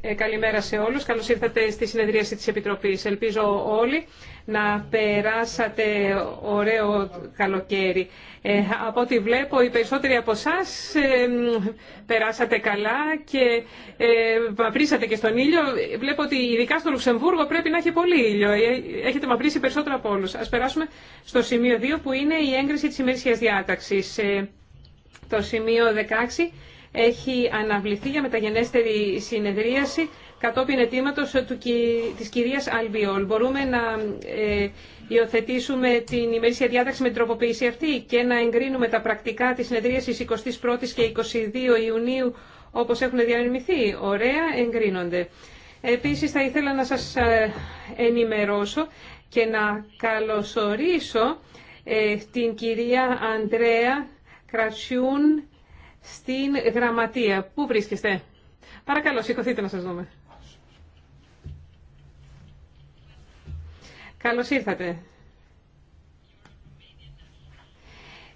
Ε, καλημέρα σε όλους. Καλώς ήρθατε στη συνεδρίαση της Επιτροπής. Ελπίζω όλοι να περάσατε ωραίο καλοκαίρι. Ε, από ό,τι βλέπω, οι περισσότεροι από εσά ε, περάσατε καλά και ε, μαυρίσατε και στον ήλιο. Βλέπω ότι ειδικά στο Λουξεμβούργο πρέπει να έχει πολύ ήλιο. Ε, έχετε μαυρίσει περισσότερο από όλου. Α περάσουμε στο σημείο 2 που είναι η έγκριση της ημερήσιας διάταξης. Το σημείο 16 έχει αναβληθεί για μεταγενέστερη συνεδρίαση κατόπιν ετήματος του, της κυρίας Αλβιόλ. Μπορούμε να ε, υιοθετήσουμε την ημερήσια διάταξη με την τροποποίηση αυτή και να εγκρίνουμε τα πρακτικά της συνεδρίασης η και 22 Ιουνίου όπως έχουν διανεμηθεί. Ωραία, εγκρίνονται. Επίσης θα ήθελα να σας ε, ενημερώσω και να καλωσορίσω ε, την κυρία Αντρέα Κρατσιούν στην γραμματεία. Πού βρίσκεστε? Παρακαλώ, σηκωθείτε να σας δούμε. Καλώς ήρθατε.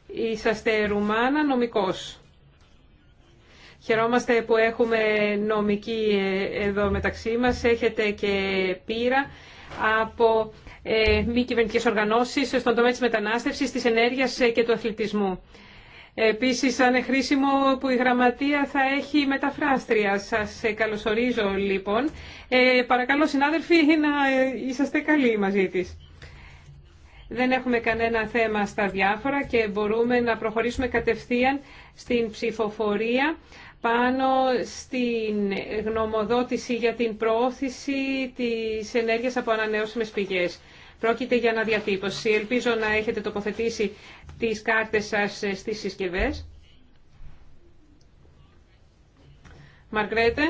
Είσαστε Ρουμάνα νομικός. Χαιρόμαστε που έχουμε νομική ε, εδώ μεταξύ μας. Έχετε και πείρα από ε, μη κυβερνητικέ οργανώσεις στον τομέα της μετανάστευσης, της ενέργειας ε, και του αθλητισμού. Επίσης θα είναι χρήσιμο που η γραμματεία θα έχει μεταφράστρια. Σας καλωσορίζω λοιπόν. Ε, παρακαλώ συνάδελφοι να είσαστε καλοί μαζί της. Δεν έχουμε κανένα θέμα στα διάφορα και μπορούμε να προχωρήσουμε κατευθείαν στην ψηφοφορία πάνω στην γνωμοδότηση για την προώθηση της ενέργειας από ανανεώσιμες πηγές. Πρόκειται για αναδιατύπωση. Ελπίζω να έχετε τοποθετήσει τις κάρτες σας στις συσκευές. Μαρκρέτε,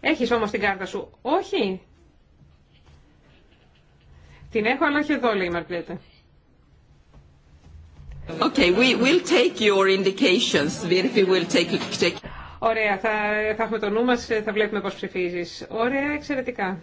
έχεις όμως την κάρτα σου. Όχι. Την έχω, αλλά όχι εδώ, λέει η Okay, we will take your indications. We will take, take... Ωραία, θα, θα έχουμε το νου μας, θα βλέπουμε πώς ψηφίζεις. Ωραία, εξαιρετικά.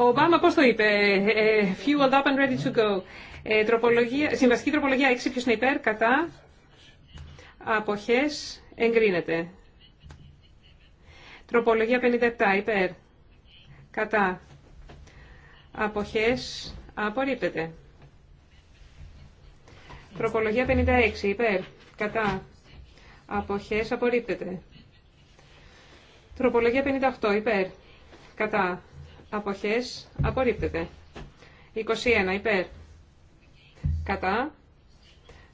Ο Ομπάμα πώς το είπε, ε, ε, fueled up and ready to go. Ε, τροπολογία, συμβαστική τροπολογία 6, ποιος είναι υπέρ, κατά, αποχές, εγκρίνεται. Τροπολογία 57, υπέρ, κατά, αποχές, απορρίπτεται. Τροπολογία 56, υπέρ, κατά, αποχές, απορρίπτεται. Τροπολογία 58, υπέρ, κατά, αποχές απορρίπτεται. 21 υπέρ κατά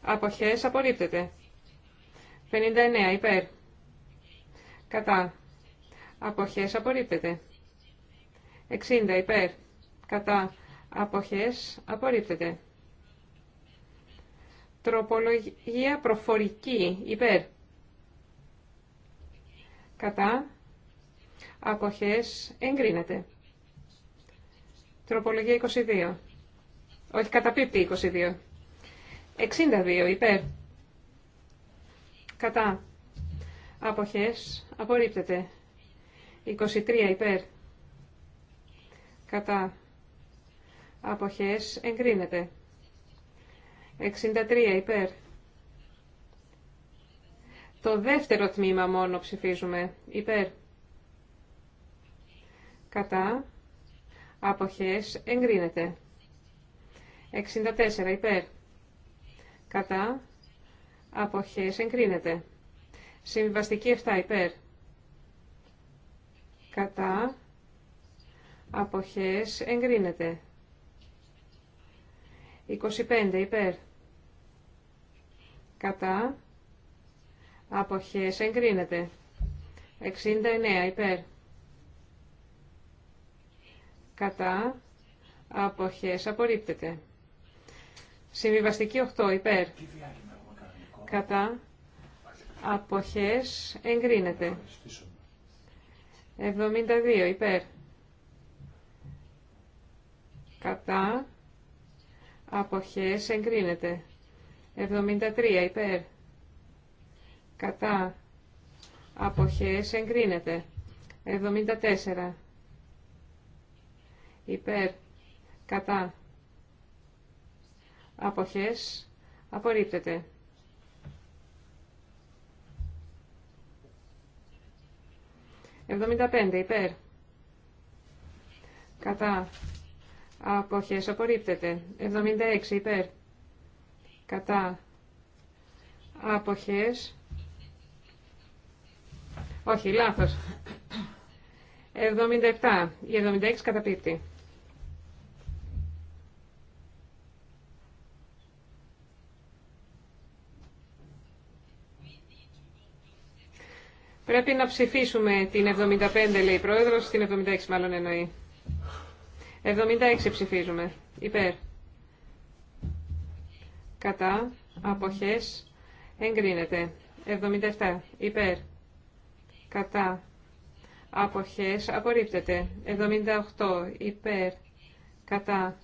αποχές απορρίπτεται. 59 υπέρ κατά αποχές απορρίπτεται. 60 υπέρ κατά αποχές απορρίπτεται. Τροπολογία προφορική υπέρ κατά αποχές εγκρίνεται. Τροπολογία 22. Όχι, καταπίπτει 22. 62 υπέρ. Κατά. Αποχές. Απορρίπτεται. 23 υπέρ. Κατά. Αποχές. Εγκρίνεται. 63 υπέρ. Το δεύτερο τμήμα μόνο ψηφίζουμε. Υπέρ. Κατά αποχές εγκρίνεται. 64 υπέρ κατά αποχές εγκρίνεται. Συμβιβαστική 7 υπέρ κατά αποχές εγκρίνεται. 25 υπέρ κατά αποχές εγκρίνεται. 69 υπέρ κατά, αποχές, απορρίπτεται. Συμβιβαστική 8, υπέρ, κατά, αποχές, εγκρίνεται. 72, υπέρ, κατά, αποχές, εγκρίνεται. 73, υπέρ, κατά, αποχές, εγκρίνεται. 74, υπέρ, κατά, αποχές, απορρίπτεται. Εβδομήντα υπέρ, κατά, αποχές, απορρίπτεται. Εβδομήντα υπέρ, κατά, αποχές, όχι, λάθος. 77. Η 76 καταπίπτει. Πρέπει να ψηφίσουμε την 75, λέει η πρόεδρος, την 76 μάλλον εννοεί. 76 ψηφίζουμε. Υπέρ. Κατά. Αποχές. Εγκρίνεται. 77. Υπέρ. Κατά. Αποχές. Απορρίπτεται. 78. Υπέρ. Κατά.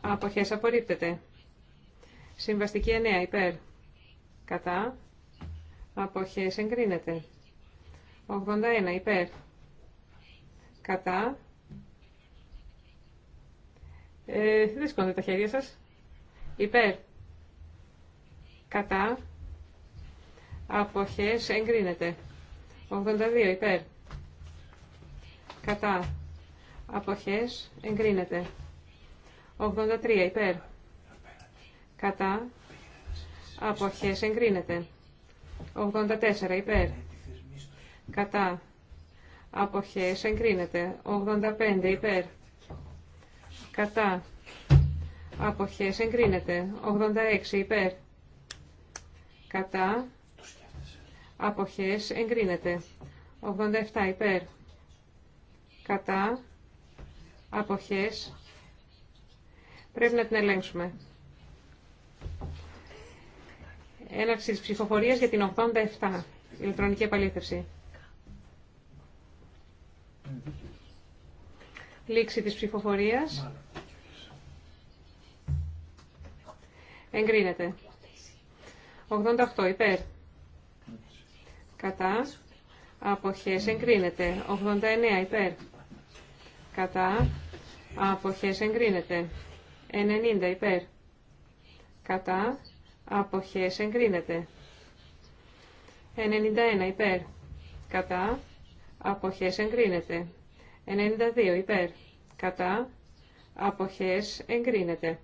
Αποχές. Απορρίπτεται. Συμβαστική 9. Υπέρ. Κατά. Αποχές. Εγκρίνεται. 81 υπέρ. Κατά. Ε, δεν τα χέρια σας. Υπέρ. Κατά. Αποχές εγκρίνεται. 82 υπέρ. Κατά. Αποχές εγκρίνεται. 83 υπέρ. Κατά. Αποχές εγκρίνεται. 84 υπέρ κατά, αποχές, εγκρίνεται. 85 υπέρ, κατά, αποχές, εγκρίνεται. 86 υπέρ, κατά, αποχές, εγκρίνεται. 87 υπέρ, κατά, αποχές, πρέπει να την ελέγξουμε. Έναρξη της ψηφοφορίας για την 87, ηλεκτρονική επαλήθευση. Λήξη της ψηφοφορίας. Εγκρίνεται. 88 υπέρ. Κατά. Αποχές εγκρίνεται. 89 υπέρ. Κατά. Αποχές εγκρίνεται. 90 υπέρ. Κατά. Αποχές εγκρίνεται. 91 υπέρ. Κατά. Αποχές εγκρίνεται. 92 υπέρ. Κατά. Αποχές εγκρίνεται.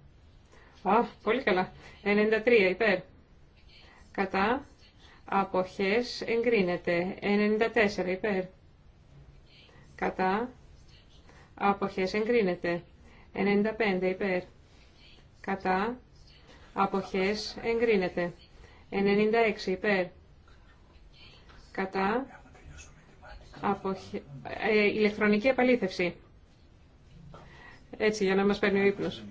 Α, πολύ καλά. 93 υπέρ. Κατά. Αποχές εγκρίνεται. 94 υπέρ. Κατά. Αποχές εγκρίνεται. 95 υπέρ. Κατά. Αποχές εγκρίνεται. 96 υπέρ. Κατά. Από... Ε, ηλεκτρονική επαλήθευση. Έτσι, για να μας παίρνει ο ύπνος.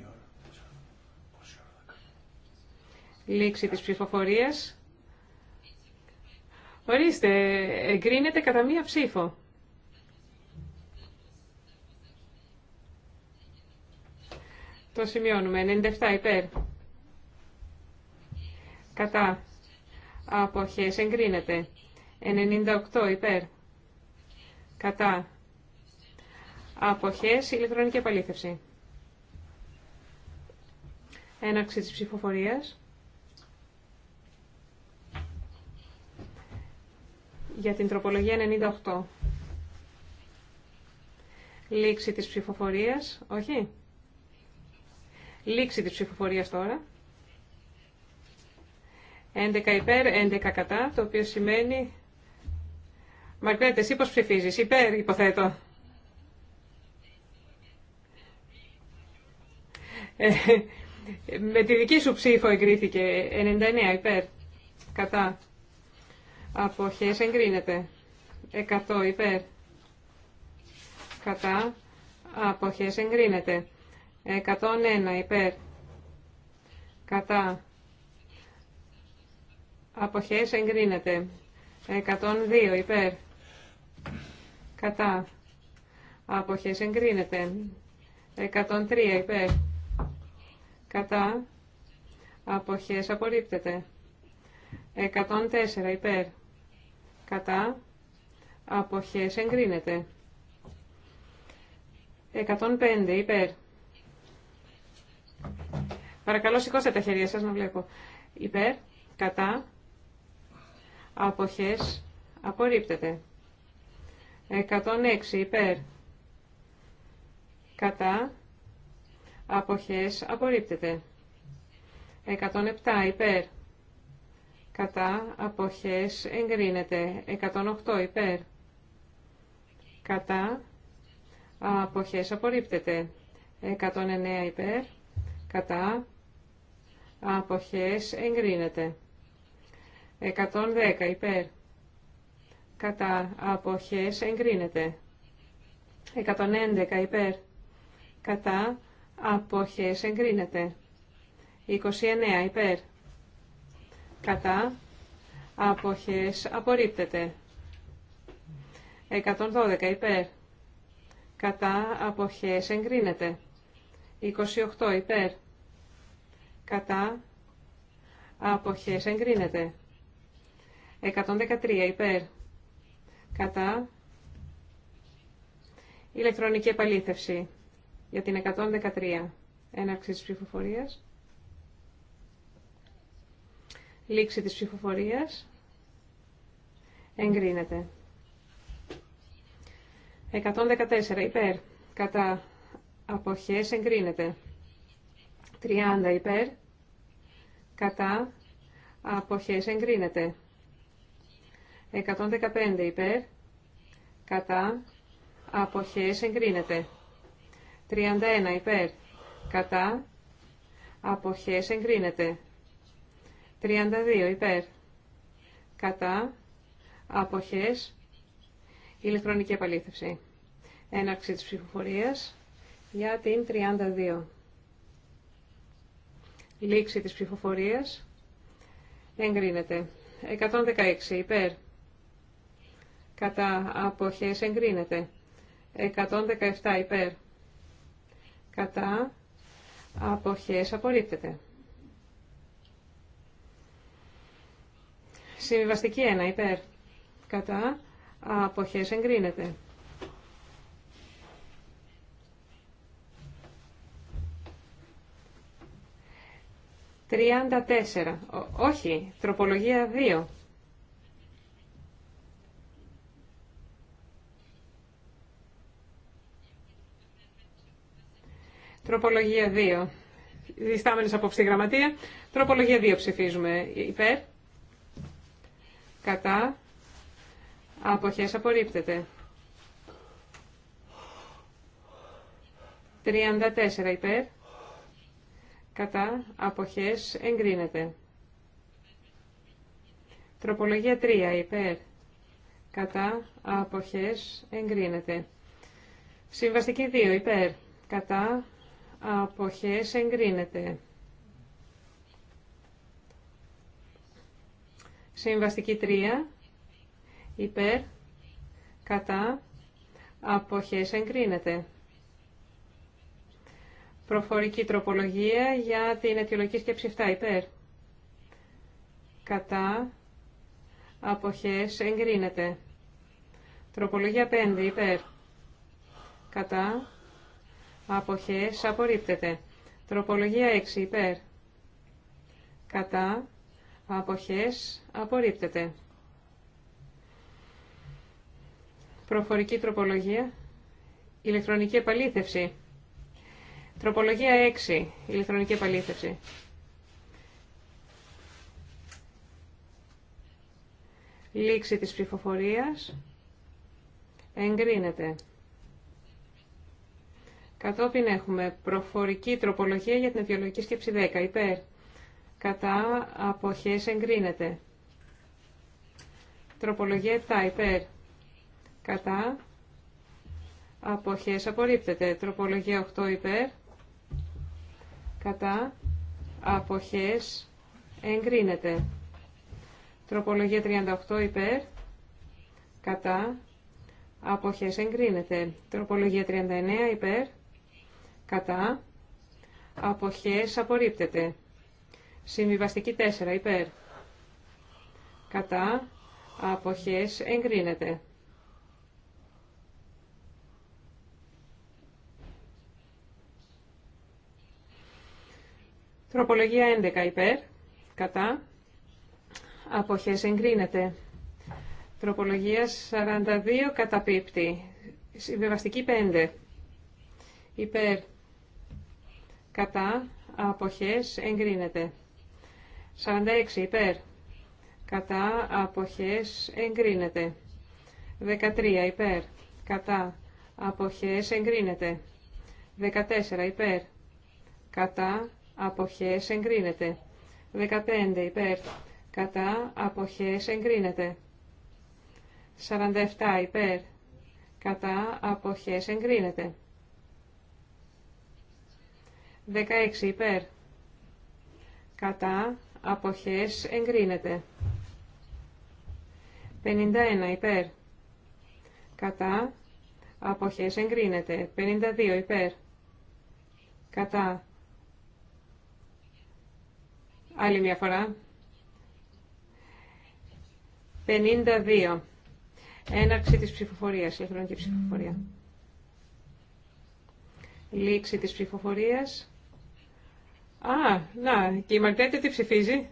Λήξη της ψηφοφορίας. Ορίστε, εγκρίνεται κατά μία ψήφο. Το σημειώνουμε. 97 υπέρ. Κατά. Αποχές εγκρίνεται. 98 υπέρ. Κατά. Αποχές, ηλεκτρονική επαλήθευση. Έναρξη της ψηφοφορίας. Για την τροπολογία 98. Λήξη της ψηφοφορίας. Όχι. Λήξη της ψηφοφορίας τώρα. 11 υπέρ, 11 κατά, το οποίο σημαίνει Μαρκρέτε, εσύ πώς ψηφίζεις, υπέρ υποθέτω. Ε, με τη δική σου ψήφο εγκρίθηκε 99 υπέρ. Κατά. Αποχές εγκρίνεται. 100 υπέρ. Κατά. Αποχές εγκρίνεται. 101 υπέρ. Κατά. Αποχές εγκρίνεται. 102 υπέρ κατά, αποχές εγκρίνεται. 103 υπέρ, κατά, αποχές απορρίπτεται. 104 υπέρ, κατά, αποχές εγκρίνεται. 105 υπέρ. Παρακαλώ σηκώστε τα χέρια σας να βλέπω. Υπέρ, κατά, αποχές, απορρίπτεται. 106 υπέρ. Κατά. Αποχές απορρίπτεται. 107 υπέρ. Κατά. Αποχές εγκρίνεται. 108 υπέρ. Κατά. Αποχές απορρίπτεται. 109 υπέρ. Κατά. Αποχές εγκρίνεται. 110 υπέρ κατά αποχές εγκρίνεται. 111 υπέρ κατά αποχές εγκρίνεται. 29 υπέρ κατά αποχές απορρίπτεται. 112 υπέρ κατά αποχές εγκρίνεται. 28 υπέρ κατά αποχές εγκρίνεται. 113 υπέρ κατά ηλεκτρονική επαλήθευση για την 113 έναρξη της ψηφοφορίας, λήξη της ψηφοφορίας, εγκρίνεται. 114 υπέρ, κατά αποχές εγκρίνεται. 30 υπέρ, κατά αποχές εγκρίνεται. 115 υπέρ, κατά, αποχές εγκρίνεται. 31 υπέρ, κατά, αποχές εγκρίνεται. 32 υπέρ, κατά, αποχές, ηλεκτρονική επαλήθευση. Έναρξη της ψηφοφορίας για την 32. Λήξη της ψηφοφορίας εγκρίνεται. 116 υπέρ, κατά αποχές εγκρίνεται. 117 υπέρ κατά αποχές απορρίπτεται. Συμβιβαστική 1 υπέρ κατά αποχές εγκρίνεται. 34. όχι, τροπολογία 2. Τροπολογία 2. Διστάμενε από στη γραμματεία. Τροπολογία 2 ψηφίζουμε. Υπέρ. Κατά. Αποχέ απορρίπτεται. 34 υπέρ. Κατά. απόχέ, εγκρίνεται. Τροπολογία 3 υπέρ. Κατά. απόχέ. εγκρίνεται. Συμβαστική 2 υπέρ. Κατά αποχές εγκρίνεται. Συμβαστική 3 υπέρ κατά αποχές εγκρίνεται. Προφορική τροπολογία για την αιτιολογική σκέψη 7 υπέρ. Κατά αποχές εγκρίνεται. Τροπολογία 5 υπέρ. Κατά αποχές απορρίπτεται. Τροπολογία 6 υπέρ. Κατά αποχές απορρίπτεται. Προφορική τροπολογία. Ηλεκτρονική επαλήθευση. Τροπολογία 6. Ηλεκτρονική επαλήθευση. Λήξη της ψηφοφορίας. Εγκρίνεται. Κατόπιν έχουμε προφορική τροπολογία για την αιτιολογική σκέψη 10. Υπέρ. Κατά αποχές εγκρίνεται. Τροπολογία 7. Υπέρ. Κατά αποχές απορρίπτεται. Τροπολογία 8. Υπέρ. Κατά αποχές εγκρίνεται. Τροπολογία 38. Υπέρ. Κατά αποχές εγκρίνεται. Τροπολογία 39. Υπέρ κατά, αποχές απορρίπτεται. Συμβιβαστική 4 υπέρ, κατά, αποχές εγκρίνεται. Τροπολογία 11 υπέρ, κατά, αποχές εγκρίνεται. Τροπολογία 42 καταπίπτει. Συμβιβαστική 5. Υπέρ κατά αποχές εγκρίνεται. 46 υπέρ κατά αποχές εγκρίνεται. 13 υπέρ κατά αποχές εγκρίνεται. 14 υπέρ κατά αποχές εγκρίνεται. 15 υπέρ κατά αποχές εγκρίνεται. 47 υπέρ κατά αποχές εγκρίνεται. 16 υπέρ. Κατά αποχές εγκρίνεται. 51 υπέρ. Κατά αποχές εγκρίνεται. 52 υπέρ. Κατά. Άλλη μια φορά. 52. Έναρξη της ψηφοφορίας, ηλεκτρονική ψηφοφορία. Λήξη της ψηφοφορίας. Α, να, και η Μαργκρέτε τι ψηφίζει.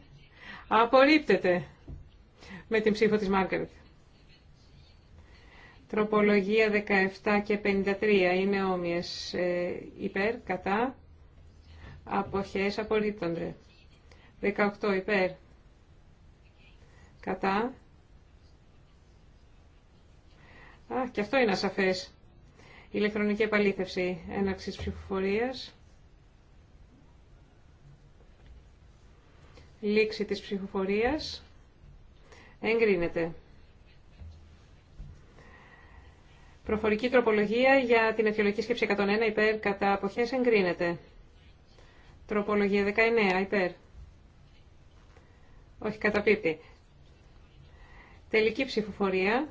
Απορρίπτεται με την ψήφο της Μάρκαρετ. Τροπολογία 17 και 53 είναι όμοιες ε, υπέρ, κατά, αποχές απορρίπτονται. 18 υπέρ, κατά. Α, και αυτό είναι ασαφές. Ηλεκτρονική επαλήθευση έναρξης ψηφοφορίας. Λήξη της ψηφοφορίας. Εγκρίνεται. Προφορική τροπολογία για την αιτιολογική σκέψη 101 υπέρ κατά αποχές εγκρίνεται. Τροπολογία 19 υπέρ. Όχι καταπίπτει. Τελική ψηφοφορία.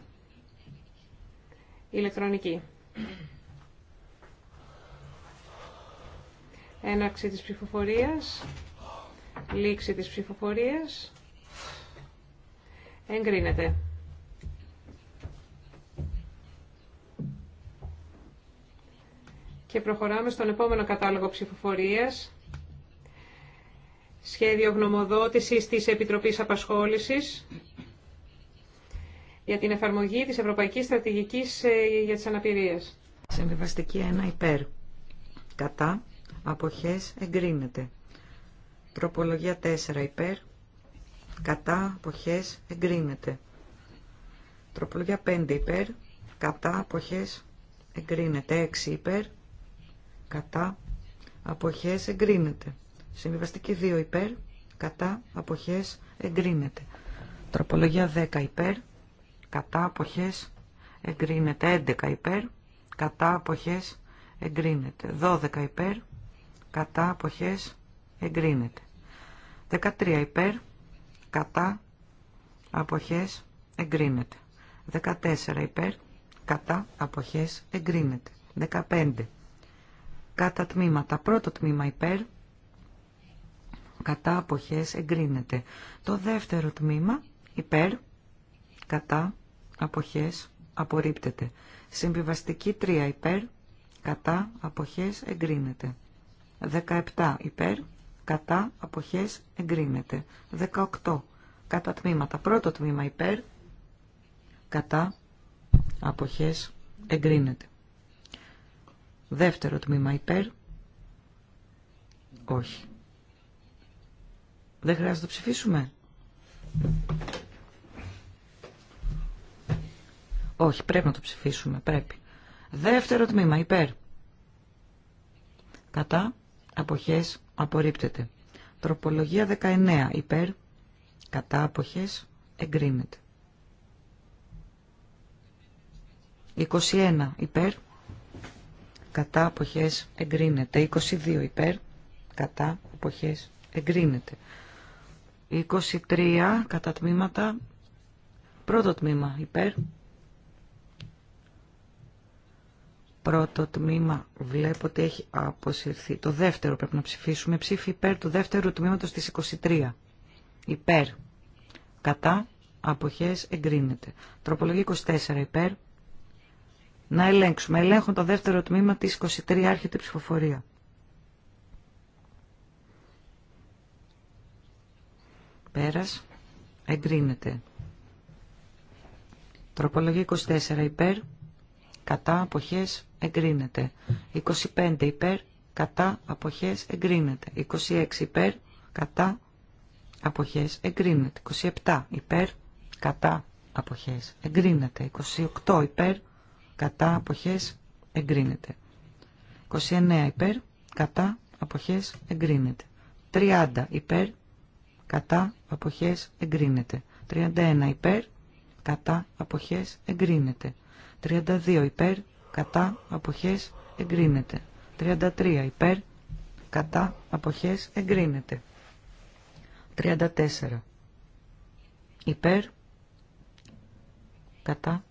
Ηλεκτρονική. Έναρξη της ψηφοφορίας. Λήξη της ψηφοφορίας. Εγκρίνεται. Και προχωράμε στον επόμενο κατάλογο ψηφοφορίας. Σχέδιο γνωμοδότησης της Επιτροπής Απασχόλησης για την εφαρμογή της Ευρωπαϊκής Στρατηγικής ε, για τις Αναπηρίες. Συμβιβαστική 1 υπέρ. Κατά. Αποχές εγκρίνεται. Τροπολογία 4 υπέρ, κατά, αποχές, εγκρίνεται. Τροπολογία 5 υπέρ, κατά, αποχές, εγκρίνεται. 6 υπέρ, κατά, αποχές, εγκρίνεται. Συμβιβαστική 2 υπέρ, κατά, αποχές, εγκρίνεται. Τροπολογία 10 υπέρ, κατά, αποχές, εγκρίνεται. 11 υπέρ, κατά, αποχές, εγκρίνεται. 12 υπέρ, κατά, αποχές, εγκρίνεται. 13 υπέρ, κατά, αποχές, εγκρίνεται. 14 υπέρ, κατά, αποχές, εγκρίνεται. 15. Κατά τμήματα. Πρώτο τμήμα υπέρ, κατά, αποχές, εγκρίνεται. Το δεύτερο τμήμα υπέρ, κατά, αποχές, απορρίπτεται. Συμβιβαστική 3 υπέρ, κατά, αποχές, εγκρίνεται. 17 υπέρ, κατά αποχές εγκρίνεται. 18. Κατά τμήματα. Πρώτο τμήμα υπέρ, κατά αποχές εγκρίνεται. Δεύτερο τμήμα υπέρ, όχι. Δεν χρειάζεται να το ψηφίσουμε. Όχι, πρέπει να το ψηφίσουμε, πρέπει. Δεύτερο τμήμα υπέρ, κατά αποχές απορρίπτεται. Τροπολογία 19 υπέρ, κατά αποχές, εγκρίνεται. 21 υπέρ, κατά αποχές, εγκρίνεται. 22 υπέρ, κατά αποχές, εγκρίνεται. 23 κατά τμήματα, πρώτο τμήμα υπέρ, πρώτο τμήμα βλέπω ότι έχει αποσυρθεί. Το δεύτερο πρέπει να ψηφίσουμε. Ψήφι υπέρ του δεύτερου τμήματος της 23. Υπέρ. Κατά. Αποχές εγκρίνεται. Τροπολογία 24 υπέρ. Να ελέγξουμε. Ελέγχουν το δεύτερο τμήμα της 23. Άρχεται η ψηφοφορία. Πέρας. Εγκρίνεται. Τροπολογία 24 υπέρ κατά αποχές εγκρίνεται. 25 υπέρ κατά αποχές εγκρίνεται. 26 υπέρ κατά αποχές εγκρίνεται. 27 υπέρ κατά αποχές εγκρίνεται. 28 υπέρ κατά αποχές εγκρίνεται. 29 υπέρ κατά αποχές εγκρίνεται. 30 υπέρ κατά αποχές εγκρίνεται. 31 υπέρ κατά αποχές εγκρίνεται. 32 υπέρ, κατά, αποχές, εγκρίνεται. 33 υπέρ, κατά, αποχές, εγκρίνεται. 34 υπέρ, κατά,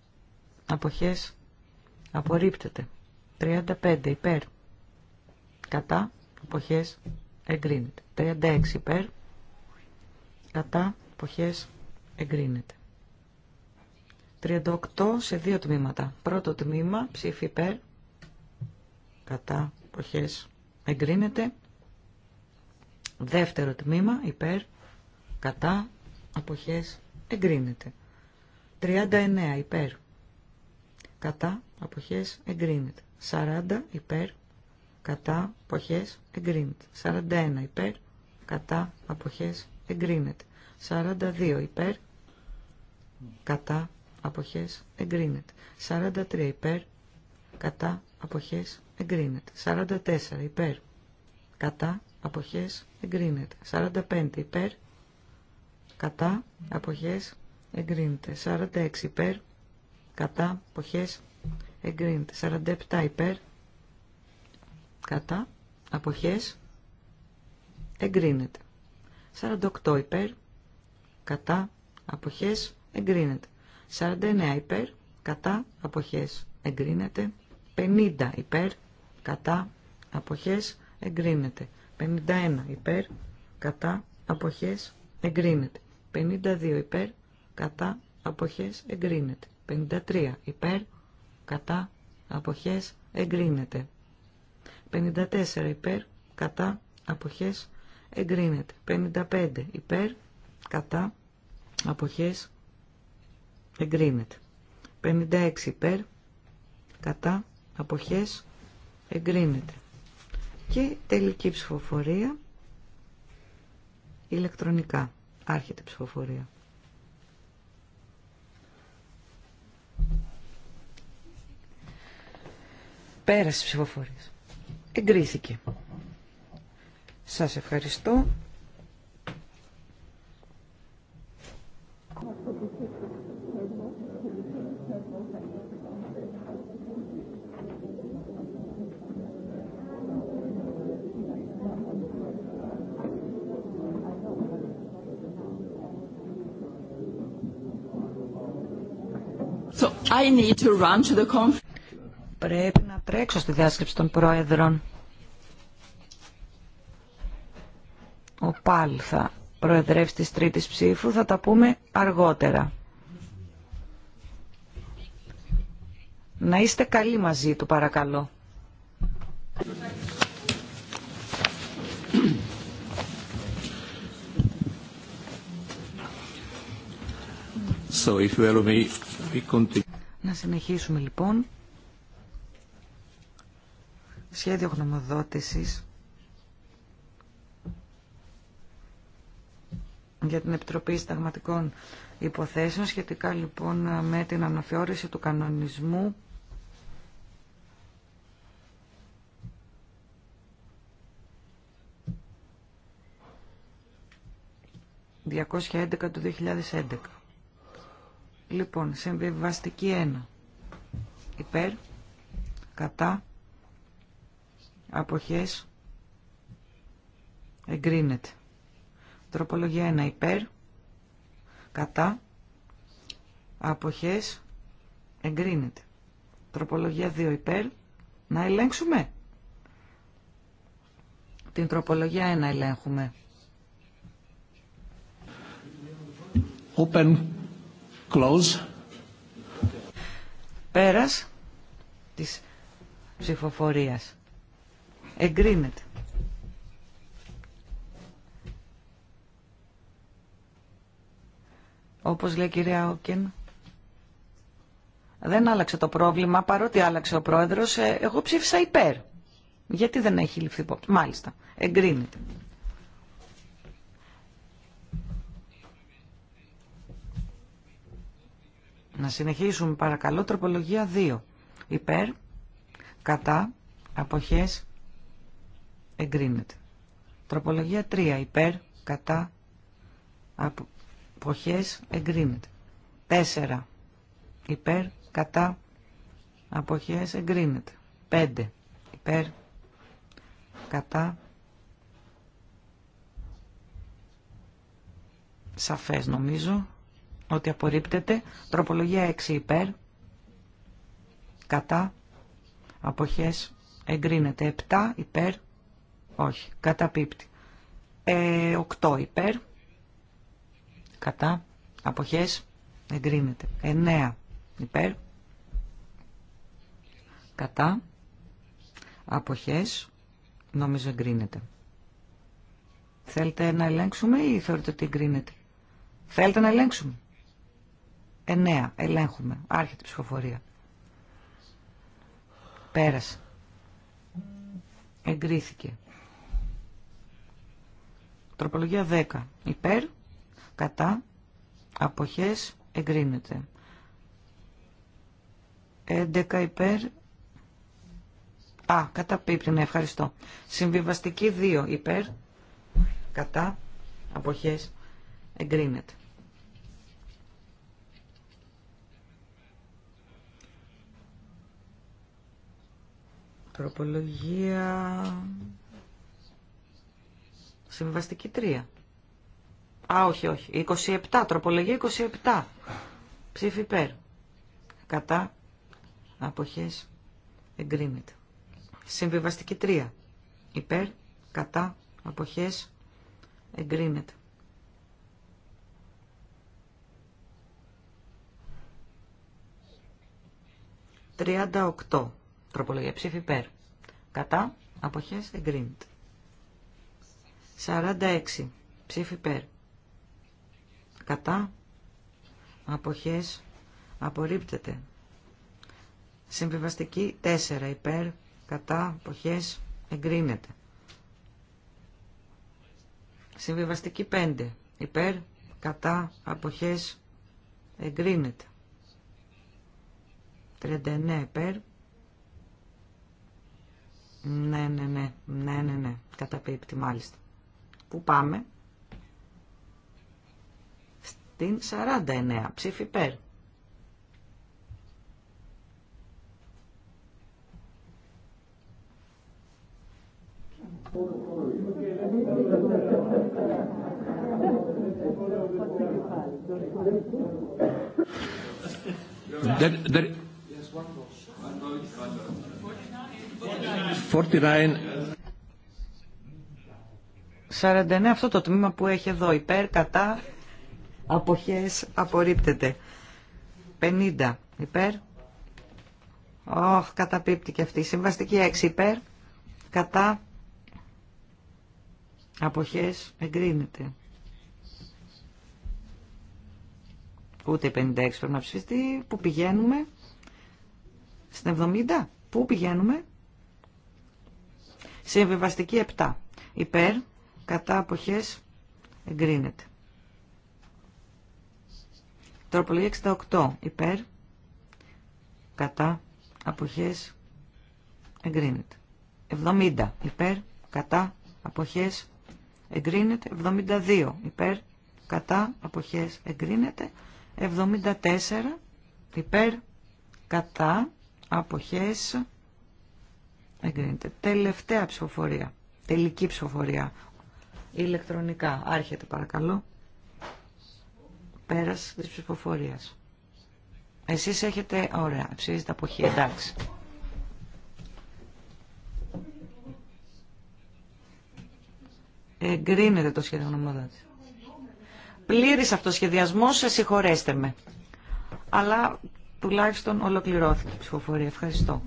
αποχές, απορρίπτεται. 35 υπέρ, κατά, αποχές, εγκρίνεται. 36 υπέρ, κατά, αποχές, εγκρίνεται. 38 σε δύο τμήματα. Πρώτο τμήμα, ψήφι υπέρ, κατά, αποχές, εγκρίνεται. Δεύτερο τμήμα, υπέρ, κατά, αποχές, εγκρίνεται. 39 υπέρ, κατά, αποχές, εγκρίνεται. 40 υπέρ, κατά, αποχές, εγκρίνεται. 41 υπέρ, κατά, αποχές, εγκρίνεται. 42 υπέρ, κατά, αποχές εγκρίνεται. 43 υπέρ, κατά, αποχές εγκρίνεται. 44 υπέρ, κατά, αποχές εγκρίνεται. 45 υπέρ, κατά, αποχές εγκρίνεται. 46 υπέρ, κατά, αποχές εγκρίνεται. 47 υπέρ, κατά, αποχές εγκρίνεται. 48 υπέρ, κατά, αποχές εγκρίνεται. 49 υπέρ, κατά, αποχές, εγκρίνεται. 50 υπέρ, κατά, αποχές, εγκρίνεται. 51 υπέρ, κατά, αποχές, εγκρίνεται. 52 υπέρ, κατά, αποχές, εγκρίνεται. 53 υπέρ, κατά, αποχές, εγκρίνεται. 54 υπέρ, κατά, αποχές, εγκρίνεται. 55 υπέρ, κατά, αποχές, εγκρίνεται. 56 υπέρ, κατά, αποχές, εγκρίνεται. Και τελική ψηφοφορία, ηλεκτρονικά, άρχεται ψηφοφορία. Πέρασε ψηφοφορίας. Εγκρίθηκε. Σας ευχαριστώ. Πρέπει να τρέξω στη διάσκεψη των πρόεδρων. Ο Πάλ θα προεδρεύσει τη Τρίτη ψήφου, θα τα πούμε αργότερα. Να είστε καλοί μαζί του παρακαλώ. So if you να συνεχίσουμε λοιπόν. Σχέδιο γνωμοδότησης για την Επιτροπή Συνταγματικών Υποθέσεων σχετικά λοιπόν με την αναφιόρηση του κανονισμού ...211 του 2011. Λοιπόν, συμβιβαστική 1. Υπέρ, κατά, αποχές, εγκρίνεται. Τροπολογία 1. Υπέρ, κατά, αποχές, εγκρίνεται. Τροπολογία 2. Υπέρ, να ελέγξουμε. Την τροπολογία 1 ελέγχουμε. Open Close. Πέρας της ψηφοφορίας. Εγκρίνεται. Όπως λέει η κυρία Όκεν, δεν άλλαξε το πρόβλημα, παρότι άλλαξε ο πρόεδρος, ε, εγώ ψήφισα υπέρ. Γιατί δεν έχει ληφθεί υπόψη. Μάλιστα, εγκρίνεται. Να συνεχίσουμε παρακαλώ τροπολογία 2. Υπέρ, κατά, αποχές, εγκρίνεται. Τροπολογία 3. Υπέρ, κατά, αποχές, εγκρίνεται. 4. Υπέρ, κατά, αποχές, εγκρίνεται. 5. Υπέρ, κατά, σαφές νομίζω ότι απορρίπτεται. Τροπολογία 6 υπέρ. Κατά. Αποχές εγκρίνεται. 7 υπέρ. Όχι. Καταπίπτει. Ε, 8 υπέρ. Κατά. Αποχές εγκρίνεται. 9 υπέρ. Κατά. Αποχές νομίζω εγκρίνεται. Θέλετε να ελέγξουμε ή θεωρείτε ότι εγκρίνεται. Θέλετε να ελέγξουμε. Εννέα. Ελέγχουμε. Άρχεται η ψηφοφορία. Πέρασε. Εγκρίθηκε. Τροπολογία 10. Υπέρ, κατά, αποχές, εγκρίνεται. 11 υπέρ, α, κατά πίπτη, ναι, ευχαριστώ. Συμβιβαστική 2 υπέρ, κατά, αποχές, εγκρίνεται. Τροπολογία... Συμβαστική 3. Α, όχι, όχι. 27. Τροπολογία 27. Ψήφι υπέρ. Κατά. Αποχές. Εγκρίνεται. Συμβιβαστική 3. Υπέρ. Κατά. Αποχές. Εγκρίνεται. 38. Τροπολογία ψήφι υπέρ. Κατά. Αποχές εγκρίνεται. 46. Ψήφι υπέρ. Κατά. Αποχές απορρίπτεται. Συμβιβαστική 4 υπέρ. Κατά. Αποχές εγκρίνεται. Συμβιβαστική 5 υπέρ. Κατά. Αποχές εγκρίνεται. 39 υπέρ ναι, ναι, ναι, ναι, ναι, ναι, καταπίπτει μάλιστα. Πού πάμε? Στην 49, ψήφι υπέρ. 49. αυτό το τμήμα που έχει εδώ υπέρ, κατά, αποχές, απορρίπτεται. 50 υπέρ. Ωχ, καταπίπτει και αυτή. Συμβαστική 6 υπέρ, κατά, αποχές, εγκρίνεται. Ούτε 56 πρέπει να ψηφιστεί. Πού πηγαίνουμε. Στην 70. Πού πηγαίνουμε. Συμβιβαστική 7. Υπέρ, κατά αποχές εγκρίνεται. Τροπολογία 68. Υπέρ, κατά αποχές εγκρίνεται. 70. Υπέρ, κατά αποχές εγκρίνεται. 72. Υπέρ, κατά αποχές εγκρίνεται. 74. Υπέρ, κατά αποχές εγκρίνεται Εγκρίνεται. Τελευταία ψηφοφορία. Τελική ψηφοφορία. Ηλεκτρονικά. Άρχεται παρακαλώ. Πέρας της ψηφοφορίας. Εσείς έχετε, ωραία, ψηφίζετε αποχή, εντάξει. Εγκρίνεται το σχέδιο νομοδότη. Πλήρης αυτοσχεδιασμός, σε συγχωρέστε με. Αλλά τουλάχιστον ολοκληρώθηκε η ψηφοφορία. Ευχαριστώ.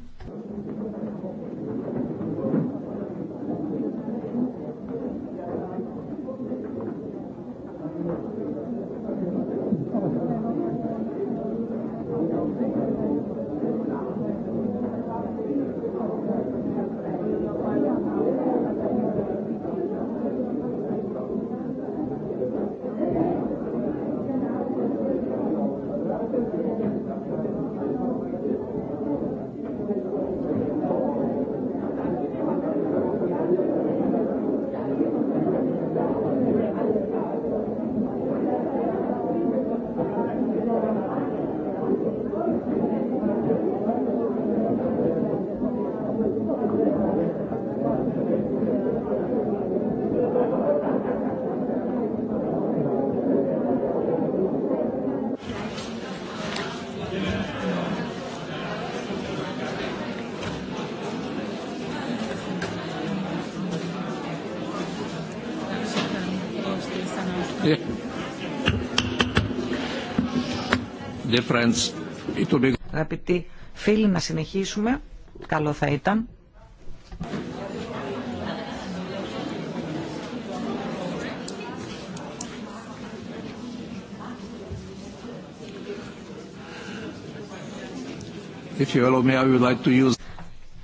Αγαπητοί φίλοι, να συνεχίσουμε. Καλό θα ήταν.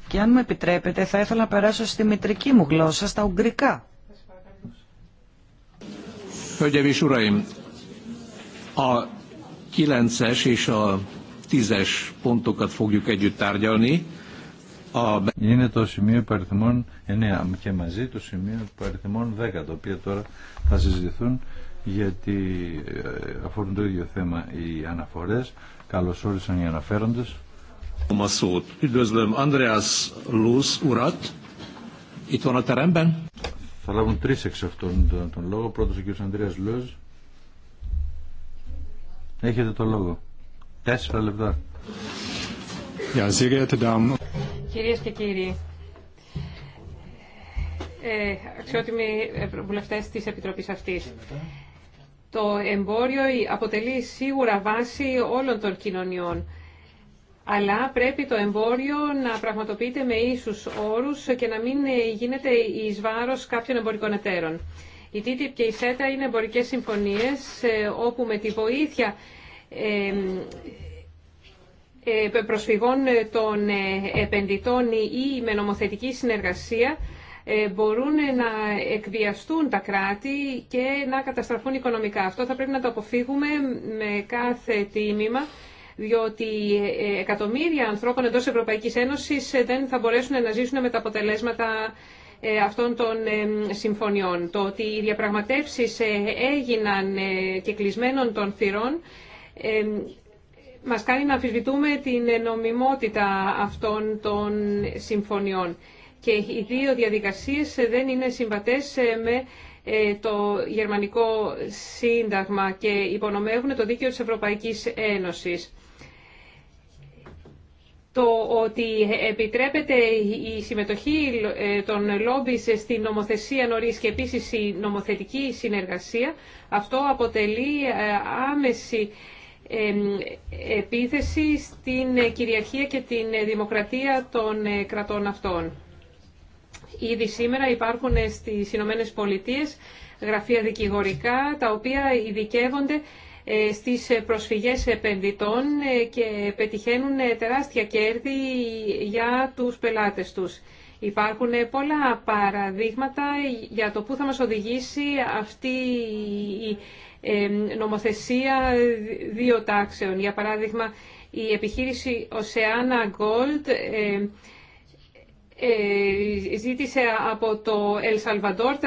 Και αν μου επιτρέπετε, θα ήθελα να περάσω στη μητρική μου γλώσσα, στα ουγγρικά. Ο 9-es és a 10-es pontokat fogjuk együtt tárgyalni. Είναι το σημείο υπαριθμών 9 και μαζί το σημείο υπαριθμών 10, το οποίο τώρα θα συζητηθούν γιατί ε, αφορούν το ίδιο θέμα οι αναφορές. Καλώς όρισαν οι αναφέροντες. Θα λάβουν τρεις εξ αυτών τον, τον λόγο. Πρώτος ο κ. Ανδρέας Λούζ. Έχετε το λόγο. Τέσσερα λεπτά. Κυρίε και κύριοι, ε, αξιότιμοι βουλευτέ της Επιτροπή αυτής. Το εμπόριο αποτελεί σίγουρα βάση όλων των κοινωνιών. Αλλά πρέπει το εμπόριο να πραγματοποιείται με ίσους όρους και να μην γίνεται εις βάρος κάποιων εμπορικών εταίρων. Η TTIP και η ΣΕΤΑ είναι εμπορικές συμφωνίες ε, όπου με τη βοήθεια ε, προσφυγών ε, των επενδυτών ή με νομοθετική συνεργασία μπορούν να εκβιαστούν τα κράτη και να καταστραφούν οικονομικά. Αυτό θα πρέπει να το αποφύγουμε με κάθε τίμημα διότι εκατομμύρια ανθρώπων εντός Ευρωπαϊκής Ένωσης δεν θα μπορέσουν να ζήσουν με τα αποτελέσματα ε, αυτών των ε, συμφωνιών. Το ότι οι διαπραγματεύσεις ε, έγιναν και κλεισμένων των θυρών μας κάνει να αμφισβητούμε την νομιμότητα αυτών των συμφωνιών. Και οι δύο διαδικασίες δεν είναι συμβατές με το γερμανικό σύνταγμα και υπονομεύουν το δίκαιο της Ευρωπαϊκής Ένωσης το ότι επιτρέπεται η συμμετοχή ε, των λόμπι στην νομοθεσία νωρί και επίση η νομοθετική συνεργασία, αυτό αποτελεί ε, άμεση επίθεση στην κυριαρχία και την δημοκρατία των ε, κρατών αυτών. Ήδη σήμερα υπάρχουν στις Ηνωμένε Πολιτείες γραφεία δικηγορικά, τα οποία ειδικεύονται στις προσφυγές επενδυτών ε, και πετυχαίνουν ε, τεράστια κέρδη για τους πελάτες τους. Υπάρχουν ε, πολλά παραδείγματα για το πού θα μας οδηγήσει αυτή η νομοθεσία δύο τάξεων. Για παράδειγμα, η επιχείρηση Oceana Gold ε, ζήτησε από το Ελσαλβαντόρ 300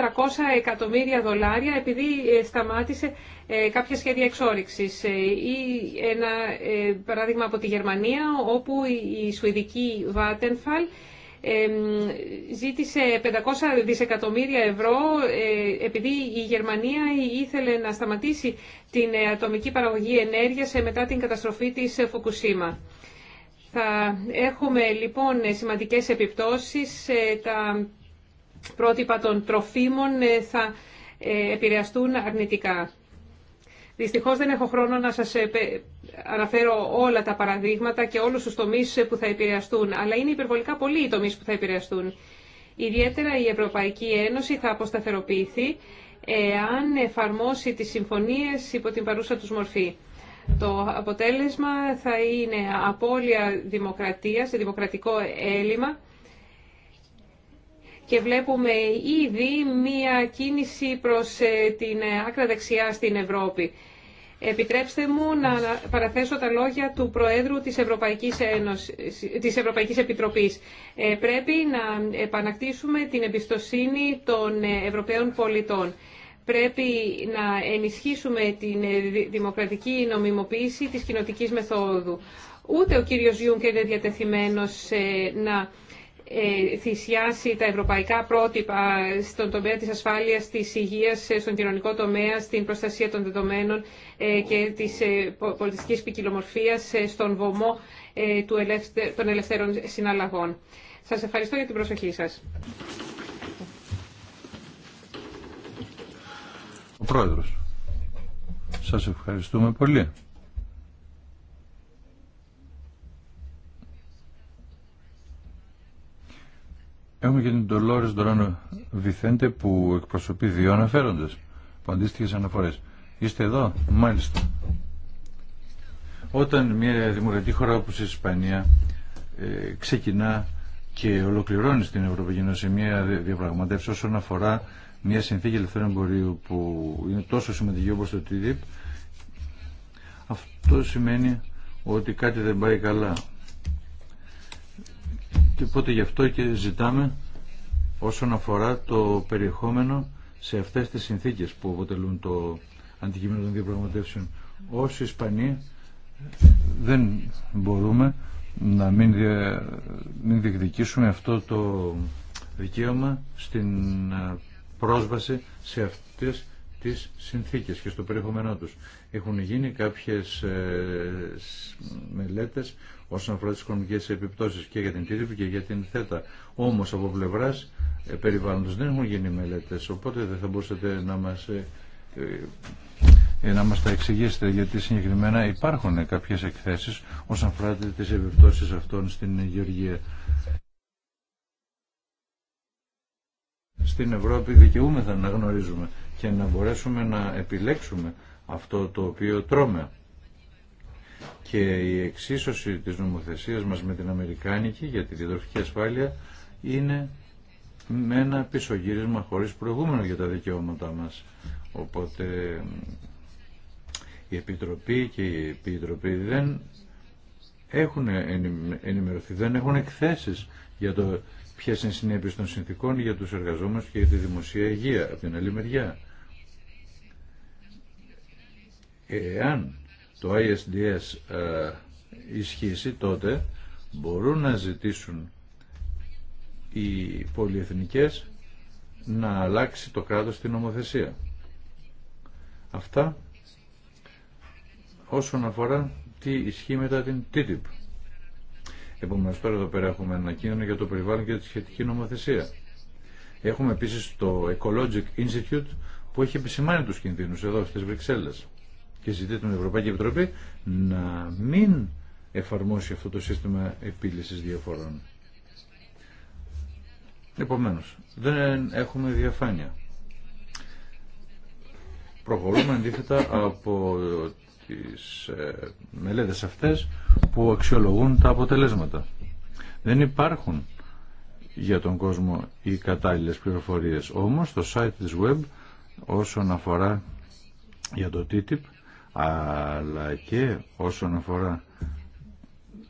εκατομμύρια δολάρια επειδή ε, σταμάτησε ε, κάποια σχέδια εξόριξης. Ή ένα παράδειγμα από τη Γερμανία όπου η Σουηδική Βάτενφαλ ζήτησε 500 δισεκατομμύρια ευρώ επειδή η Γερμανία ήθελε να σταματήσει την ατομική παραγωγή ενέργειας μετά την καταστροφή της Φουκουσίμα. Θα έχουμε λοιπόν σημαντικές επιπτώσεις. Ε, τα πρότυπα των τροφίμων ε, θα ε, επηρεαστούν αρνητικά. Δυστυχώς δεν έχω χρόνο να σας αναφέρω όλα τα παραδείγματα και όλους τους τομείς που θα επηρεαστούν, αλλά είναι υπερβολικά πολλοί οι τομείς που θα επηρεαστούν. Ιδιαίτερα η Ευρωπαϊκή Ένωση θα αποσταθεροποιηθεί εάν εφαρμόσει τις συμφωνίες υπό την παρούσα τους μορφή. Το αποτέλεσμα θα είναι απώλεια δημοκρατίας, δημοκρατικό έλλειμμα και βλέπουμε ήδη μία κίνηση προς ε, την ε, άκρα δεξιά στην Ευρώπη. Επιτρέψτε μου να παραθέσω τα λόγια του Προέδρου της Ευρωπαϊκής, Ένωσης, της Ευρωπαϊκής Επιτροπής. Ε, πρέπει να επανακτήσουμε την εμπιστοσύνη των Ευρωπαίων πολιτών πρέπει να ενισχύσουμε την δημοκρατική νομιμοποίηση της κοινοτική μεθόδου. Ούτε ο κύριος Ιούνκερ είναι διατεθειμένος ε, να ε, θυσιάσει τα ευρωπαϊκά πρότυπα στον τομέα της ασφάλειας, της υγείας, ε, στον κοινωνικό τομέα, στην προστασία των δεδομένων και της πολιτιστικής ποικιλομορφία στον βωμό των ελευθέρων συναλλαγών. Σας ευχαριστώ για την προσοχή σας. Ο Πρόεδρος. Σας ευχαριστούμε πολύ. Έχουμε και την Τολόρες Ντοράνο Βιθέντε που εκπροσωπεί δύο αναφέροντες που αντίστοιχε αναφορές. Είστε εδώ, μάλιστα. Όταν μια δημοκρατική χώρα όπως η Ισπανία ε, ξεκινά και ολοκληρώνει στην Ευρωπαϊκή Ένωση μια διαπραγματεύση όσον αφορά μια συνθήκη ελευθερών εμπορίου που είναι τόσο σημαντική όπως το TDIP, αυτό σημαίνει ότι κάτι δεν πάει καλά και οπότε γι' αυτό και ζητάμε όσον αφορά το περιεχόμενο σε αυτές τις συνθήκες που αποτελούν το αντικείμενο των διαπραγματεύσεων ως Ισπανοί δεν μπορούμε να μην, μην διεκδικήσουμε αυτό το δικαίωμα στην πρόσβαση σε αυτές τις συνθήκες και στο περιεχόμενό τους. Έχουν γίνει κάποιες ε, μελέτες όσον αφορά τις οικονομικές επιπτώσεις και για την TTIP και για την ΘΕΤΑ. Όμως από πλευράς ε, περιβάλλοντος δεν έχουν γίνει μελέτες, οπότε δεν θα μπορούσατε να μας, ε, να μας τα εξηγήσετε γιατί συγκεκριμένα υπάρχουν κάποιες εκθέσεις όσον αφορά τις επιπτώσεις αυτών στην Γεωργία. στην Ευρώπη δικαιούμεθα να γνωρίζουμε και να μπορέσουμε να επιλέξουμε αυτό το οποίο τρώμε. Και η εξίσωση της νομοθεσίας μας με την Αμερικάνικη για τη διατροφική ασφάλεια είναι με ένα πισωγύρισμα χωρίς προηγούμενο για τα δικαιώματά μας. Οπότε η Επιτροπή και η Επιτροπή δεν έχουν ενημερωθεί, δεν έχουν εκθέσεις για το ποιε είναι οι συνέπειε των συνθήκων για του εργαζόμενου και για τη δημοσία υγεία από την άλλη μεριά. Εάν το ISDS ε, ισχύσει τότε μπορούν να ζητήσουν οι πολυεθνικές να αλλάξει το κράτος την νομοθεσία. Αυτά όσον αφορά τι ισχύει μετά την TTIP. Επομένω, τώρα εδώ πέρα έχουμε ένα κείμενο για το περιβάλλον και τη σχετική νομοθεσία. Έχουμε επίση το Ecologic Institute που έχει επισημάνει του κινδύνου εδώ στι Βρυξέλλε και ζητεί την Ευρωπαϊκή Επιτροπή να μην εφαρμόσει αυτό το σύστημα επίλυση διαφορών. Επομένω, δεν έχουμε διαφάνεια. Προχωρούμε αντίθετα από τις ε, μελέτες αυτές που αξιολογούν τα αποτελέσματα. Δεν υπάρχουν για τον κόσμο οι κατάλληλες πληροφορίες. Όμως το site της web όσον αφορά για το TTIP αλλά και όσον αφορά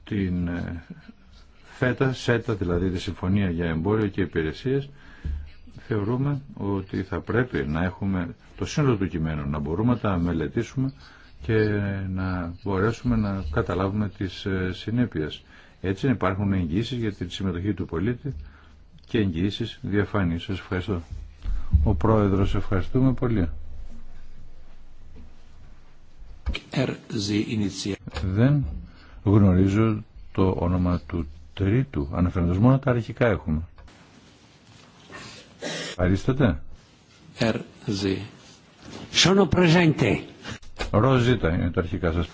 την ΦΕΤΑ, ΣΕΤΑ δηλαδή τη Συμφωνία για Εμπόριο και Υπηρεσίες θεωρούμε ότι θα πρέπει να έχουμε το σύνολο του κειμένου, να μπορούμε να τα μελετήσουμε και να μπορέσουμε να καταλάβουμε τις ε, συνέπειες. Έτσι υπάρχουν εγγυήσεις για τη συμμετοχή του πολίτη και εγγυήσεις διαφάνειας. Σας ευχαριστώ. Ο Πρόεδρος, ευχαριστούμε πολύ. Δεν γνωρίζω το όνομα του τρίτου. Αναφέροντας μόνο τα αρχικά έχουμε. Παρίσταται. RZ. Ροζίτα είναι τα αρχικά σας.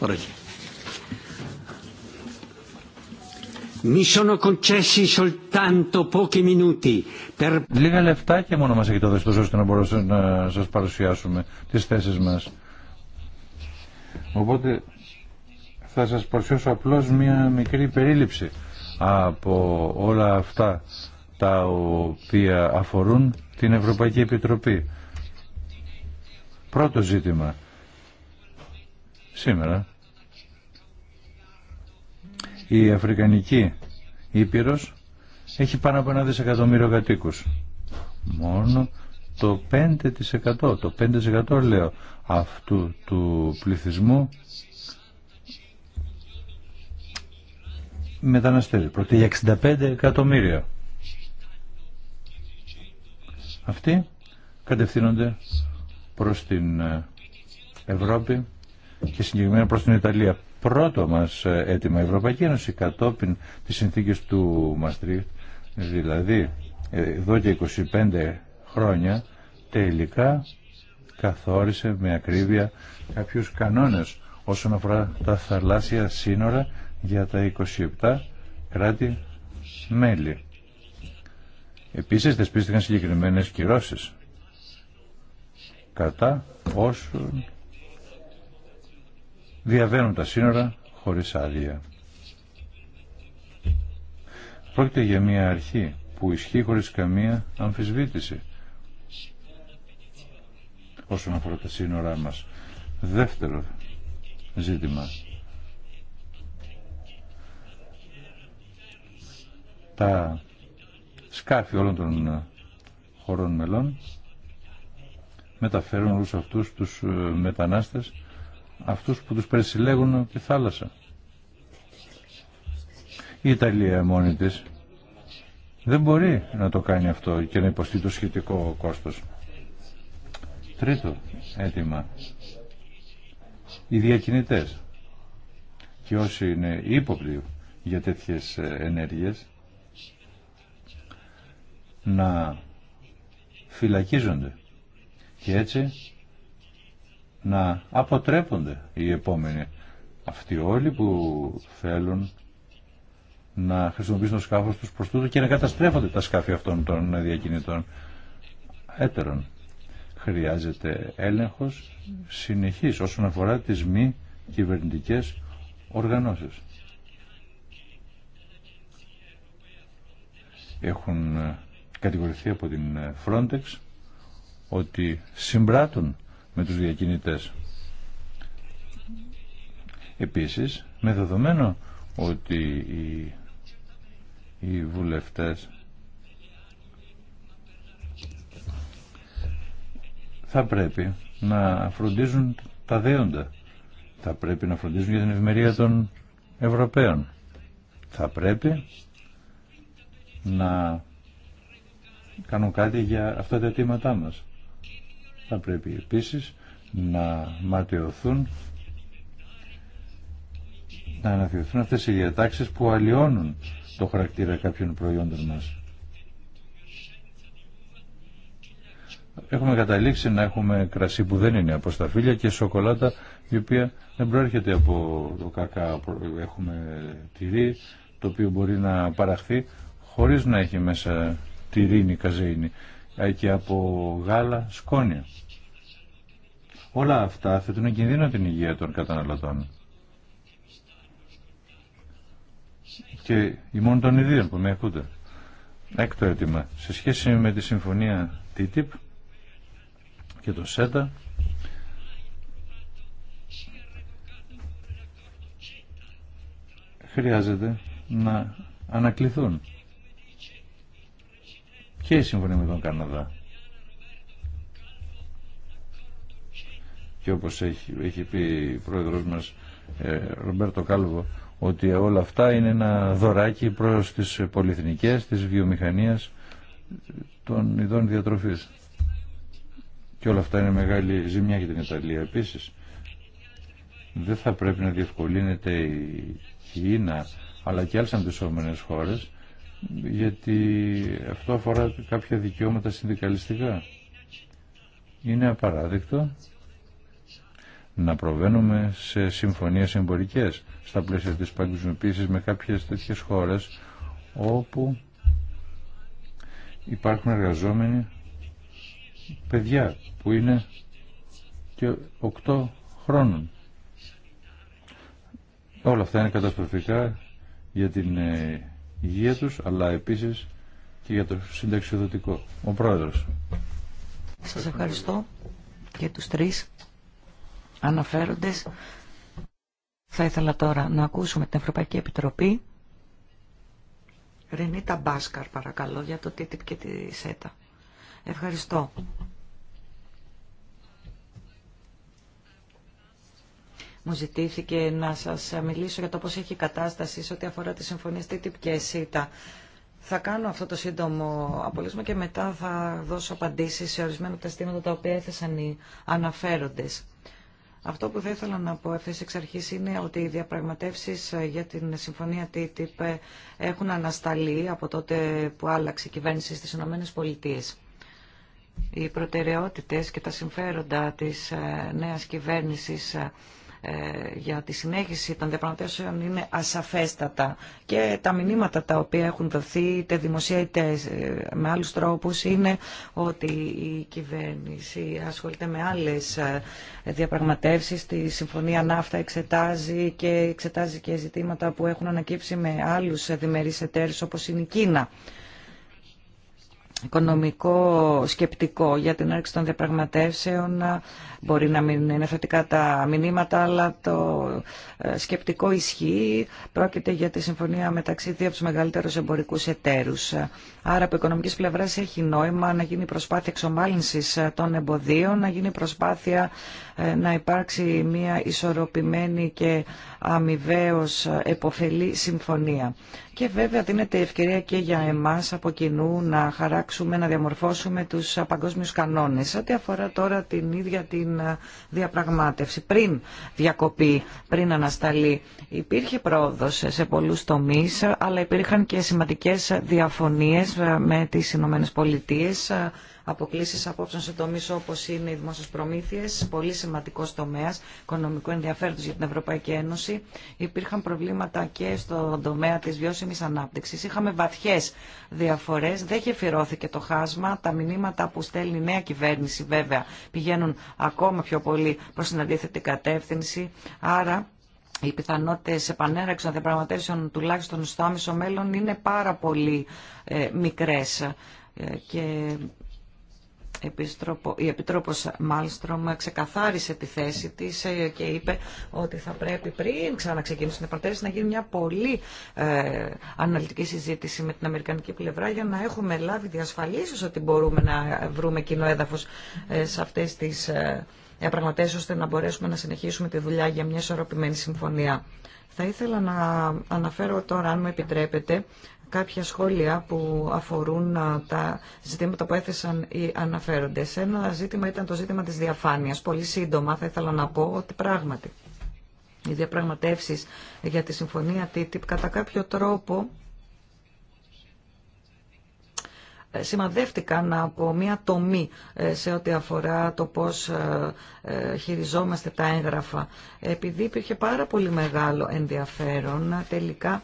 Λίγα και μόνο μας έχετε δώσει τόσο ώστε να μπορέσουμε να σας παρουσιάσουμε τις θέσεις μας. Οπότε θα σας παρουσιάσω απλώς μια μικρή περίληψη από όλα αυτά τα οποία αφορούν την Ευρωπαϊκή Επιτροπή. Πρώτο ζήτημα Σήμερα η Αφρικανική Ήπειρος έχει πάνω από ένα δισεκατομμύριο κατοίκους. Μόνο το 5%, το 5% λέω, αυτού του πληθυσμού μεταναστεύει. Πρώτα, για 65 εκατομμύρια. Αυτοί κατευθύνονται προς την ε, Ευρώπη και συγκεκριμένα προς την Ιταλία. Πρώτο μας έτοιμα ε, Ευρωπαϊκή Ένωση κατόπιν τις συνθήκες του Μαστρίτ, δηλαδή ε, εδώ και 25 χρόνια τελικά καθόρισε με ακρίβεια κάποιους κανόνες όσον αφορά τα θαλάσσια σύνορα για τα 27 κράτη-μέλη. Επίσης δεσπίστηκαν συγκεκριμένες κυρώσεις κατά όσων διαβαίνουν τα σύνορα χωρίς άδεια. Πρόκειται για μια αρχή που ισχύει χωρίς καμία αμφισβήτηση όσον αφορά τα σύνορά μας. Δεύτερο ζήτημα. Τα σκάφη όλων των χωρών μελών μεταφέρουν όλους αυτούς τους ε, μετανάστες αυτούς που τους περισυλλέγουν από τη θάλασσα. Η Ιταλία μόνη της δεν μπορεί να το κάνει αυτό και να υποστεί το σχετικό κόστος. Τρίτο αίτημα. Οι διακινητές και όσοι είναι ύποπτοι για τέτοιες ε, ενέργειες να φυλακίζονται και έτσι να αποτρέπονται οι επόμενοι. Αυτοί όλοι που θέλουν να χρησιμοποιήσουν το σκάφο του προς τούτο και να καταστρέφονται τα σκάφη αυτών των διακινητών έτερων. Χρειάζεται έλεγχος συνεχής όσον αφορά τι μη κυβερνητικές οργανώσεις. Έχουν κατηγορηθεί από την Frontex ότι συμπράττουν με τους διακινητές. Επίσης, με δεδομένο ότι οι, οι βουλευτές θα πρέπει να φροντίζουν τα δέοντα. Θα πρέπει να φροντίζουν για την ευημερία των Ευρωπαίων. Θα πρέπει να κάνουν κάτι για αυτά τα αιτήματά μας θα πρέπει επίσης να ματαιωθούν να αναφιωθούν αυτές οι διατάξεις που αλλοιώνουν το χαρακτήρα κάποιων προϊόντων μας. Έχουμε καταλήξει να έχουμε κρασί που δεν είναι από σταφύλια και σοκολάτα η οποία δεν προέρχεται από το κακά. Έχουμε τυρί το οποίο μπορεί να παραχθεί χωρίς να έχει μέσα τυρίνη καζέινη. Ε, και από γάλα σκόνια. Όλα αυτά θέτουν κινδύνο την υγεία των καταναλωτών. Και μόνη των ιδίων που με ακούτε. Έκτο αίτημα. Σε σχέση με τη συμφωνία TTIP και το ΣΕΤΑ, χρειάζεται να ανακληθούν και η συμφωνία με τον Καναδά. Και όπως έχει, πει ο πρόεδρος μας ε, Ρομπέρτο Κάλβο ότι όλα αυτά είναι ένα δωράκι προς τις πολυεθνικές της βιομηχανίες των ειδών διατροφής. Και όλα αυτά είναι μεγάλη ζημιά για την Ιταλία επίσης. Δεν θα πρέπει να διευκολύνεται η Κίνα αλλά και άλλες αντισώμενες χώρες γιατί αυτό αφορά κάποια δικαιώματα συνδικαλιστικά. Είναι απαράδεκτο να προβαίνουμε σε συμφωνίες εμπορικές στα πλαίσια της παγκοσμιοποίησης με κάποιες τέτοιες χώρες όπου υπάρχουν εργαζόμενοι παιδιά που είναι και οκτώ χρόνων. Όλα αυτά είναι καταστροφικά για την ε, υγεία του, αλλά επίσης και για το συνταξιοδοτικό. Ο Πρόεδρος. Σας ευχαριστώ και τους τρεις αναφέροντες. Θα ήθελα τώρα να ακούσουμε την Ευρωπαϊκή Επιτροπή. Ρενίτα Μπάσκαρ, παρακαλώ, για το TTIP και τη ΣΕΤΑ. Ευχαριστώ. μου ζητήθηκε να σας μιλήσω για το πώς έχει η κατάσταση σε ό,τι αφορά τη συμφωνία TTIP και ΣΥΤΑ. Θα κάνω αυτό το σύντομο απολύσμα και μετά θα δώσω απαντήσεις σε ορισμένα από τα στήματα τα οποία έθεσαν οι αναφέροντες. Αυτό που θα ήθελα να πω ευθύ εξ αρχή είναι ότι οι διαπραγματεύσει ε, για την συμφωνία TTIP ε, έχουν ανασταλεί από τότε που άλλαξε η κυβέρνηση στι ΗΠΑ. Οι προτεραιότητες και τα συμφέροντα της ε, νέας κυβέρνησης ε, για τη συνέχιση των διαπραγματεύσεων είναι ασαφέστατα και τα μηνύματα τα οποία έχουν δοθεί είτε δημοσία είτε ε, με άλλους τρόπους είναι ότι η κυβέρνηση ασχολείται με άλλες ε, διαπραγματεύσεις τη Συμφωνία Ναύτα εξετάζει και εξετάζει και ζητήματα που έχουν ανακύψει με άλλους διμερείς εταίρους όπως είναι η Κίνα οικονομικό σκεπτικό για την έρξη των διαπραγματεύσεων μπορεί να μην είναι θετικά τα μηνύματα αλλά το ε, σκεπτικό ισχύει πρόκειται για τη συμφωνία μεταξύ δύο από τους μεγαλύτερους εμπορικούς εταίρους άρα από οικονομικής πλευράς έχει νόημα να γίνει προσπάθεια εξομάλυνσης των εμποδίων να γίνει προσπάθεια ε, να υπάρξει μια ισορροπημένη και αμοιβαίως εποφελή συμφωνία. Και βέβαια δίνεται ευκαιρία και για εμάς από κοινού να χαράξουμε, να διαμορφώσουμε τους παγκόσμιους κανόνες. Ό,τι αφορά τώρα την ίδια την διαπραγμάτευση, πριν διακοπή, πριν ανασταλεί, υπήρχε πρόοδος σε πολλούς τομείς, αλλά υπήρχαν και σημαντικές διαφωνίες με τις ΗΠΑ αποκλήσει απόψεων σε τομεί όπως είναι οι δημόσιε προμήθειε, πολύ σημαντικό τομέα οικονομικού ενδιαφέροντο για την Ευρωπαϊκή Ένωση. Υπήρχαν προβλήματα και στον τομέα τη βιώσιμη ανάπτυξη. Είχαμε βαθιές διαφορέ, δεν γεφυρώθηκε το χάσμα. Τα μηνύματα που στέλνει η νέα κυβέρνηση βέβαια πηγαίνουν ακόμα πιο πολύ προ την αντίθετη κατεύθυνση. Άρα οι πιθανότητε επανέραξη των διαπραγματεύσεων τουλάχιστον στο άμεσο μέλλον είναι πάρα πολύ ε, ε και η Επιτρόπος Μάλστρομ ξεκαθάρισε τη θέση της ε, και είπε ότι θα πρέπει πριν ξαναξεκινήσουν οι παρτέρες να γίνει μια πολύ ε, αναλυτική συζήτηση με την Αμερικανική πλευρά για να έχουμε λάβει διασφαλίσεις ότι μπορούμε να βρούμε κοινό έδαφος ε, σε αυτές τις πραγματές ώστε να μπορέσουμε να συνεχίσουμε τη δουλειά για μια ισορροπημένη συμφωνία. Θα ήθελα να αναφέρω τώρα, αν μου επιτρέπετε, κάποια σχόλια που αφορούν τα ζητήματα που έθεσαν οι αναφέροντες. Ένα ζήτημα ήταν το ζήτημα της διαφάνειας. Πολύ σύντομα θα ήθελα να πω ότι πράγματι οι διαπραγματεύσεις για τη συμφωνία TTIP κατά κάποιο τρόπο ε, σημαδεύτηκαν από μια τομή ε, σε ό,τι αφορά το πώς ε, χειριζόμαστε τα έγγραφα. Επειδή υπήρχε πάρα πολύ μεγάλο ενδιαφέρον, τελικά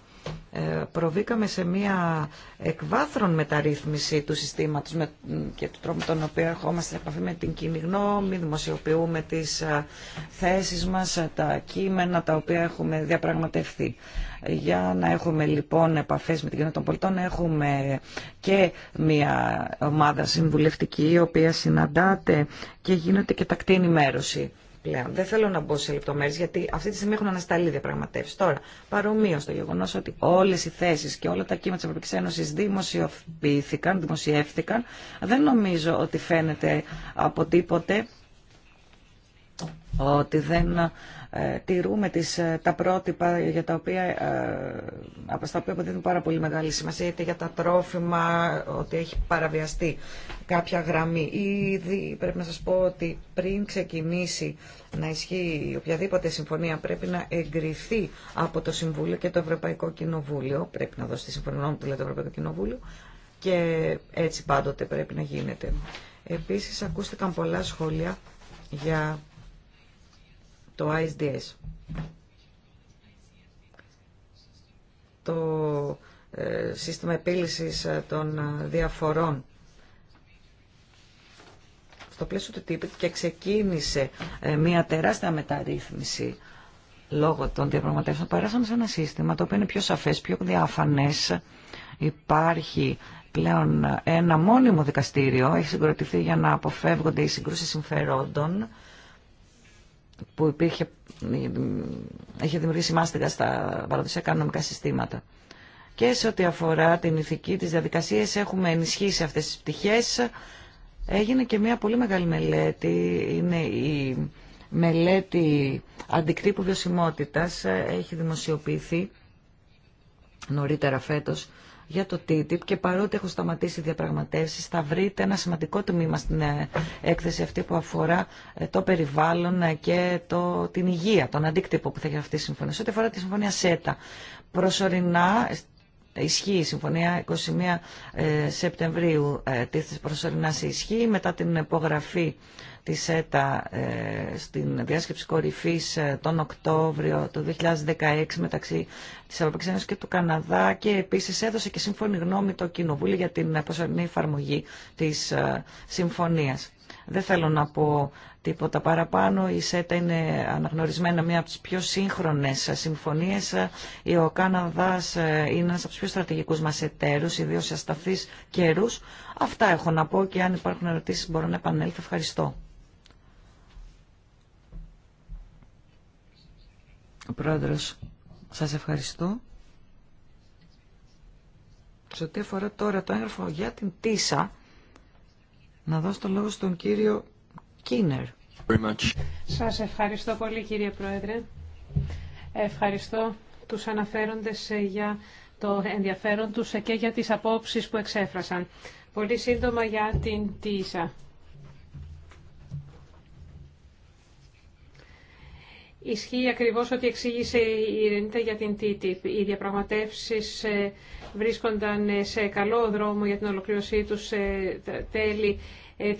ε, προβήκαμε σε μία εκβάθρον μεταρρύθμιση του συστήματος και του τρόπου τον οποίο ερχόμαστε σε επαφή με την κοινή γνώμη, δημοσιοποιούμε τις θέσεις μας, τα κείμενα τα οποία έχουμε διαπραγματευτεί. Για να έχουμε λοιπόν επαφές με την κοινότητα των πολιτών, έχουμε και μία ομάδα συμβουλευτική η οποία συναντάται και γίνεται και τακτή ενημέρωση. Δεν θέλω να μπω σε λεπτομέρειε γιατί αυτή τη στιγμή έχουν ανασταλεί διαπραγματεύσει. Τώρα, παρομοίω το γεγονό ότι όλε οι θέσει και όλα τα κύματα τη Ευρωπαϊκή Ένωση δημοσιοποιήθηκαν, δημοσιεύθηκαν, δεν νομίζω ότι φαίνεται από τίποτε ότι δεν ε, τηρούμε τις, ε, τα πρότυπα για τα οποία, ε, από στα οποία αποδίδουν πάρα πολύ μεγάλη σημασία, είτε για τα τρόφιμα, ότι έχει παραβιαστεί κάποια γραμμή. Ήδη πρέπει να σας πω ότι πριν ξεκινήσει να ισχύει οποιαδήποτε συμφωνία πρέπει να εγκριθεί από το Συμβούλιο και το Ευρωπαϊκό Κοινοβούλιο. Πρέπει να δώσει τη συμφωνία μου, δηλαδή το Ευρωπαϊκό Κοινοβούλιο. Και έτσι πάντοτε πρέπει να γίνεται. Επίσης ακούστηκαν πολλά σχόλια για το ISDS. Το ε, σύστημα επίλυσης ε, των ε, διαφορών στο πλαίσιο του Τύπη και ξεκίνησε μια τεράστια μεταρρύθμιση λόγω των διαπραγματεύσεων. Περάσαμε σε ένα σύστημα το οποίο είναι πιο σαφές, πιο διαφανές. Υπάρχει πλέον ένα μόνιμο δικαστήριο, έχει συγκροτηθεί για να αποφεύγονται οι συγκρούσεις συμφερόντων που υπήρχε, είχε δημιουργήσει μάστιγα στα παραδοσιακά νομικά συστήματα. Και σε ό,τι αφορά την ηθική της διαδικασίας έχουμε ενισχύσει αυτές τις πτυχές. Έγινε και μια πολύ μεγάλη μελέτη, είναι η μελέτη αντικτύπου βιωσιμότητας, έχει δημοσιοποιηθεί νωρίτερα φέτος για το TTIP και παρότι έχουν σταματήσει οι διαπραγματεύσεις θα βρείτε ένα σημαντικό τμήμα στην ε, έκθεση αυτή που αφορά ε, το περιβάλλον ε, και το, την υγεία, τον αντίκτυπο που θα έχει αυτή η συμφωνία. Σε ό,τι αφορά τη συμφωνία ΣΕΤΑ, προσωρινά Ισχύει η Συμφωνία 21 ε, Σεπτεμβρίου ε, τίθεται προσωρινά σε ισχύ μετά την υπογραφή της ΕΤΑ ε, στην διάσκεψη κορυφής τον Οκτώβριο του 2016 μεταξύ της Ευρωπαϊκής Ένωσης και του Καναδά και επίσης έδωσε και σύμφωνη γνώμη το Κοινοβούλιο για την προσωρινή εφαρμογή της συμφωνίας. Δεν θέλω να πω τίποτα παραπάνω. Η ΣΕΤΑ είναι αναγνωρισμένα μία από τις πιο σύγχρονες συμφωνίες. Ο Κάναδας ε, είναι ένας από τους πιο στρατηγικούς μας εταίρους, ιδίως σε ασταθείς καιρούς. Αυτά έχω να πω και αν υπάρχουν ερωτήσεις μπορώ να επανέλθω. Ευχαριστώ. Ο Πρόεδρος, σας ευχαριστώ. Σε ό,τι αφορά τώρα το έγγραφο για την ΤΙΣΑ, να δώσω το λόγο στον κύριο Κίνερ. Σας ευχαριστώ πολύ κύριε Πρόεδρε. Ευχαριστώ τους αναφέροντες ε, για το ενδιαφέρον τους ε, και για τις απόψεις που εξέφρασαν. Πολύ σύντομα για την ΤΙΣΑ. Ισχύει ακριβώς ότι εξήγησε η Ειρήνητα για την TTIP. Οι διαπραγματεύσεις ε, βρίσκονταν σε καλό δρόμο για την ολοκλήρωσή τους σε τέλη ε,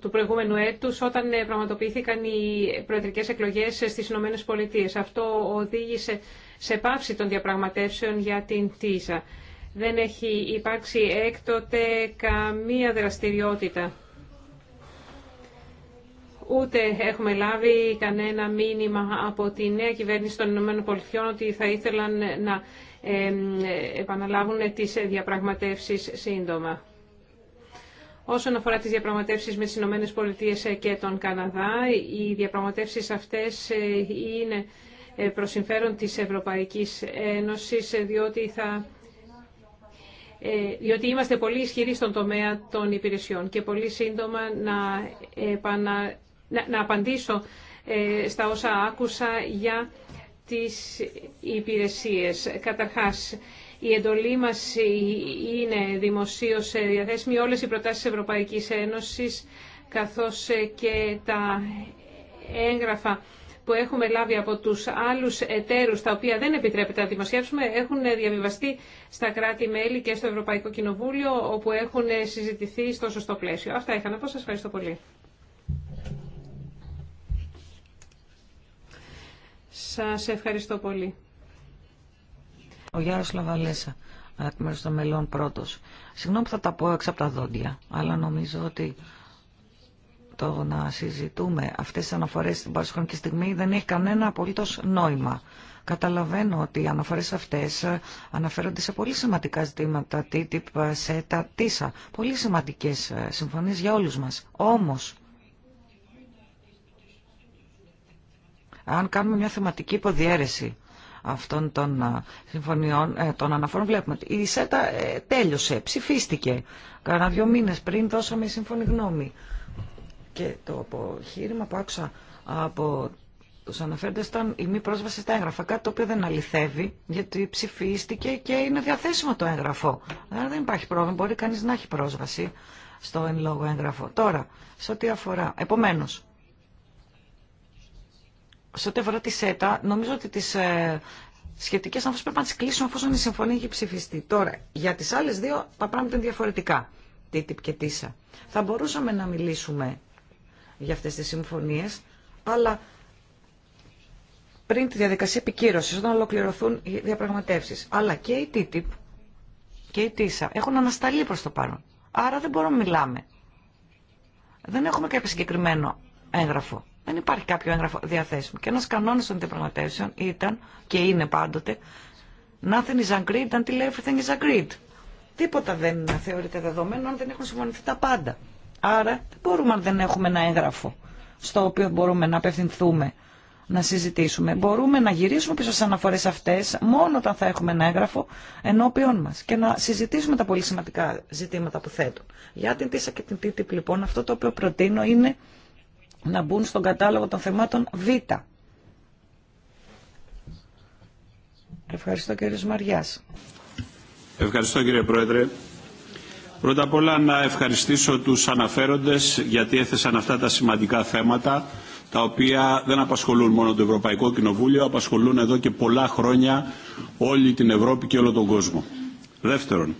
του προηγούμενου έτους όταν ε, πραγματοποιήθηκαν οι προεδρικές εκλογές ε, στις Ηνωμένες Πολιτείες. Αυτό οδήγησε σε πάυση των διαπραγματεύσεων για την ΤΙΖΑ. Δεν έχει υπάρξει έκτοτε καμία δραστηριότητα. Ούτε έχουμε λάβει κανένα μήνυμα από τη νέα κυβέρνηση των Ηνωμένων Πολιτειών ότι θα ήθελαν να επαναλάβουν τις διαπραγματεύσεις σύντομα. Όσον αφορά τις διαπραγματεύσεις με τις Ηνωμένε Πολιτείες και τον Καναδά, οι διαπραγματεύσεις αυτές ε, είναι ε, προ συμφέρον της Ευρωπαϊκής Ένωσης, ε, διότι, θα, διότι είμαστε πολύ ισχυροί στον τομέα των υπηρεσιών και πολύ σύντομα να, επανα, να, να απαντήσω στα όσα άκουσα για τις υπηρεσίες. Καταρχάς, η εντολή μας είναι δημοσίως διαθέσιμη όλες οι προτάσεις Ευρωπαϊκής Ένωσης, καθώς και τα έγγραφα που έχουμε λάβει από τους άλλους εταίρους, τα οποία δεν επιτρέπεται να δημοσιεύσουμε, έχουν διαβιβαστεί στα κράτη-μέλη και στο Ευρωπαϊκό Κοινοβούλιο, όπου έχουν συζητηθεί στο σωστό πλαίσιο. Αυτά είχα να πω. Σας ευχαριστώ πολύ. Σας ευχαριστώ πολύ. Ο Γιάρος Λαβαλέσα, εκ των μελών πρώτος. Συγγνώμη που θα τα πω έξω από τα δόντια, αλλά νομίζω ότι το να συζητούμε αυτές τις αναφορές στην παρασχρονική στιγμή δεν έχει κανένα απολύτως νόημα. Καταλαβαίνω ότι οι αναφορές αυτές αναφέρονται σε πολύ σημαντικά ζητήματα TTIP, ε, SETA, ΤΙΣΑ. Πολύ σημαντικές ε, συμφωνίες για όλους μας. Όμως, Αν κάνουμε μια θεματική υποδιέρεση αυτών των συμφωνιών, ε, των αναφορών, βλέπουμε ότι η ΣΕΤΑ ε, τέλειωσε, ψηφίστηκε. Κάνα δύο μήνες πριν δώσαμε σύμφωνη γνώμη. Και το αποχείρημα που άκουσα από τους αναφέροντες ήταν η μη πρόσβαση στα έγγραφα, κάτι το οποίο δεν αληθεύει, γιατί ψηφίστηκε και είναι διαθέσιμο το έγγραφο. Άρα δεν υπάρχει πρόβλημα, μπορεί κανείς να έχει πρόσβαση στο εν λόγω έγγραφο. Τώρα, σε ό,τι αφορά, επομένως, σε ό,τι αφορά τη ΣΕΤΑ, νομίζω ότι τι ε, σχετικές αμφώσεις πρέπει να τι κλείσουμε αφού η συμφωνία έχει ψηφιστεί. Τώρα, για τι άλλε δύο τα πράγματα είναι διαφορετικά, TTIP και ΤΙΣΑ. Θα μπορούσαμε να μιλήσουμε για αυτέ τι συμφωνίε, αλλά πριν τη διαδικασία επικύρωση όταν ολοκληρωθούν οι διαπραγματεύσει. Αλλά και η TTIP και η TISA έχουν ανασταλεί προ το παρόν. Άρα δεν μπορούμε να μιλάμε. Δεν έχουμε κάποιο συγκεκριμένο έγγραφο. Δεν υπάρχει κάποιο έγγραφο διαθέσιμο. Και ένα κανόνα των διαπραγματεύσεων ήταν και είναι πάντοτε Nothing is agreed until everything is agreed. Τίποτα δεν θεωρείται δεδομένο αν δεν έχουν συμφωνηθεί τα πάντα. Άρα δεν μπορούμε αν δεν έχουμε ένα έγγραφο στο οποίο μπορούμε να απευθυνθούμε, να συζητήσουμε. Μπορούμε να γυρίσουμε πίσω στι αναφορέ αυτέ μόνο όταν θα έχουμε ένα έγγραφο ενώπιον μα και να συζητήσουμε τα πολύ σημαντικά ζητήματα που θέτουν. Για την ΤΙΣΑ και την ΤΙΤΙΠ λοιπόν αυτό το οποίο προτείνω είναι να μπουν στον κατάλογο των θεμάτων Β. Ευχαριστώ κύριε Μαριάς. Ευχαριστώ κύριε Πρόεδρε. Πρώτα απ' όλα να ευχαριστήσω τους αναφέροντες γιατί έθεσαν αυτά τα σημαντικά θέματα τα οποία δεν απασχολούν μόνο το Ευρωπαϊκό Κοινοβούλιο, απασχολούν εδώ και πολλά χρόνια όλη την Ευρώπη και όλο τον κόσμο. Δεύτερον,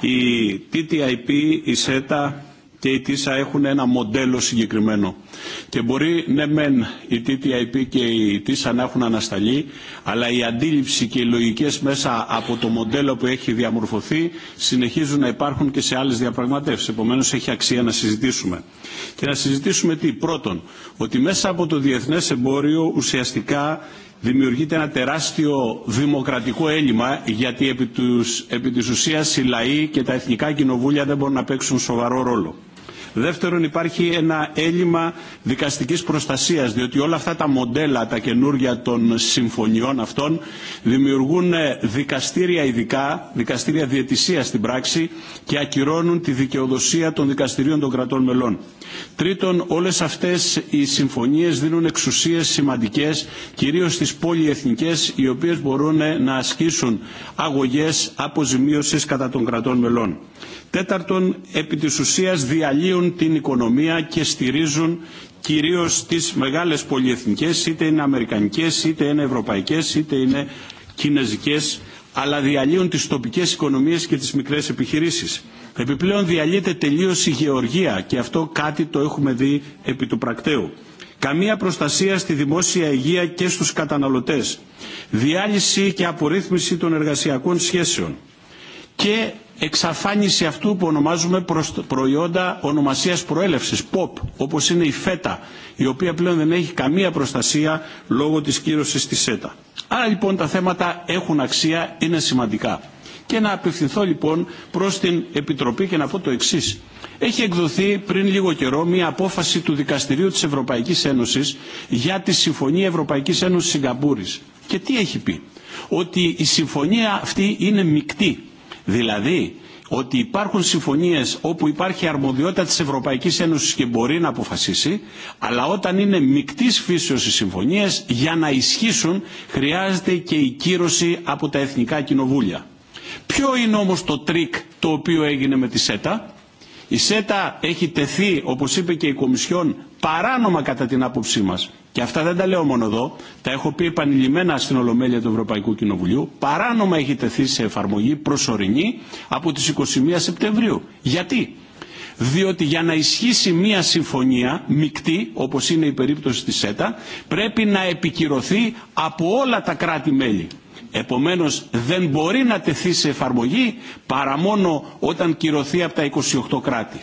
η TTIP, η ΣΕΤΑ, και η TISA έχουν ένα μοντέλο συγκεκριμένο. Και μπορεί ναι μεν η TTIP και η TISA να έχουν ανασταλεί, αλλά η αντίληψη και οι λογικές μέσα από το μοντέλο που έχει διαμορφωθεί συνεχίζουν να υπάρχουν και σε άλλες διαπραγματεύσεις. Επομένως έχει αξία να συζητήσουμε. Και να συζητήσουμε τι. Πρώτον, ότι μέσα από το διεθνές εμπόριο ουσιαστικά δημιουργείται ένα τεράστιο δημοκρατικό έλλειμμα γιατί επί, τους, επί της ουσίας οι λαοί και τα εθνικά κοινοβούλια δεν μπορούν να παίξουν σοβαρό ρόλο. Δεύτερον, υπάρχει ένα έλλειμμα δικαστικής προστασίας, διότι όλα αυτά τα μοντέλα, τα καινούργια των συμφωνιών αυτών, δημιουργούν ε, δικαστήρια ειδικά, δικαστήρια διαιτησία στην πράξη και ακυρώνουν τη δικαιοδοσία των δικαστηρίων των κρατών μελών. Τρίτον, όλες αυτέ οι συμφωνίες δίνουν εξουσίες σημαντικές, κυρίω στι πολιεθνικές οι οποίε μπορούν ε, να ασκήσουν αγωγέ αποζημίωση κατά των κρατών μελών. Τέταρτον, επί της ουσίας διαλύουν την οικονομία και στηρίζουν κυρίως τις μεγάλες πολυεθνικές, είτε είναι αμερικανικές, είτε είναι ευρωπαϊκές, είτε είναι κινέζικες, αλλά διαλύουν τις τοπικές οικονομίες και τις μικρές επιχειρήσεις. Επιπλέον διαλύεται τελείως η γεωργία και αυτό κάτι το έχουμε δει επί του πρακτέου. Καμία προστασία στη δημόσια υγεία και στους καταναλωτές. Διάλυση και απορρίθμιση των εργασιακών σχέσεων. Και εξαφάνιση αυτού που ονομάζουμε προϊόντα ονομασίας προέλευσης, POP, όπως είναι η φέτα, η οποία πλέον δεν έχει καμία προστασία λόγω της κύρωσης της ΣΕΤΑ. Άρα λοιπόν τα θέματα έχουν αξία, είναι σημαντικά. Και να απευθυνθώ λοιπόν προς την Επιτροπή και να πω το εξή, Έχει εκδοθεί πριν λίγο καιρό μια απόφαση του Δικαστηρίου της Ευρωπαϊκής Ένωσης για τη Συμφωνία Ευρωπαϊκής Ένωσης Σιγκαπούρης. Και τι έχει πει. Ότι η συμφωνία αυτή είναι μεικτή Δηλαδή ότι υπάρχουν συμφωνίες όπου υπάρχει αρμοδιότητα της Ευρωπαϊκής Ένωσης και μπορεί να αποφασίσει, αλλά όταν είναι μικτής φύσεως οι συμφωνίες, για να ισχύσουν χρειάζεται και η κύρωση από τα εθνικά κοινοβούλια. Ποιο είναι όμως το τρίκ το οποίο έγινε με τη ΣΕΤΑ. Η ΣΕΤΑ έχει τεθεί, όπως είπε και η Κομισιόν, παράνομα κατά την άποψή μας και αυτά δεν τα λέω μόνο εδώ, τα έχω πει επανειλημμένα στην Ολομέλεια του Ευρωπαϊκού Κοινοβουλίου, παράνομα έχει τεθεί σε εφαρμογή προσωρινή από τις 21 Σεπτεμβρίου. Γιατί? διότι για να ισχύσει μία συμφωνία μεικτή, όπως είναι η περίπτωση της ΣΕΤΑ, πρέπει να επικυρωθεί από όλα τα κράτη-μέλη. Επομένως δεν μπορεί να τεθεί σε εφαρμογή παρά μόνο όταν κυρωθεί από τα 28 κράτη.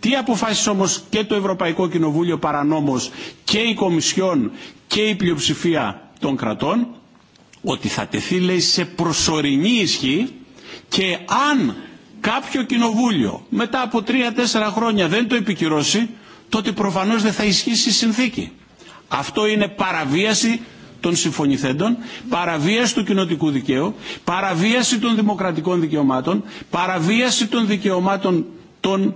Τι αποφάσισε όμως και το Ευρωπαϊκό Κοινοβούλιο παρανόμως και η Κομισιόν και η πλειοψηφία των κρατών ότι θα τεθεί λέει σε προσωρινή ισχύ και αν κάποιο κοινοβούλιο μετά από τρία-τέσσερα χρόνια δεν το επικυρώσει τότε προφανώς δεν θα ισχύσει η συνθήκη. Αυτό είναι παραβίαση των συμφωνηθέντων, παραβίαση του κοινοτικού δικαίου, παραβίαση των δημοκρατικών δικαιωμάτων, παραβίαση των δικαιωμάτων των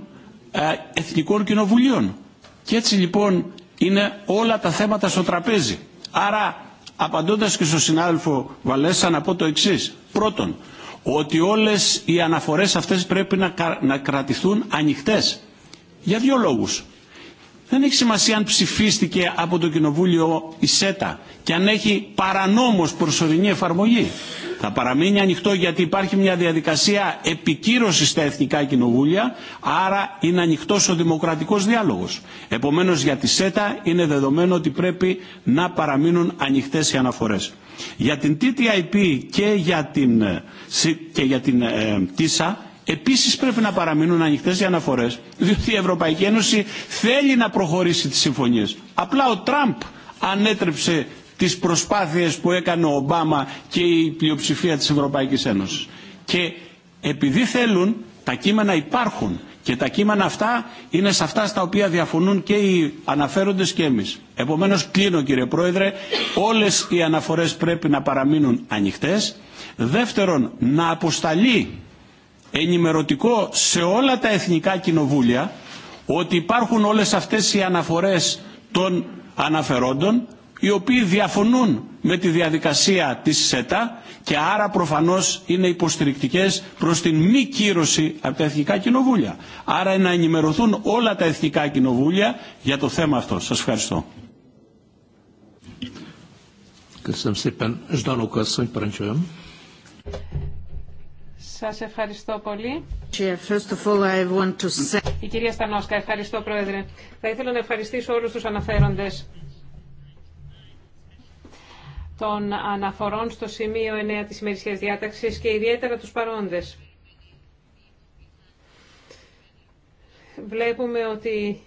ε, εθνικών κοινοβουλίων. Και έτσι λοιπόν είναι όλα τα θέματα στο τραπέζι. Άρα απαντώντας και στον συνάδελφο Βαλέσσα να πω το εξή. Πρώτον, ότι όλες οι αναφορές αυτές πρέπει να, να κρατηθούν ανοιχτές. Για δύο λόγους. Δεν έχει σημασία αν ψηφίστηκε από το Κοινοβούλιο η ΣΕΤΑ και αν έχει παρανόμως προσωρινή εφαρμογή θα παραμείνει ανοιχτό γιατί υπάρχει μια διαδικασία επικύρωσης στα εθνικά κοινοβούλια, άρα είναι ανοιχτός ο δημοκρατικός διάλογος. Επομένως για τη ΣΕΤΑ είναι δεδομένο ότι πρέπει να παραμείνουν ανοιχτές οι αναφορές. Για την TTIP και για την, ε, και για την ε, TISA επίσης πρέπει να παραμείνουν ανοιχτές οι αναφορές, διότι η Ευρωπαϊκή Ένωση θέλει να προχωρήσει τις συμφωνίες. Απλά ο Τραμπ ανέτρεψε τις προσπάθειες που έκανε ο Ομπάμα και η πλειοψηφία της Ευρωπαϊκής Ένωσης. Και επειδή θέλουν, τα κείμενα υπάρχουν και τα κείμενα αυτά είναι σε αυτά στα οποία διαφωνούν και οι αναφέροντες και εμείς. Επομένως κλείνω κύριε Πρόεδρε, όλες οι αναφορές πρέπει να παραμείνουν ανοιχτές. Δεύτερον, να αποσταλεί ενημερωτικό σε όλα τα εθνικά κοινοβούλια ότι υπάρχουν όλες αυτές οι αναφορές των αναφερόντων οι οποίοι διαφωνούν με τη διαδικασία της ΣΕΤΑ και άρα προφανώς είναι υποστηρικτικές προς την μη κύρωση από τα εθνικά κοινοβούλια. Άρα να ενημερωθούν όλα τα εθνικά κοινοβούλια για το θέμα αυτό. Σας ευχαριστώ. Σας ευχαριστώ πολύ. Η κυρία Στανόσκα, ευχαριστώ Πρόεδρε. Θα ήθελα να ευχαριστήσω όλους τους αναφέροντες των αναφορών στο σημείο 9 της ημερησίας διάταξης και ιδιαίτερα τους παρόντες. Βλέπουμε ότι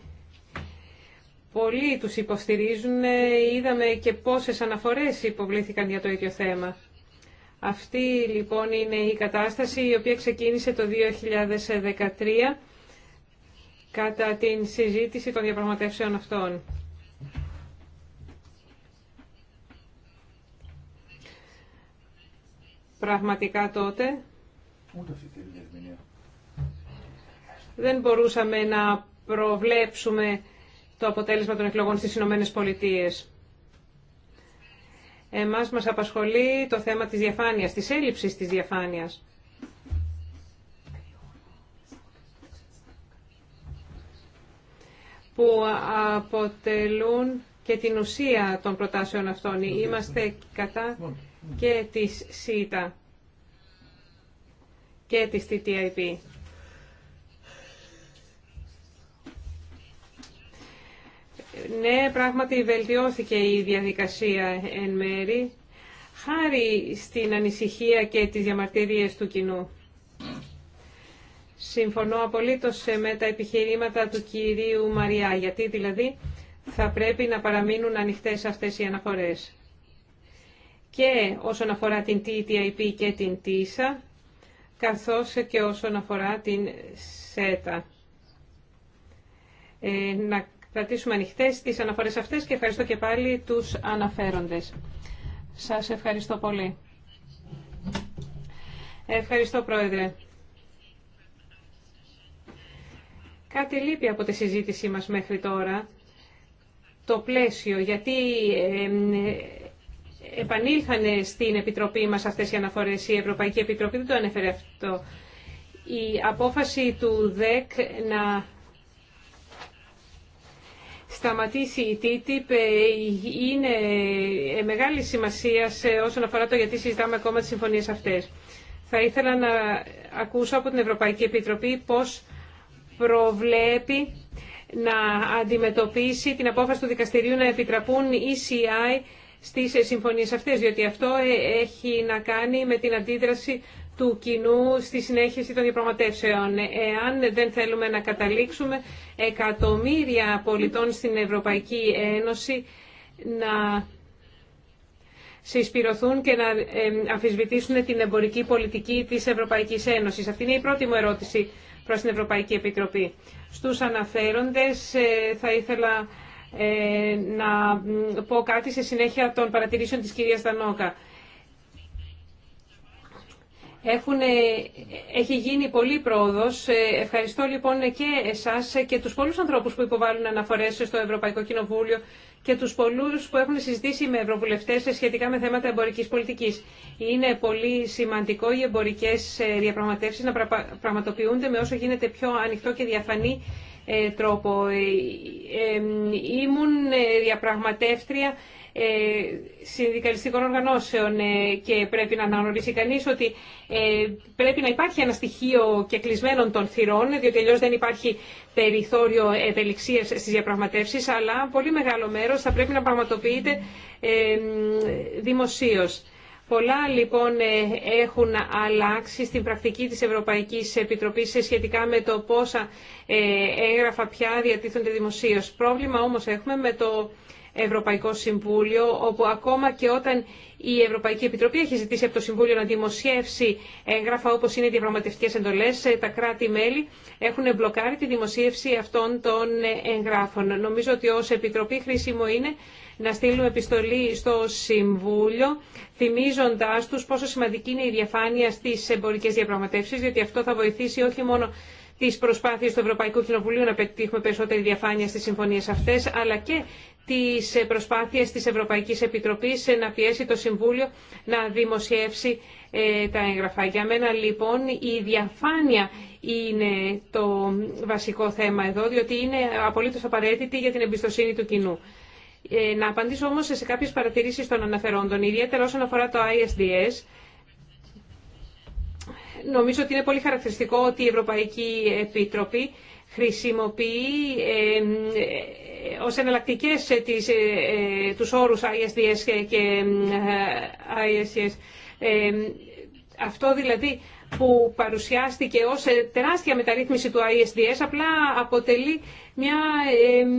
πολλοί τους υποστηρίζουν. Είδαμε και πόσες αναφορές υποβλήθηκαν για το ίδιο θέμα. Αυτή λοιπόν είναι η κατάσταση η οποία ξεκίνησε το 2013 κατά την συζήτηση των διαπραγματεύσεων αυτών. Πραγματικά τότε δεν μπορούσαμε να προβλέψουμε το αποτέλεσμα των εκλογών στις Ηνωμένε Πολιτείε. Εμάς μας απασχολεί το θέμα της διαφάνειας, της έλλειψης της διαφάνειας. που αποτελούν και την ουσία των προτάσεων αυτών. Είμαστε κατά λοιπόν, και της ΣΥΤΑ και της TTIP. Ναι, πράγματι βελτιώθηκε η διαδικασία εν μέρη, χάρη στην ανησυχία και τις διαμαρτυρίες του κοινού. Συμφωνώ απολύτως με τα επιχειρήματα του κυρίου Μαριά, γιατί δηλαδή θα πρέπει να παραμείνουν ανοιχτές αυτές οι αναφορές και όσον αφορά την TTIP και την TISA, καθώς και όσον αφορά την ΣΕΤΑ. Ε, να κρατήσουμε ανοιχτές τις αναφορές αυτές και ευχαριστώ και πάλι τους αναφέροντες. Σας ευχαριστώ πολύ. Ευχαριστώ, Πρόεδρε. Κάτι λείπει από τη συζήτησή μας μέχρι τώρα. Το πλαίσιο, γιατί ε, επανήλθαν στην Επιτροπή μας αυτές οι αναφορές. Η Ευρωπαϊκή Επιτροπή δεν το ανέφερε αυτό. Η απόφαση του ΔΕΚ να σταματήσει η TTIP ε, είναι ε, μεγάλη σημασία σε όσον αφορά το γιατί συζητάμε ακόμα τις συμφωνίες αυτές. Θα ήθελα να ακούσω από την Ευρωπαϊκή Επιτροπή πώς προβλέπει να αντιμετωπίσει την απόφαση του δικαστηρίου να επιτραπούν ECI στις συμφωνίες αυτές, διότι αυτό ε, έχει να κάνει με την αντίδραση του κοινού στη συνέχιση των διαπραγματεύσεων. Εάν δεν θέλουμε να καταλήξουμε εκατομμύρια πολιτών στην Ευρωπαϊκή Ένωση να συσπηρωθούν και να ε, αμφισβητήσουν την εμπορική πολιτική της Ευρωπαϊκής Ένωσης. Αυτή είναι η πρώτη μου ερώτηση προς την Ευρωπαϊκή Επιτροπή. Στους αναφέροντες ε, θα ήθελα ε, να πω κάτι σε συνέχεια των παρατηρήσεων της κυρίας Δανόκα. Έχουν, έχει γίνει πολύ πρόοδος. Ε, ευχαριστώ λοιπόν και εσάς και τους πολλούς ανθρώπους που υποβάλλουν αναφορές στο Ευρωπαϊκό Κοινοβούλιο και τους πολλούς που έχουν συζητήσει με ευρωβουλευτές σχετικά με θέματα εμπορικής πολιτικής. Είναι πολύ σημαντικό οι εμπορικές ε, διαπραγματεύσεις να πραγματοποιούνται με όσο γίνεται πιο ανοιχτό και διαφανή ε, τρόπο. Ε, ε, ήμουν διαπραγματεύτρια συνδικαλιστικών οργανώσεων και πρέπει να αναγνωρίσει κανείς ότι πρέπει να υπάρχει ένα στοιχείο και κλεισμένων των θυρών, διότι αλλιώ δεν υπάρχει περιθώριο ευελιξία στις διαπραγματεύσεις, αλλά πολύ μεγάλο μέρος θα πρέπει να πραγματοποιείται δημοσίως. Πολλά λοιπόν ε, έχουν αλλάξει στην πρακτική της Ευρωπαϊκής Επιτροπής σχετικά με το πόσα ε, έγγραφα πια διατίθενται δημοσίως. Πρόβλημα όμως έχουμε με το Ευρωπαϊκό Συμβούλιο, όπου ακόμα και όταν η Ευρωπαϊκή Επιτροπή έχει ζητήσει από το Συμβούλιο να δημοσιεύσει έγγραφα όπως είναι οι διαπραγματευτικές εντολές, ε, τα κράτη-μέλη έχουν μπλοκάρει τη δημοσίευση αυτών των εγγράφων. Νομίζω ότι ως Επιτροπή χρήσιμο είναι να στείλουμε επιστολή στο Συμβούλιο, θυμίζοντα του πόσο σημαντική είναι η διαφάνεια στι εμπορικέ διαπραγματεύσει, διότι αυτό θα βοηθήσει όχι μόνο τι προσπάθειε του Ευρωπαϊκού Κοινοβουλίου να πετύχουμε περισσότερη διαφάνεια στι συμφωνίε αυτέ, αλλά και τις προσπάθειες τη Ευρωπαϊκή Επιτροπής να πιέσει το Συμβούλιο να δημοσιεύσει ε, τα έγγραφα. Για μένα λοιπόν η διαφάνεια είναι το βασικό θέμα εδώ, διότι είναι απολύτω απαραίτητη για την εμπιστοσύνη του κοινού. Ε, να απαντήσω όμως σε κάποιες παρατηρήσεις των αναφερόντων, ιδιαίτερα όσον αφορά το ISDS. Νομίζω ότι είναι πολύ χαρακτηριστικό ότι η Ευρωπαϊκή Επίτροπη χρησιμοποιεί ε, ε, ως εναλλακτικές ε, ε τους όρους ISDS και ISDS. Αυτό δηλαδή που παρουσιάστηκε ως τεράστια μεταρρύθμιση του ISDS απλά αποτελεί μια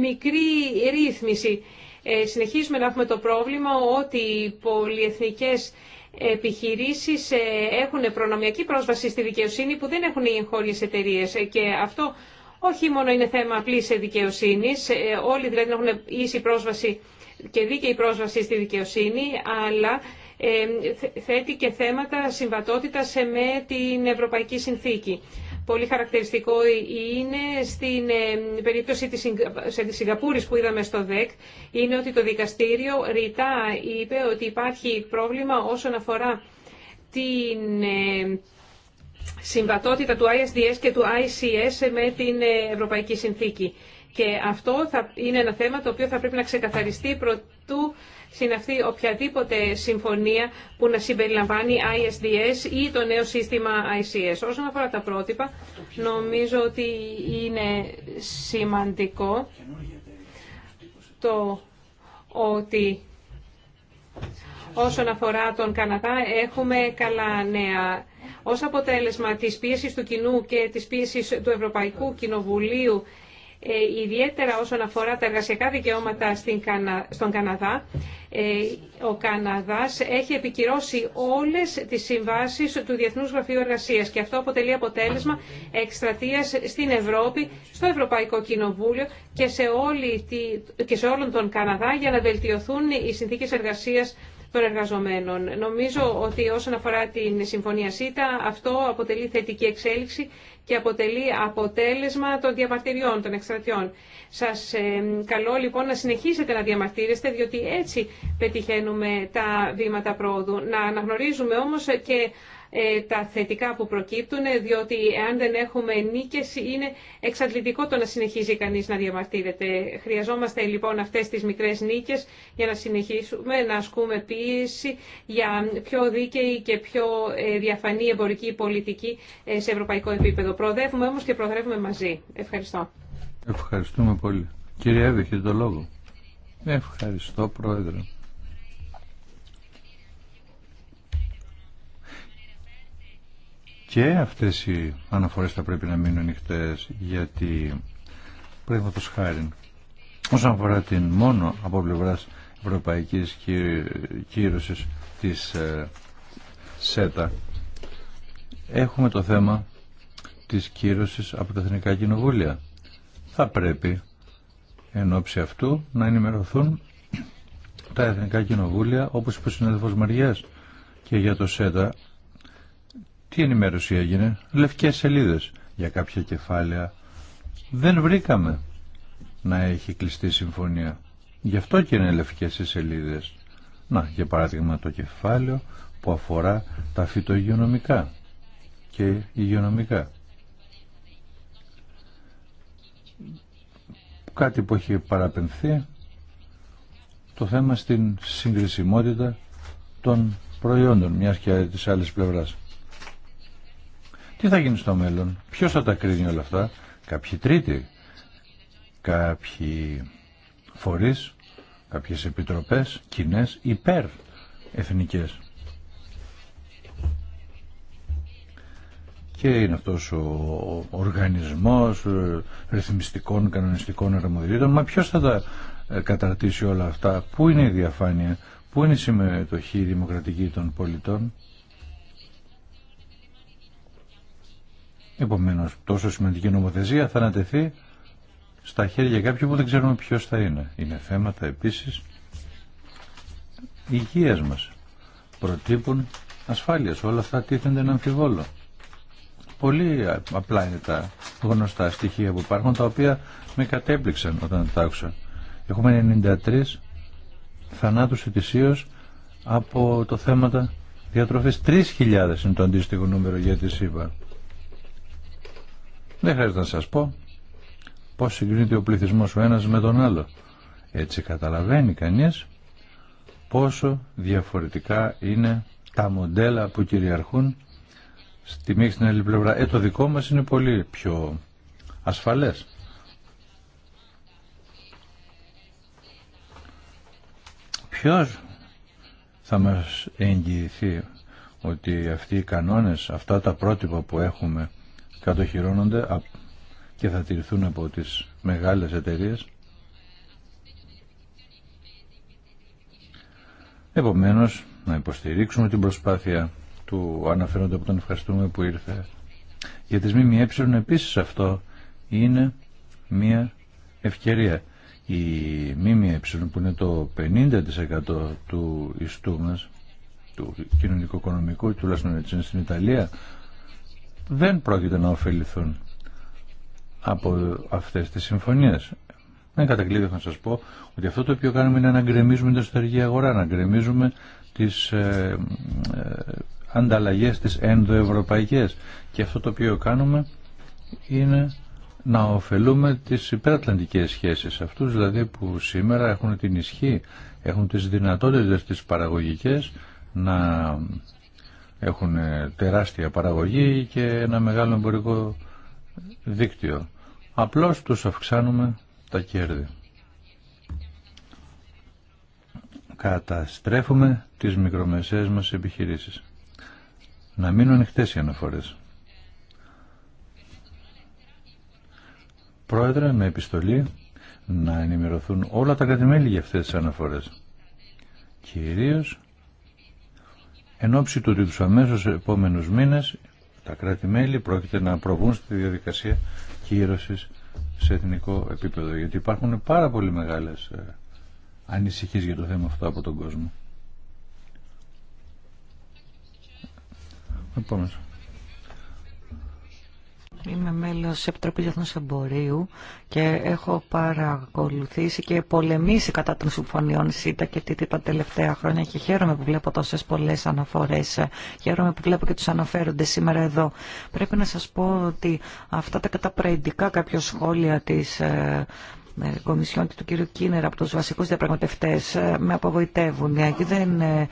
μικρή ρύθμιση. Ε, συνεχίζουμε να έχουμε το πρόβλημα ότι οι πολυεθνικές επιχειρήσεις ε, έχουν προνομιακή πρόσβαση στη δικαιοσύνη που δεν έχουν οι εγχώριες εταιρείε. Ε, και αυτό όχι μόνο είναι θέμα απλής δικαιοσύνης, όλοι δηλαδή έχουν ίση πρόσβαση και δίκαιη πρόσβαση στη δικαιοσύνη, αλλά θέτει και θέματα συμβατότητας με την Ευρωπαϊκή Συνθήκη πολύ χαρακτηριστικό είναι στην ε, περίπτωση της Σιγκαπούρης που είδαμε στο ΔΕΚ, είναι ότι το δικαστήριο ρητά είπε ότι υπάρχει πρόβλημα όσον αφορά την ε, συμβατότητα του ISDS και του ICS με την ε, Ευρωπαϊκή Συνθήκη. Και αυτό θα είναι ένα θέμα το οποίο θα πρέπει να ξεκαθαριστεί προτού συναυθεί οποιαδήποτε συμφωνία που να συμπεριλαμβάνει ISDS ή το νέο σύστημα ICS. Όσον αφορά τα πρότυπα, νομίζω ότι είναι σημαντικό το ότι όσον αφορά τον Καναδά έχουμε καλά νέα. Ως αποτέλεσμα της πίεσης του κοινού και της πίεσης του Ευρωπαϊκού Κοινοβουλίου ε, ιδιαίτερα όσον αφορά τα εργασιακά δικαιώματα στην στον Καναδά. Ε, ο Καναδάς έχει επικυρώσει όλες τις συμβάσεις του Διεθνούς Γραφείου Εργασίας και αυτό αποτελεί αποτέλεσμα εκστρατείας στην Ευρώπη, στο Ευρωπαϊκό Κοινοβούλιο και σε, όλη τη... και σε όλον τον Καναδά για να βελτιωθούν οι συνθήκες εργασίας των εργαζομένων. Νομίζω ότι όσον αφορά την συμφωνία ΣΥΤΑ, αυτό αποτελεί θετική εξέλιξη και αποτελεί αποτέλεσμα των διαμαρτυριών, των εκστρατιών. Σας ε, καλώ λοιπόν να συνεχίσετε να διαμαρτύρεστε, διότι έτσι πετυχαίνουμε τα βήματα πρόοδου. Να αναγνωρίζουμε όμως και ε, τα θετικά που προκύπτουν, διότι αν δεν έχουμε νίκες είναι εξαντλητικό το να συνεχίζει κανείς να διαμαρτύρεται. Χρειαζόμαστε λοιπόν αυτές τις μικρές νίκες για να συνεχίσουμε να ασκούμε πίεση για πιο δίκαιη και πιο ε, διαφανή εμπορική πολιτική ε, σε ευρωπαϊκό επίπεδο. Προοδεύουμε όμως και προοδεύουμε μαζί. Ευχαριστώ. Ευχαριστούμε πολύ. Κύριε Εύη, το λόγο. Ευχαριστώ, Πρόεδρε. Και αυτές οι αναφορές θα πρέπει να μείνουν ανοιχτέ γιατί πρέπει χάρη. Όσον αφορά την μόνο από πλευρά ευρωπαϊκής κύρωσης της ε, ΣΕΤΑ έχουμε το θέμα της κύρωσης από τα Εθνικά Κοινοβούλια. Θα πρέπει εν ώψη αυτού να ενημερωθούν τα Εθνικά Κοινοβούλια όπως είπε ο Μαριάς και για το ΣΕΤΑ τι ενημέρωση έγινε, λευκές σελίδες για κάποια κεφάλαια. Δεν βρήκαμε να έχει κλειστή συμφωνία. Γι' αυτό και είναι λευκές οι σελίδες. Να, για παράδειγμα το κεφάλαιο που αφορά τα φυτοϊγειονομικά και υγειονομικά. Κάτι που έχει παραπενθεί το θέμα στην συγκρισιμότητα των προϊόντων μιας και της άλλης πλευράς. Τι θα γίνει στο μέλλον, ποιο θα τα κρίνει όλα αυτά, κάποιοι τρίτοι, κάποιοι φορεί, κάποιες επιτροπές, κοινέ υπέρ εθνικές. Και είναι αυτός ο οργανισμός ε, ρυθμιστικών, κανονιστικών αρμοδιότητων. Μα ποιος θα τα ε, καταρτήσει όλα αυτά, πού είναι η διαφάνεια, πού είναι η συμμετοχή δημοκρατική των πολιτών. Επομένως, τόσο σημαντική νομοθεσία θα ανατεθεί στα χέρια κάποιου που δεν ξέρουμε ποιος θα είναι. Είναι θέματα επίσης υγεία μας. Προτύπουν ασφάλειας. Όλα αυτά τίθενται να αμφιβόλο. Πολύ απλά είναι τα γνωστά στοιχεία που υπάρχουν, τα οποία με κατέπληξαν όταν τα άκουσα. Έχουμε 93 θανάτους ετησίως από το θέματα διατροφής. 3.000 είναι το αντίστοιχο νούμερο για τη ΣΥΠΑ. Δεν χρειάζεται να σας πω πώς συγκρίνεται ο πληθυσμός ο ένας με τον άλλο. Έτσι καταλαβαίνει κανείς πόσο διαφορετικά είναι τα μοντέλα που κυριαρχούν στη μίξη στην άλλη πλευρά. Ε, το δικό μας είναι πολύ πιο ασφαλές. Ποιος θα μας εγγυηθεί ότι αυτοί οι κανόνες, αυτά τα πρότυπα που έχουμε κατοχυρώνονται και θα τηρηθούν από τις μεγάλες εταιρείες. Επομένως, να υποστηρίξουμε την προσπάθεια του αναφέροντα από τον ευχαριστούμε που ήρθε. Για τις ΜΜΕ επίσης αυτό είναι μια ευκαιρία. Η ΜΜΕ που είναι το 50% του ιστού μας, του κοινωνικο-οικονομικού, τουλάχιστον έτσι στην Ιταλία, δεν πρόκειται να ωφεληθούν από αυτές τις συμφωνίες. Με κατακλείδω να σας πω ότι αυτό το οποίο κάνουμε είναι να γκρεμίζουμε την εσωτερική αγορά, να γκρεμίζουμε τις ε, ε, ανταλλαγές τις ενδοευρωπαϊκές και αυτό το οποίο κάνουμε είναι να ωφελούμε τις υπερατλαντικές σχέσεις αυτούς δηλαδή που σήμερα έχουν την ισχύ έχουν τις δυνατότητες τις παραγωγικές να έχουν ε, τεράστια παραγωγή και ένα μεγάλο εμπορικό δίκτυο. Απλώς τους αυξάνουμε τα κέρδη. Καταστρέφουμε τις μικρομεσαίες μας επιχειρήσεις. Να μείνουν ανοιχτές οι αναφορές. Πρόεδρε, με επιστολή να ενημερωθούν όλα τα κατημέλη για αυτές τις αναφορές. Κυρίως Εν ώψη του ότι του αμέσω επόμενους μήνες τα κράτη-μέλη πρόκειται να προβούν στη διαδικασία κύρωσης σε εθνικό επίπεδο γιατί υπάρχουν πάρα πολύ μεγάλες ε, ανησυχίες για το θέμα αυτό από τον κόσμο. Είμαι μέλος της Επιτροπής Διεθνούς Εμπορίου και έχω παρακολουθήσει και πολεμήσει κατά των συμφωνιών ΣΥΤΑ και τι τα τελευταία χρόνια και χαίρομαι που βλέπω τόσες πολλές αναφορές. Χαίρομαι που βλέπω και τους αναφέρονται σήμερα εδώ. Πρέπει να σας πω ότι αυτά τα καταπραγητικά κάποια σχόλια της ε, Κομισιόν και του κύριου Κίνερα από τους βασικούς διαπραγματευτές ε, με απογοητεύουν γιατί ε, δεν ε,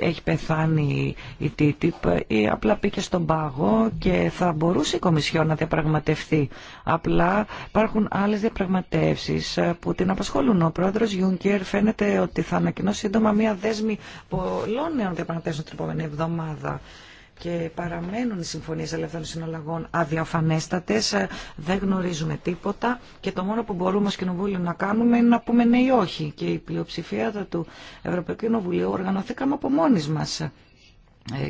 έχει πεθάνει η TTIP ή απλά πήκε στον πάγο και θα μπορούσε η Κομισιόν να διαπραγματευτεί. Απλά υπάρχουν άλλες διαπραγματεύσεις που την απασχολούν. Ο πρόεδρος Γιούνκερ φαίνεται ότι θα ανακοινώσει σύντομα μία δέσμη πολλών νέων διαπραγματεύσεων την επόμενη εβδομάδα και παραμένουν οι συμφωνίες ελεύθερων συναλλαγών αδιαφανέστατες, ε, δεν γνωρίζουμε τίποτα και το μόνο που μπορούμε ως Κοινοβούλιο να κάνουμε είναι να πούμε ναι ή όχι. Και η πλειοψηφία του Ευρωπαϊκού Κοινοβουλίου οργανωθήκαμε από μόνοι μας ε,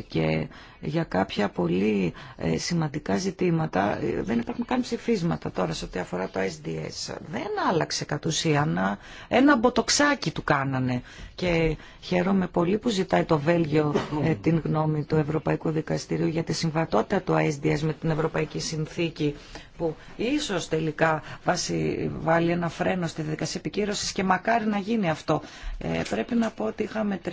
και για κάποια πολύ ε, σημαντικά ζητήματα ε, δεν υπάρχουν καν ψηφίσματα τώρα σε ό,τι αφορά το SDS. Δεν άλλαξε κατ' ουσίαν. Ένα μποτοξάκι του κάνανε. Και χαίρομαι πολύ που ζητάει το Βέλγιο ε, την γνώμη του Ευρωπαϊκού Δικαστηρίου για τη συμβατότητα του SDS με την Ευρωπαϊκή Συνθήκη που ίσως τελικά βάσει, βάλει ένα φρένο στη δικασία επικύρωση και μακάρι να γίνει αυτό. πρέπει να πω ότι είχαμε 3,5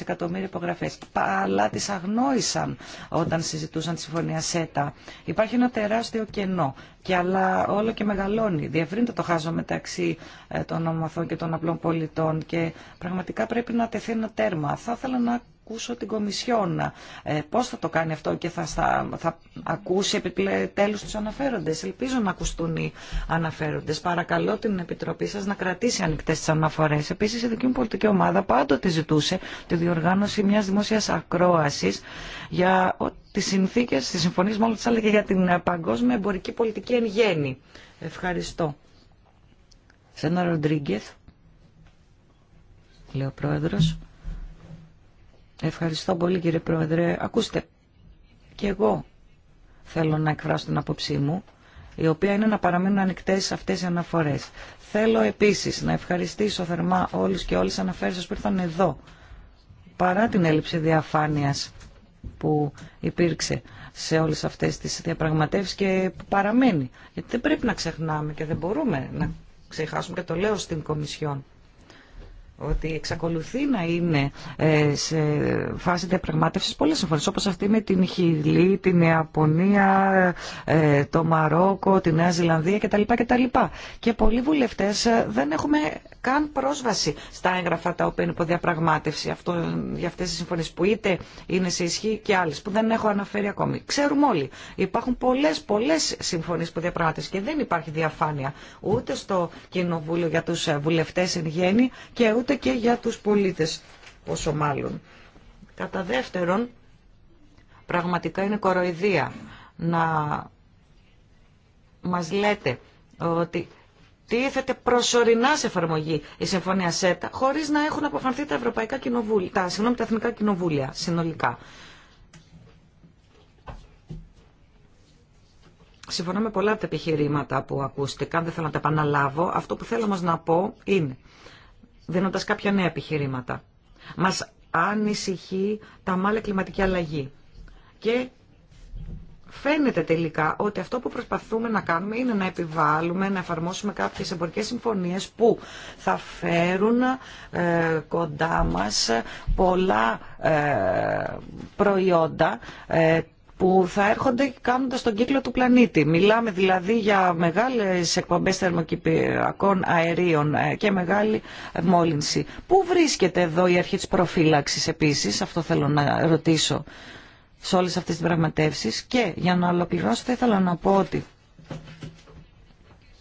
εκατομμύρια υπογραφές, αλλά τις αγνόησα όταν συζητούσαν τη συμφωνία ΣΕΤΑ. Υπάρχει ένα τεράστιο κενό και αλλά όλο και μεγαλώνει. Διευρύνεται το χάζο μεταξύ ε, των ομαθών και των απλών πολιτών και πραγματικά πρέπει να τεθεί ένα τέρμα. Θα ήθελα να ακούσω την Κομισιόνα. Ε, πώς θα το κάνει αυτό και θα, θα, θα ακούσει επιτέλους τους αναφέροντες. Ελπίζω να ακουστούν οι αναφέροντε. Παρακαλώ την Επιτροπή σα να κρατήσει ανοιχτέ τι αναφορέ. Επίση, η δική μου πολιτική ομάδα πάντοτε ζητούσε τη διοργάνωση μια δημόσια ακρόαση για τι συνθήκε τι συμφωνίε, μάλλον τι άλλε και για την παγκόσμια εμπορική πολιτική εν γέννη. Ευχαριστώ. Σένα Ροντρίγκεθ, λέει ο Πρόεδρος. Ευχαριστώ πολύ κύριε Πρόεδρε. Ακούστε, και εγώ θέλω να εκφράσω την απόψή μου, η οποία είναι να παραμείνουν ανοιχτές αυτές οι αναφορές. Θέλω επίσης να ευχαριστήσω θερμά όλους και όλες αναφέρσεις που ήρθαν εδώ, παρά την έλλειψη διαφάνειας που υπήρξε σε όλες αυτές τις διαπραγματεύσεις και που παραμένει. Γιατί δεν πρέπει να ξεχνάμε και δεν μπορούμε να ξεχάσουμε και το λέω στην Κομισιόν ότι εξακολουθεί να είναι ε, σε φάση διαπραγμάτευση πολλέ φορέ. όπω αυτή με την Χιλή, την Ιαπωνία, ε, το Μαρόκο, τη Νέα Ζηλανδία κτλ. λοιπά Και πολλοί βουλευτέ ε, δεν έχουμε καν πρόσβαση στα έγγραφα τα οποία είναι υποδιαπραγμάτευση αυτό, για αυτές τις συμφωνίες που είτε είναι σε ισχύ και άλλες που δεν έχω αναφέρει ακόμη. Ξέρουμε όλοι, υπάρχουν πολλές, πολλές συμφωνίες που διαπραγμάτευση και δεν υπάρχει διαφάνεια ούτε στο Κοινοβούλιο για τους βουλευτές εν γέννη και ούτε και για τους πολίτες όσο μάλλον. Κατά δεύτερον, πραγματικά είναι κοροϊδία να μας λέτε ότι τίθεται προσωρινά σε εφαρμογή η Συμφωνία ΣΕΤΑ χωρίς να έχουν αποφανθεί τα, ευρωπαϊκά κοινοβούλια, τα, συγγνώμη, τα εθνικά κοινοβούλια συνολικά. Συμφωνώ με πολλά από τα επιχειρήματα που ακούστηκαν, δεν θέλω να τα επαναλάβω. Αυτό που θέλω όμω να πω είναι, δίνοντας κάποια νέα επιχειρήματα, μας ανησυχεί τα μάλλα κλιματική αλλαγή και φαίνεται τελικά ότι αυτό που προσπαθούμε να κάνουμε είναι να επιβάλλουμε, να εφαρμόσουμε κάποιες εμπορικές συμφωνίες που θα φέρουν ε, κοντά μας πολλά ε, προϊόντα ε, που θα έρχονται κάνοντας τον κύκλο του πλανήτη. Μιλάμε δηλαδή για μεγάλες εκπομπές θερμοκηπιακών αερίων και μεγάλη μόλυνση. Πού βρίσκεται εδώ η αρχή της προφύλαξης επίσης, αυτό θέλω να ρωτήσω σε όλες αυτές τις πραγματεύσεις και για να ολοκληρώσω θα ήθελα να πω ότι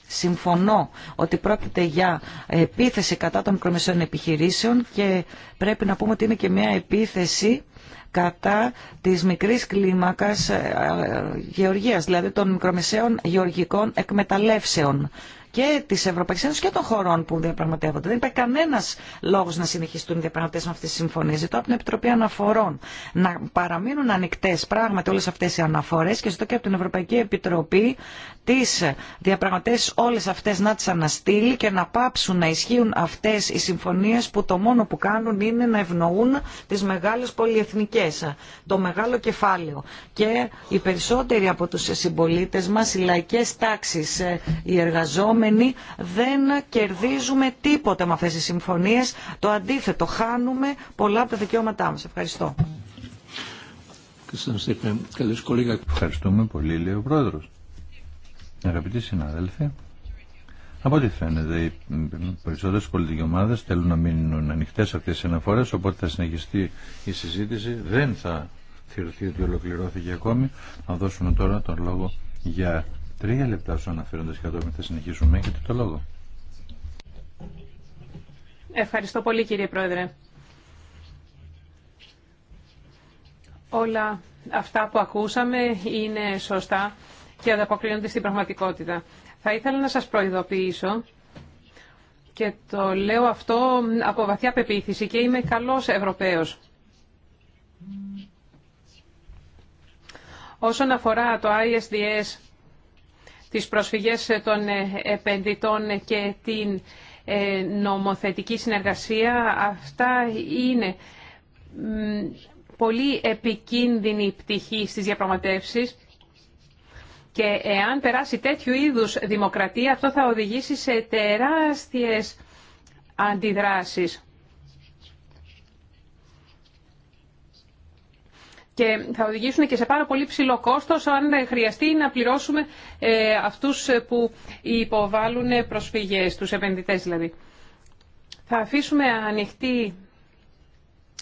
συμφωνώ ότι πρόκειται για επίθεση κατά των μικρομεσαίων επιχειρήσεων και πρέπει να πούμε ότι είναι και μια επίθεση κατά της μικρής κλίμακας ε, ε, γεωργίας, δηλαδή των μικρομεσαίων γεωργικών εκμεταλλεύσεων και τη Ευρωπαϊκή Ένωση και των χωρών που διαπραγματεύονται. Δεν υπάρχει κανένα λόγο να συνεχιστούν οι διαπραγματεύσει με αυτέ τι συμφωνίε. Ζητώ από την Επιτροπή Αναφορών να παραμείνουν ανοιχτέ πράγματι όλε αυτέ οι αναφορέ και ζητώ και από την Ευρωπαϊκή Επιτροπή τις διαπραγματεύσεις όλες αυτές να τις αναστείλει και να πάψουν να ισχύουν αυτές οι συμφωνίες που το μόνο που κάνουν είναι να ευνοούν τις μεγάλες πολυεθνικές, το μεγάλο κεφάλαιο. Και οι περισσότεροι από τους συμπολίτε μας, οι λαϊκές τάξεις, ε, οι εργαζόμενοι, δεν κερδίζουμε τίποτα με αυτές τις συμφωνίες. Το αντίθετο, χάνουμε πολλά από τα δικαιώματά μας. Ευχαριστώ. Ευχαριστούμε πολύ, λέει Πρόεδρος. Αγαπητοί συνάδελφοι, από ό,τι φαίνεται οι περισσότερε πολιτικέ ομάδε θέλουν να μείνουν ανοιχτέ αυτέ τι αναφορέ, οπότε θα συνεχιστεί η συζήτηση. Δεν θα θεωρηθεί ότι ολοκληρώθηκε ακόμη. Θα δώσουμε τώρα τον λόγο για τρία λεπτά στου αναφέροντε και κατόπιν θα συνεχίσουμε. Έχετε το λόγο. Ευχαριστώ πολύ κύριε Πρόεδρε. Όλα αυτά που ακούσαμε είναι σωστά και ανταποκρίνονται στην πραγματικότητα. Θα ήθελα να σας προειδοποιήσω και το λέω αυτό από βαθιά πεποίθηση και είμαι καλός Ευρωπαίος. Όσον αφορά το ISDS, τις προσφυγές των επενδυτών και την ε, νομοθετική συνεργασία, αυτά είναι πολύ επικίνδυνη πτυχή στις διαπραγματεύσεις και εάν περάσει τέτοιου είδους δημοκρατία, αυτό θα οδηγήσει σε τεράστιες αντιδράσεις. Και θα οδηγήσουν και σε πάρα πολύ ψηλό κόστος αν χρειαστεί να πληρώσουμε ε, αυτούς που υποβάλλουν προσφυγές, τους επενδυτές δηλαδή. Θα αφήσουμε ανοιχτή,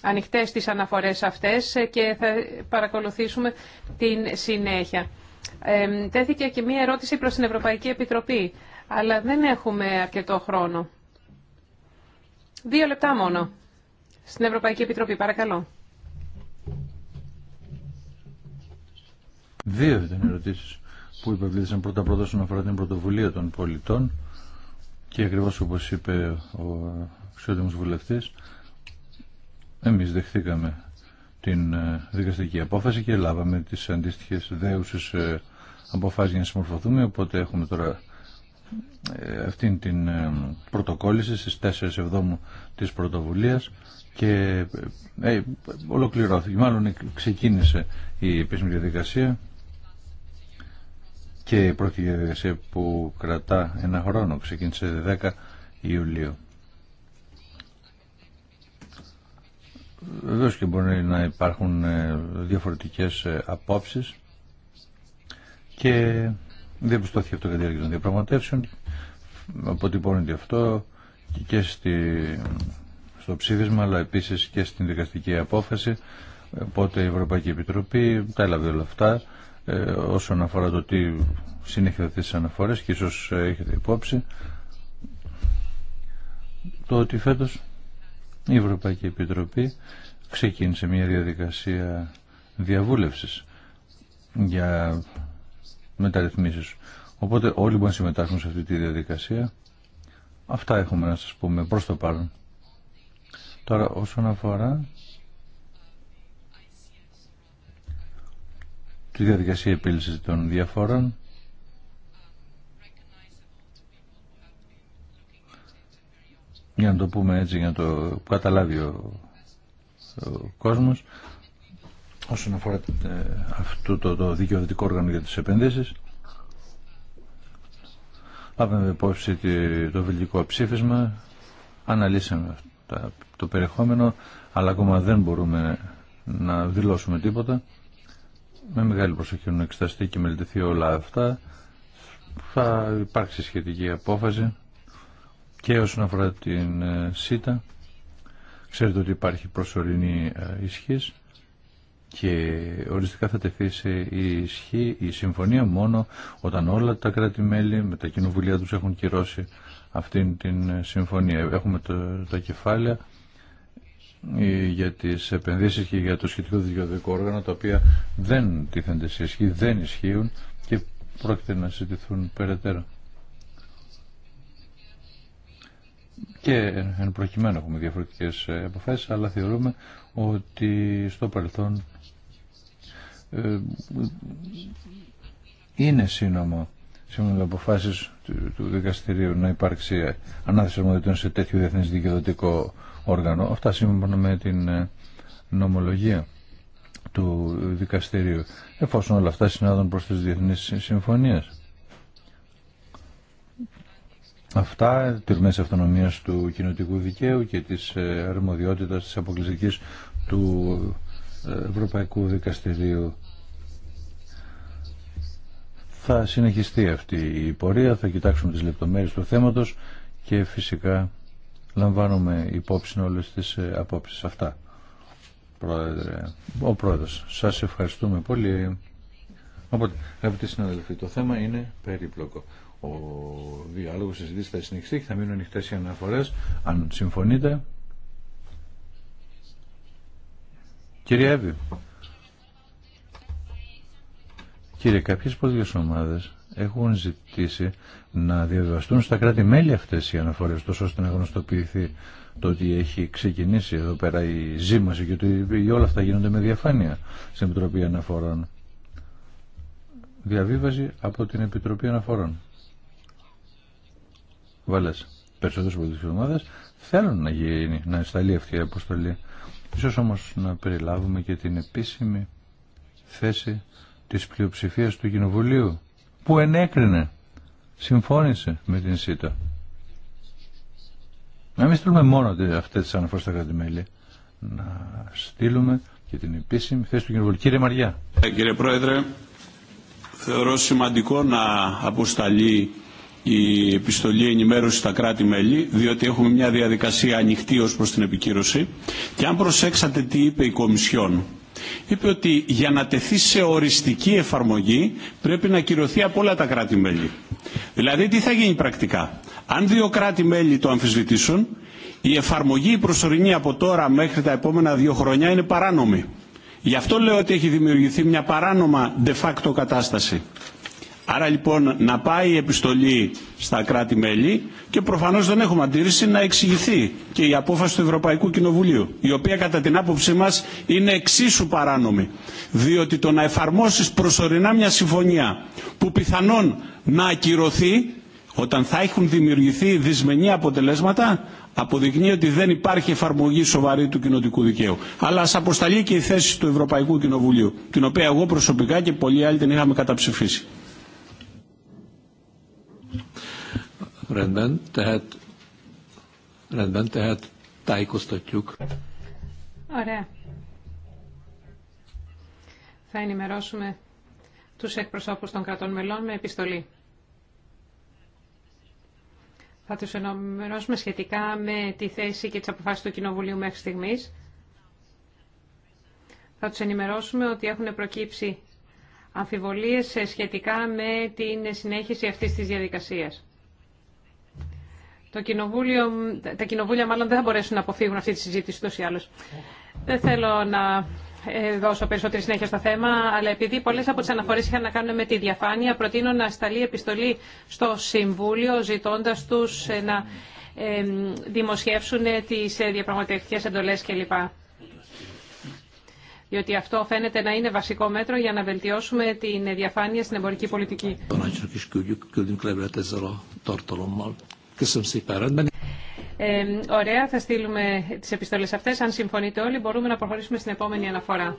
ανοιχτές τις αναφορές αυτές και θα παρακολουθήσουμε την συνέχεια τέθηκε και μία ερώτηση προς την Ευρωπαϊκή Επιτροπή, αλλά δεν έχουμε αρκετό χρόνο. Δύο λεπτά μόνο. Στην Ευρωπαϊκή Επιτροπή, παρακαλώ. Δύο ήταν ερωτήσει που υπευλήθησαν πρώτα-πρώτα όσον αφορά την πρωτοβουλία των πολιτών και ακριβώ όπως είπε ο αξιότιμο βουλευτής, εμείς δεχθήκαμε την ε, δικαστική απόφαση και λάβαμε τις αντίστοιχε δέουσες ε, αποφάσει για να συμμορφωθούμε, οπότε έχουμε τώρα ε, αυτήν την ε, πρωτοκόλληση στις 4 Εβδόμου της πρωτοβουλίας και ε, ε, ολοκληρώθηκε, μάλλον ξεκίνησε η επίσημη διαδικασία και η πρώτη διαδικασία που κρατά ένα χρόνο ξεκίνησε 10 Ιουλίου. Βεβαίω και μπορεί να υπάρχουν διαφορετικές απόψεις και δεν πιστώθηκε αυτό κατά τη διάρκεια των διαπραγματεύσεων. Αποτυπώνεται αυτό και στη, στο ψήφισμα αλλά επίσης και στην δικαστική απόφαση. Οπότε η Ευρωπαϊκή Επιτροπή τα έλαβε όλα αυτά ε, όσον αφορά το τι συνέχεια τις αναφορές και ίσως έχετε υπόψη το ότι φέτος η Ευρωπαϊκή Επιτροπή ξεκίνησε μια διαδικασία διαβούλευσης για μεταρρυθμίσεις. Οπότε όλοι μπορούν να συμμετάσχουν σε αυτή τη διαδικασία. Αυτά έχουμε να σας πούμε προς το παρόν. Τώρα όσον αφορά τη διαδικασία επίλυσης των διαφόρων για να το πούμε έτσι, για να το καταλάβει ο, ο κόσμος όσον αφορά ε, αυτό το, το δικαιοδοτικό όργανο για τις επενδύσεις λάβαμε υπόψη το βελγικό ψήφισμα αναλύσαμε το περιεχόμενο αλλά ακόμα δεν μπορούμε να δηλώσουμε τίποτα με μεγάλη προσοχή να εξεταστεί και μελετηθεί όλα αυτά θα υπάρξει σχετική απόφαση και όσον αφορά την ε, ΣΥΤΑ ξέρετε ότι υπάρχει προσωρινή ε, ισχύς και οριστικά θα τεθεί σε ισχύ η συμφωνία μόνο όταν όλα τα κράτη-μέλη με τα κοινοβουλία τους έχουν κυρώσει αυτήν την συμφωνία. Έχουμε το, τα κεφάλαια ε, για τις επενδύσεις και για το σχετικό δικαιοδικό όργανο τα οποία δεν τίθενται σε ισχύ, δεν ισχύουν και πρόκειται να συζητηθούν περαιτέρω. Και εν προκειμένου έχουμε διαφορετικές ε, αποφάσεις αλλά θεωρούμε ότι στο παρελθόν ε, είναι σύνομο σύμφωνα με αποφάσεις του, δικαστηρίου να υπάρξει ανάθεση αρμοδιοτήτων σε τέτοιο διεθνές δικαιοδοτικό όργανο. Αυτά σύμφωνα με την ε, νομολογία του δικαστηρίου, εφόσον όλα αυτά συνάδουν προς τις διεθνείς συμφωνίες. Αυτά, τυρμές αυτονομίας του κοινοτικού δικαίου και της ε, αρμοδιότητας της αποκλειστικής του Ευρωπαϊκού Δικαστηρίου θα συνεχιστεί αυτή η πορεία, θα κοιτάξουμε τις λεπτομέρειες του θέματος και φυσικά λαμβάνουμε υπόψη όλες τις ε, απόψεις αυτά. Πρόεδρε, ο Πρόεδρος, σας ευχαριστούμε πολύ. Οπότε, αγαπητοί συναδελφοί, το θέμα είναι περίπλοκο. Ο διάλογος συζήτηση θα συνεχιστεί και θα μείνουν ανοιχτέ οι αναφορές, αν συμφωνείτε. Κυρία Εύη. Κύριε, κάποιε πολιτικέ ομάδε έχουν ζητήσει να διαβιβαστούν στα κράτη-μέλη αυτές οι αναφορέ, τόσο ώστε να γνωστοποιηθεί το ότι έχει ξεκινήσει εδώ πέρα η ζήμαση και ότι όλα αυτά γίνονται με διαφάνεια στην Επιτροπή Αναφορών. Διαβίβαση από την Επιτροπή Αναφορών. Βάλε Περισσότερε πολιτικέ ομάδε θέλουν να γίνει, να εισταλεί αυτή η αποστολή. Ίσως όμως να περιλάβουμε και την επίσημη θέση της πλειοψηφίας του Κοινοβουλίου που ενέκρινε, συμφώνησε με την ΣΥΤΑ. Να μην στείλουμε μόνο αυτές τις αναφορές στα κράτη-μέλη να στείλουμε και την επίσημη θέση του Κοινοβουλίου. Κύριε Μαριά. Ε, κύριε Πρόεδρε, θεωρώ σημαντικό να αποσταλεί η επιστολή ενημέρωση στα κράτη-μέλη, διότι έχουμε μια διαδικασία ανοιχτή ως προς την επικύρωση. Και αν προσέξατε τι είπε η Κομισιόν, είπε ότι για να τεθεί σε οριστική εφαρμογή πρέπει να κυρωθεί από όλα τα κράτη-μέλη. Δηλαδή τι θα γίνει πρακτικά. Αν δύο κράτη-μέλη το αμφισβητήσουν, η εφαρμογή προσωρινή από τώρα μέχρι τα επόμενα δύο χρόνια είναι παράνομη. Γι' αυτό λέω ότι έχει δημιουργηθεί μια παράνομα de facto κατάσταση. Άρα λοιπόν να πάει η επιστολή στα κράτη-μέλη και προφανώς δεν έχουμε αντίρρηση να εξηγηθεί και η απόφαση του Ευρωπαϊκού Κοινοβουλίου, η οποία κατά την άποψή μας είναι εξίσου παράνομη. Διότι το να εφαρμόσεις προσωρινά μια συμφωνία που πιθανόν να ακυρωθεί όταν θα έχουν δημιουργηθεί δυσμενή αποτελέσματα, αποδεικνύει ότι δεν υπάρχει εφαρμογή σοβαρή του κοινοτικού δικαίου. Αλλά α αποσταλεί και η θέση του Ευρωπαϊκού Κοινοβουλίου, την οποία εγώ προσωπικά και πολλοί άλλοι την είχαμε καταψηφίσει. Rendben, tehát, rendben, tehát Ωραία. Θα ενημερώσουμε τους εκπροσώπους των κρατών μελών με επιστολή. Θα τους ενημερώσουμε σχετικά με τη θέση και τις αποφάσεις του Κοινοβουλίου μέχρι στιγμής. Θα τους ενημερώσουμε ότι έχουν προκύψει αμφιβολίες σχετικά με την συνέχιση αυτής της διαδικασίας. Το κοινοβούλιο, τα κοινοβούλια μάλλον δεν θα μπορέσουν να αποφύγουν αυτή τη συζήτηση τόσο ή άλλως. Δεν θέλω να ε, δώσω περισσότερη συνέχεια στο θέμα, αλλά επειδή πολλέ από τι αναφορέ είχαν να κάνουν με τη διαφάνεια, προτείνω να σταλεί επιστολή στο Συμβούλιο ζητώντα του ε, να ε, δημοσιεύσουν τι διαπραγματευτικέ εντολέ κλπ. Διότι αυτό φαίνεται να είναι βασικό μέτρο για να βελτιώσουμε την διαφάνεια στην εμπορική πολιτική. Ε, ωραία, θα στείλουμε τις επιστολές αυτές. Αν συμφωνείτε όλοι, μπορούμε να προχωρήσουμε στην επόμενη αναφορά.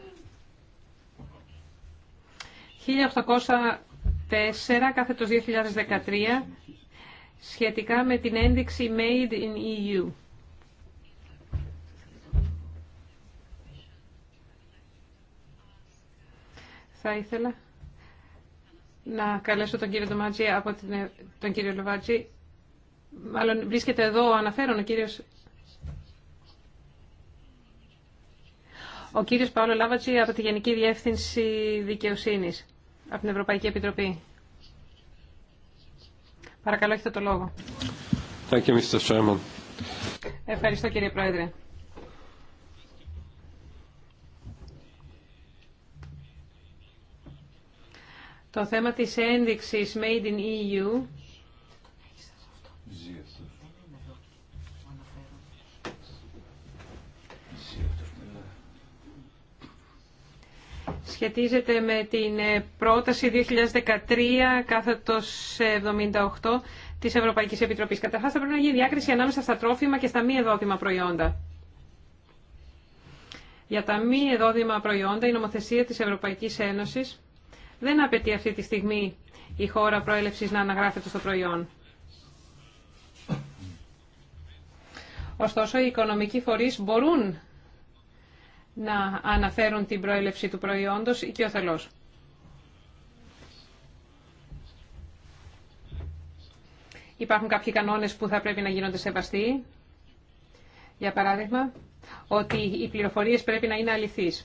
1804 κάθετος 2013 σχετικά με την ένδειξη Made in EU. Θα ήθελα να καλέσω τον κύριο Ντομάτζη από την, τον κύριο Λεβάτζη Μάλλον βρίσκεται εδώ αναφέρον ο κύριος... Ο κύριος Παύλο Λάβατσι... από τη Γενική Διεύθυνση Δικαιοσύνης, από την Ευρωπαϊκή Επιτροπή. Παρακαλώ, έχετε το λόγο. Ευχαριστώ, κύριε Πρόεδρε. Το θέμα της ένδειξης Made in EU σχετίζεται με την ε, πρόταση 2013 κάθετος 78 της Ευρωπαϊκής Επιτροπής. κατάφαστα θα πρέπει να γίνει διάκριση ανάμεσα στα τρόφιμα και στα μη εδόδημα προϊόντα. Για τα μη εδόδημα προϊόντα η νομοθεσία της Ευρωπαϊκής Ένωσης δεν απαιτεί αυτή τη στιγμή η χώρα προέλευσης να αναγράφεται στο προϊόν. Ωστόσο, οι οικονομικοί φορείς μπορούν να αναφέρουν την προέλευση του προϊόντος και ο θελός. Υπάρχουν κάποιοι κανόνες που θα πρέπει να γίνονται σεβαστοί. Για παράδειγμα, ότι οι πληροφορίες πρέπει να είναι αληθείς.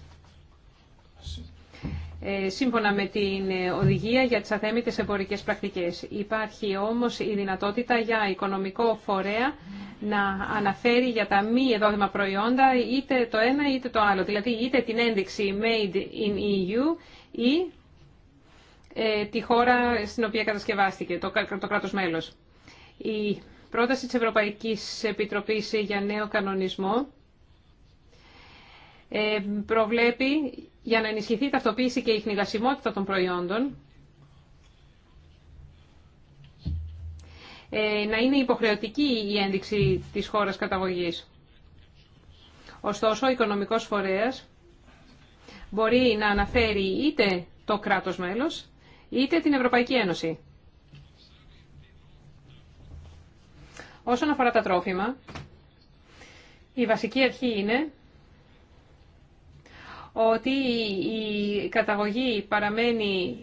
Ε, σύμφωνα με την ε, οδηγία για τις αθέμητες εμπορικές πρακτικές. Υπάρχει όμως η δυνατότητα για οικονομικό φορέα να αναφέρει για τα μη εδόδημα προϊόντα είτε το ένα είτε το άλλο. Δηλαδή είτε την ένδειξη Made in EU ή ε, τη χώρα στην οποία κατασκευάστηκε το, το κράτος μέλος. Η πρόταση της Ευρωπαϊκής Επιτροπής για νέο κανονισμό ε, προβλέπει για να ενισχυθεί η ταυτοποίηση και η χνηγασιμότητα των προϊόντων ε, να είναι υποχρεωτική η ένδειξη της χώρας καταγωγής. Ωστόσο, ο οικονομικός φορέας μπορεί να αναφέρει είτε το κράτος μέλος, είτε την Ευρωπαϊκή Ένωση. Όσον αφορά τα τρόφιμα, η βασική αρχή είναι ότι η καταγωγή παραμένει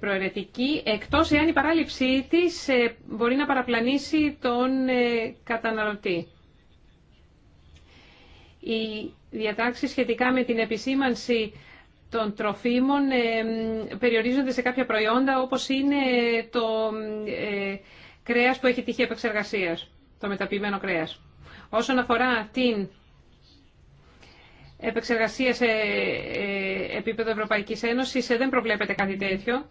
προαιρετική, εκτός εάν η παράληψή της ε, μπορεί να παραπλανήσει τον ε, καταναλωτή. Οι διατάξεις σχετικά με την επισήμανση των τροφίμων ε, περιορίζονται σε κάποια προϊόντα, όπως είναι το κρέας που έχει τυχή επεξεργασίας, το μεταποιημένο κρέας. Όσον αφορά την επεξεργασία σε ε, επίπεδο Ευρωπαϊκής Ένωσης ε, δεν προβλέπεται κάτι τέτοιο.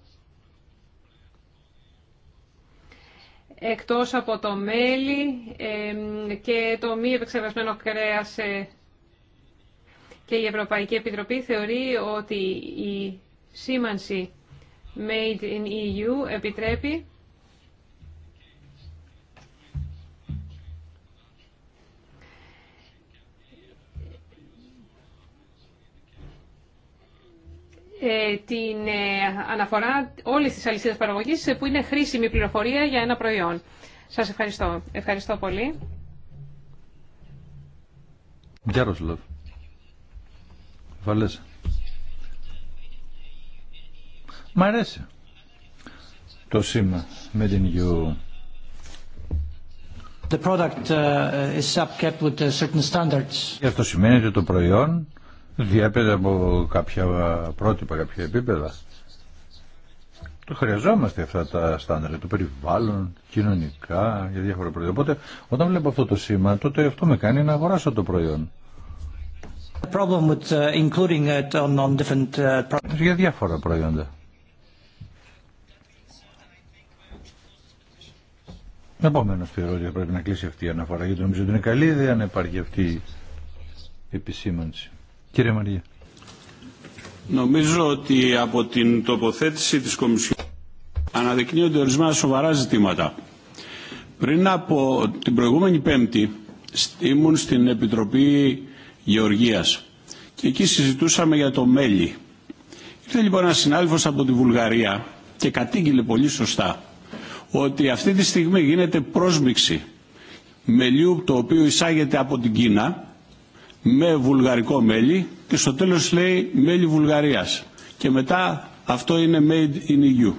Εκτός από το μέλι ε, και το μη επεξεργασμένο κρέας και η Ευρωπαϊκή Επιτροπή θεωρεί ότι η σήμανση Made in EU επιτρέπει Ε, την ε, αναφορά όλης της αλυσίδας παραγωγής ε, που είναι χρήσιμη πληροφορία για ένα προϊόν. Σας ευχαριστώ. Ευχαριστώ πολύ. Γιάροσλαβ. Βαλέσα. Μ' αρέσει το σήμα με την γιου. The product uh, is kept with uh, certain standards. αυτό σημαίνει ότι το προϊόν διέπεται από κάποια πρότυπα, κάποια επίπεδα. Το χρειαζόμαστε αυτά τα στάνταρ, το περιβάλλον, κοινωνικά, για διάφορα προϊόντα. Οπότε, όταν βλέπω αυτό το σήμα, τότε αυτό με κάνει να αγοράσω το προϊόν. Για διάφορα προϊόντα. Επομένω, θεωρώ ότι πρέπει να κλείσει αυτή η αναφορά, γιατί νομίζω ότι είναι καλή ιδέα να υπάρχει αυτή η επισήμανση. Κύριε Μαρία. Νομίζω ότι από την τοποθέτηση της Κομισιόν αναδεικνύονται ορισμένα σοβαρά ζητήματα. Πριν από την προηγούμενη Πέμπτη ήμουν στην Επιτροπή Γεωργίας και εκεί συζητούσαμε για το μέλι. Ήρθε λοιπόν ένα συνάδελφος από τη Βουλγαρία και κατήγγειλε πολύ σωστά ότι αυτή τη στιγμή γίνεται πρόσμιξη μελιού το οποίο εισάγεται από την Κίνα με βουλγαρικό μέλι και στο τέλος λέει μέλι Βουλγαρίας και μετά αυτό είναι made in EU.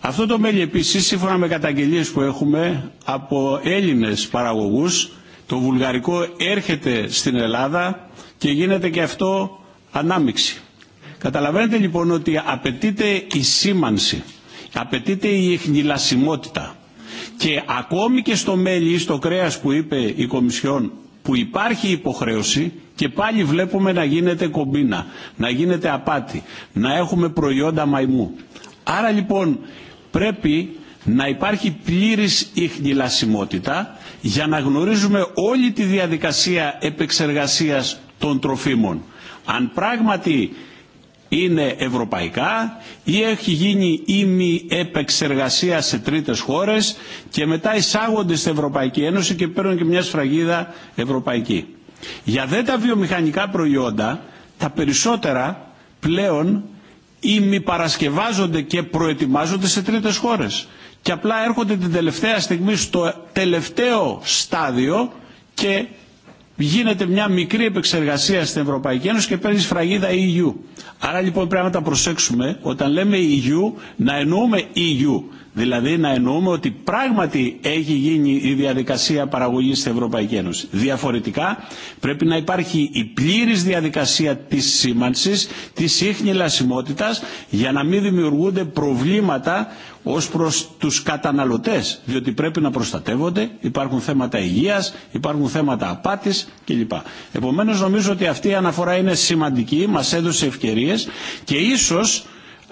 Αυτό το μέλι επίσης σύμφωνα με καταγγελίες που έχουμε από Έλληνες παραγωγούς το βουλγαρικό έρχεται στην Ελλάδα και γίνεται και αυτό ανάμιξη. Καταλαβαίνετε λοιπόν ότι απαιτείται η σήμανση, απαιτείται η εχνηλασιμότητα και ακόμη και στο μέλι ή στο κρέας που είπε η Κομισιόν που υπάρχει υποχρέωση και πάλι βλέπουμε να γίνεται κομπίνα, να γίνεται απάτη, να έχουμε προϊόντα μαϊμού. Άρα λοιπόν πρέπει να υπάρχει πλήρης ιχνηλασιμότητα για να γνωρίζουμε όλη τη διαδικασία επεξεργασίας των τροφίμων. Αν πράγματι είναι ευρωπαϊκά ή έχει γίνει ήμι επεξεργασία σε τρίτες χώρες και μετά εισάγονται στην Ευρωπαϊκή Ένωση και παίρνουν και μια σφραγίδα ευρωπαϊκή. Για δε τα βιομηχανικά προϊόντα, τα περισσότερα πλέον ήμι παρασκευάζονται και προετοιμάζονται σε τρίτες χώρες και απλά έρχονται την τελευταία στιγμή στο τελευταίο στάδιο και γίνεται μια μικρή επεξεργασία στην Ευρωπαϊκή Ένωση και παίρνει φραγίδα EU. Άρα λοιπόν πρέπει να τα προσέξουμε όταν λέμε EU να εννοούμε EU Δηλαδή να εννοούμε ότι πράγματι έχει γίνει η διαδικασία παραγωγής στην Ευρωπαϊκή Ένωση. Διαφορετικά πρέπει να υπάρχει η πλήρης διαδικασία της σήμανσης, της ίχνη λασιμότητας για να μην δημιουργούνται προβλήματα ως προς τους καταναλωτές. Διότι πρέπει να προστατεύονται, υπάρχουν θέματα υγείας, υπάρχουν θέματα απάτης κλπ. Επομένως νομίζω ότι αυτή η αναφορά είναι σημαντική, μας έδωσε ευκαιρίες και ίσως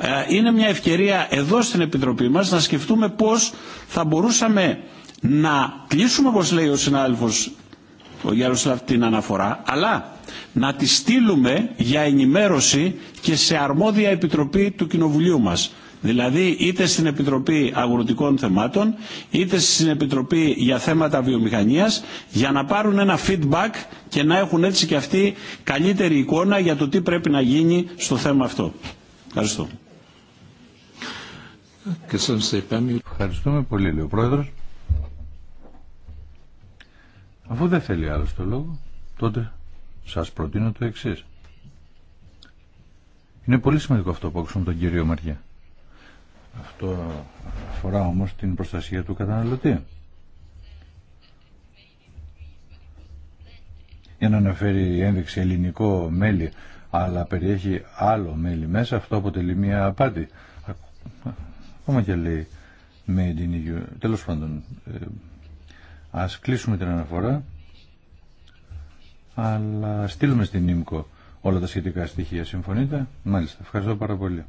ε, είναι μια ευκαιρία εδώ στην Επιτροπή μας να σκεφτούμε πώς θα μπορούσαμε να κλείσουμε, όπως λέει ο συνάδελφος ο Γιάννουσλαφ την αναφορά, αλλά να τη στείλουμε για ενημέρωση και σε αρμόδια επιτροπή του Κοινοβουλίου μας. Δηλαδή είτε στην Επιτροπή Αγροτικών Θεμάτων, είτε στην Επιτροπή για θέματα βιομηχανίας, για να πάρουν ένα feedback και να έχουν έτσι και αυτή καλύτερη εικόνα για το τι πρέπει να γίνει στο θέμα αυτό. Ευχαριστώ. Ευχαριστούμε πολύ, λέει Πρόεδρος. Αφού δεν θέλει άλλο το λόγο, τότε σας προτείνω το εξή. Είναι πολύ σημαντικό αυτό που άκουσαμε τον κύριο Μαριά. Αυτό αφορά όμως την προστασία του καταναλωτή. Για να αναφέρει η ένδειξη ελληνικό μέλι, αλλά περιέχει άλλο μέλι μέσα, αυτό αποτελεί μια απάτη. Ακόμα και λέει Made Τέλος πάντων, ε, ας κλείσουμε την αναφορά, αλλά στείλουμε στην ΙΜΚΟ όλα τα σχετικά στοιχεία. Συμφωνείτε? Μάλιστα. Ευχαριστώ πάρα πολύ.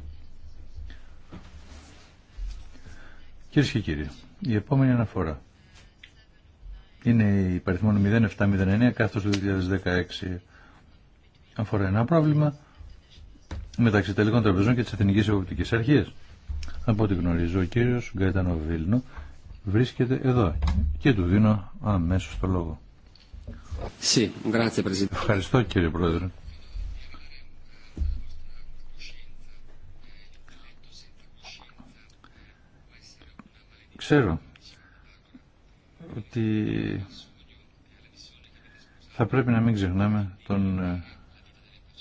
Κυρίε και κύριοι, η επόμενη αναφορά είναι η παριθμόν 0709 κάθος του 2016. Αφορά ένα πρόβλημα μεταξύ τελικών τραπεζών και τη Εθνική Εποπτική Αρχή. Από ό,τι γνωρίζω, ο κύριο Γκαϊτάνο Βίλνο βρίσκεται εδώ και του δίνω αμέσω το λόγο. Ευχαριστώ κύριε Πρόεδρε. Ξέρω ότι θα πρέπει να μην ξεχνάμε τον ε,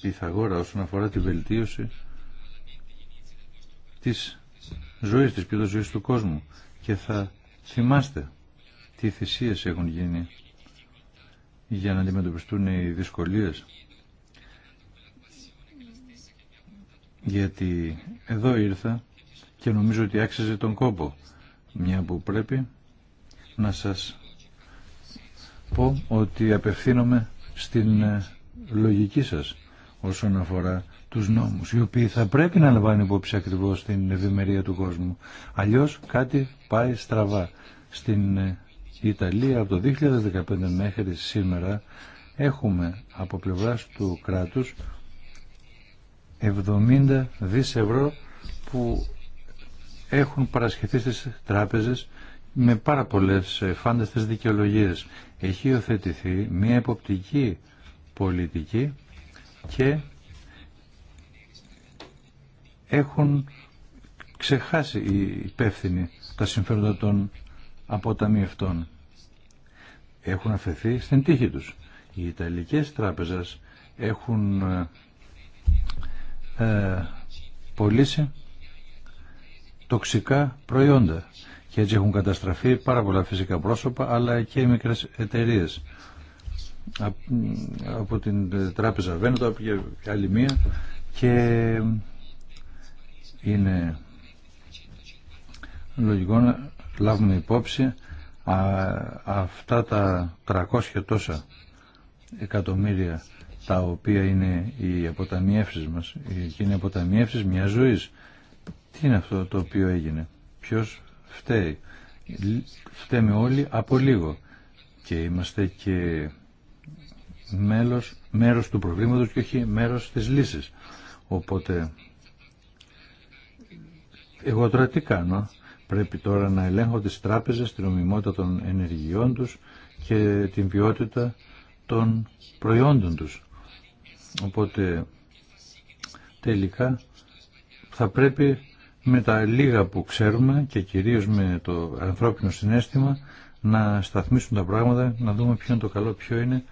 Πυθαγόρα όσον αφορά τη βελτίωση της Ζωή της ποιότητας ζωής του κόσμου και θα θυμάστε τι θυσίε έχουν γίνει για να αντιμετωπιστούν οι δυσκολίες. Γιατί εδώ ήρθα και νομίζω ότι άξιζε τον κόπο μια που πρέπει να σας πω ότι απευθύνομαι στην ε, λογική σας όσον αφορά τους νόμους, οι οποίοι θα πρέπει να λαμβάνουν υπόψη ακριβώς την ευημερία του κόσμου. Αλλιώς κάτι πάει στραβά. Στην ε, Ιταλία από το 2015 μέχρι σήμερα έχουμε από πλευράς του κράτους 70 δις ευρώ που έχουν παρασχεθεί στις τράπεζες με πάρα πολλές ε, φάνταστες δικαιολογίες. Έχει υιοθετηθεί μια εποπτική πολιτική και έχουν ξεχάσει οι υπεύθυνοι τα συμφέροντα των αποταμιευτών. Έχουν αφαιθεί στην τύχη τους. Οι Ιταλικές τράπεζες έχουν ε, ε πωλήσει τοξικά προϊόντα και έτσι έχουν καταστραφεί πάρα πολλά φυσικά πρόσωπα αλλά και οι μικρές εταιρείες από την τράπεζα Βένετο και άλλη μία και είναι λογικό να λάβουμε υπόψη αυτά τα 300 τόσα εκατομμύρια τα οποία είναι οι αποταμιεύσεις μας και είναι αποταμιεύσεις μια ζωής τι είναι αυτό το οποίο έγινε ποιος φταίει φταίμε όλοι από λίγο και είμαστε και μέλος, μέρος του προβλήματος και όχι μέρος της λύσης οπότε εγώ τώρα τι κάνω. Πρέπει τώρα να ελέγχω τις τράπεζες, την ομιμότητα των ενεργειών τους και την ποιότητα των προϊόντων τους. Οπότε τελικά θα πρέπει με τα λίγα που ξέρουμε και κυρίως με το ανθρώπινο συνέστημα να σταθμίσουν τα πράγματα, να δούμε ποιο είναι το καλό, ποιο είναι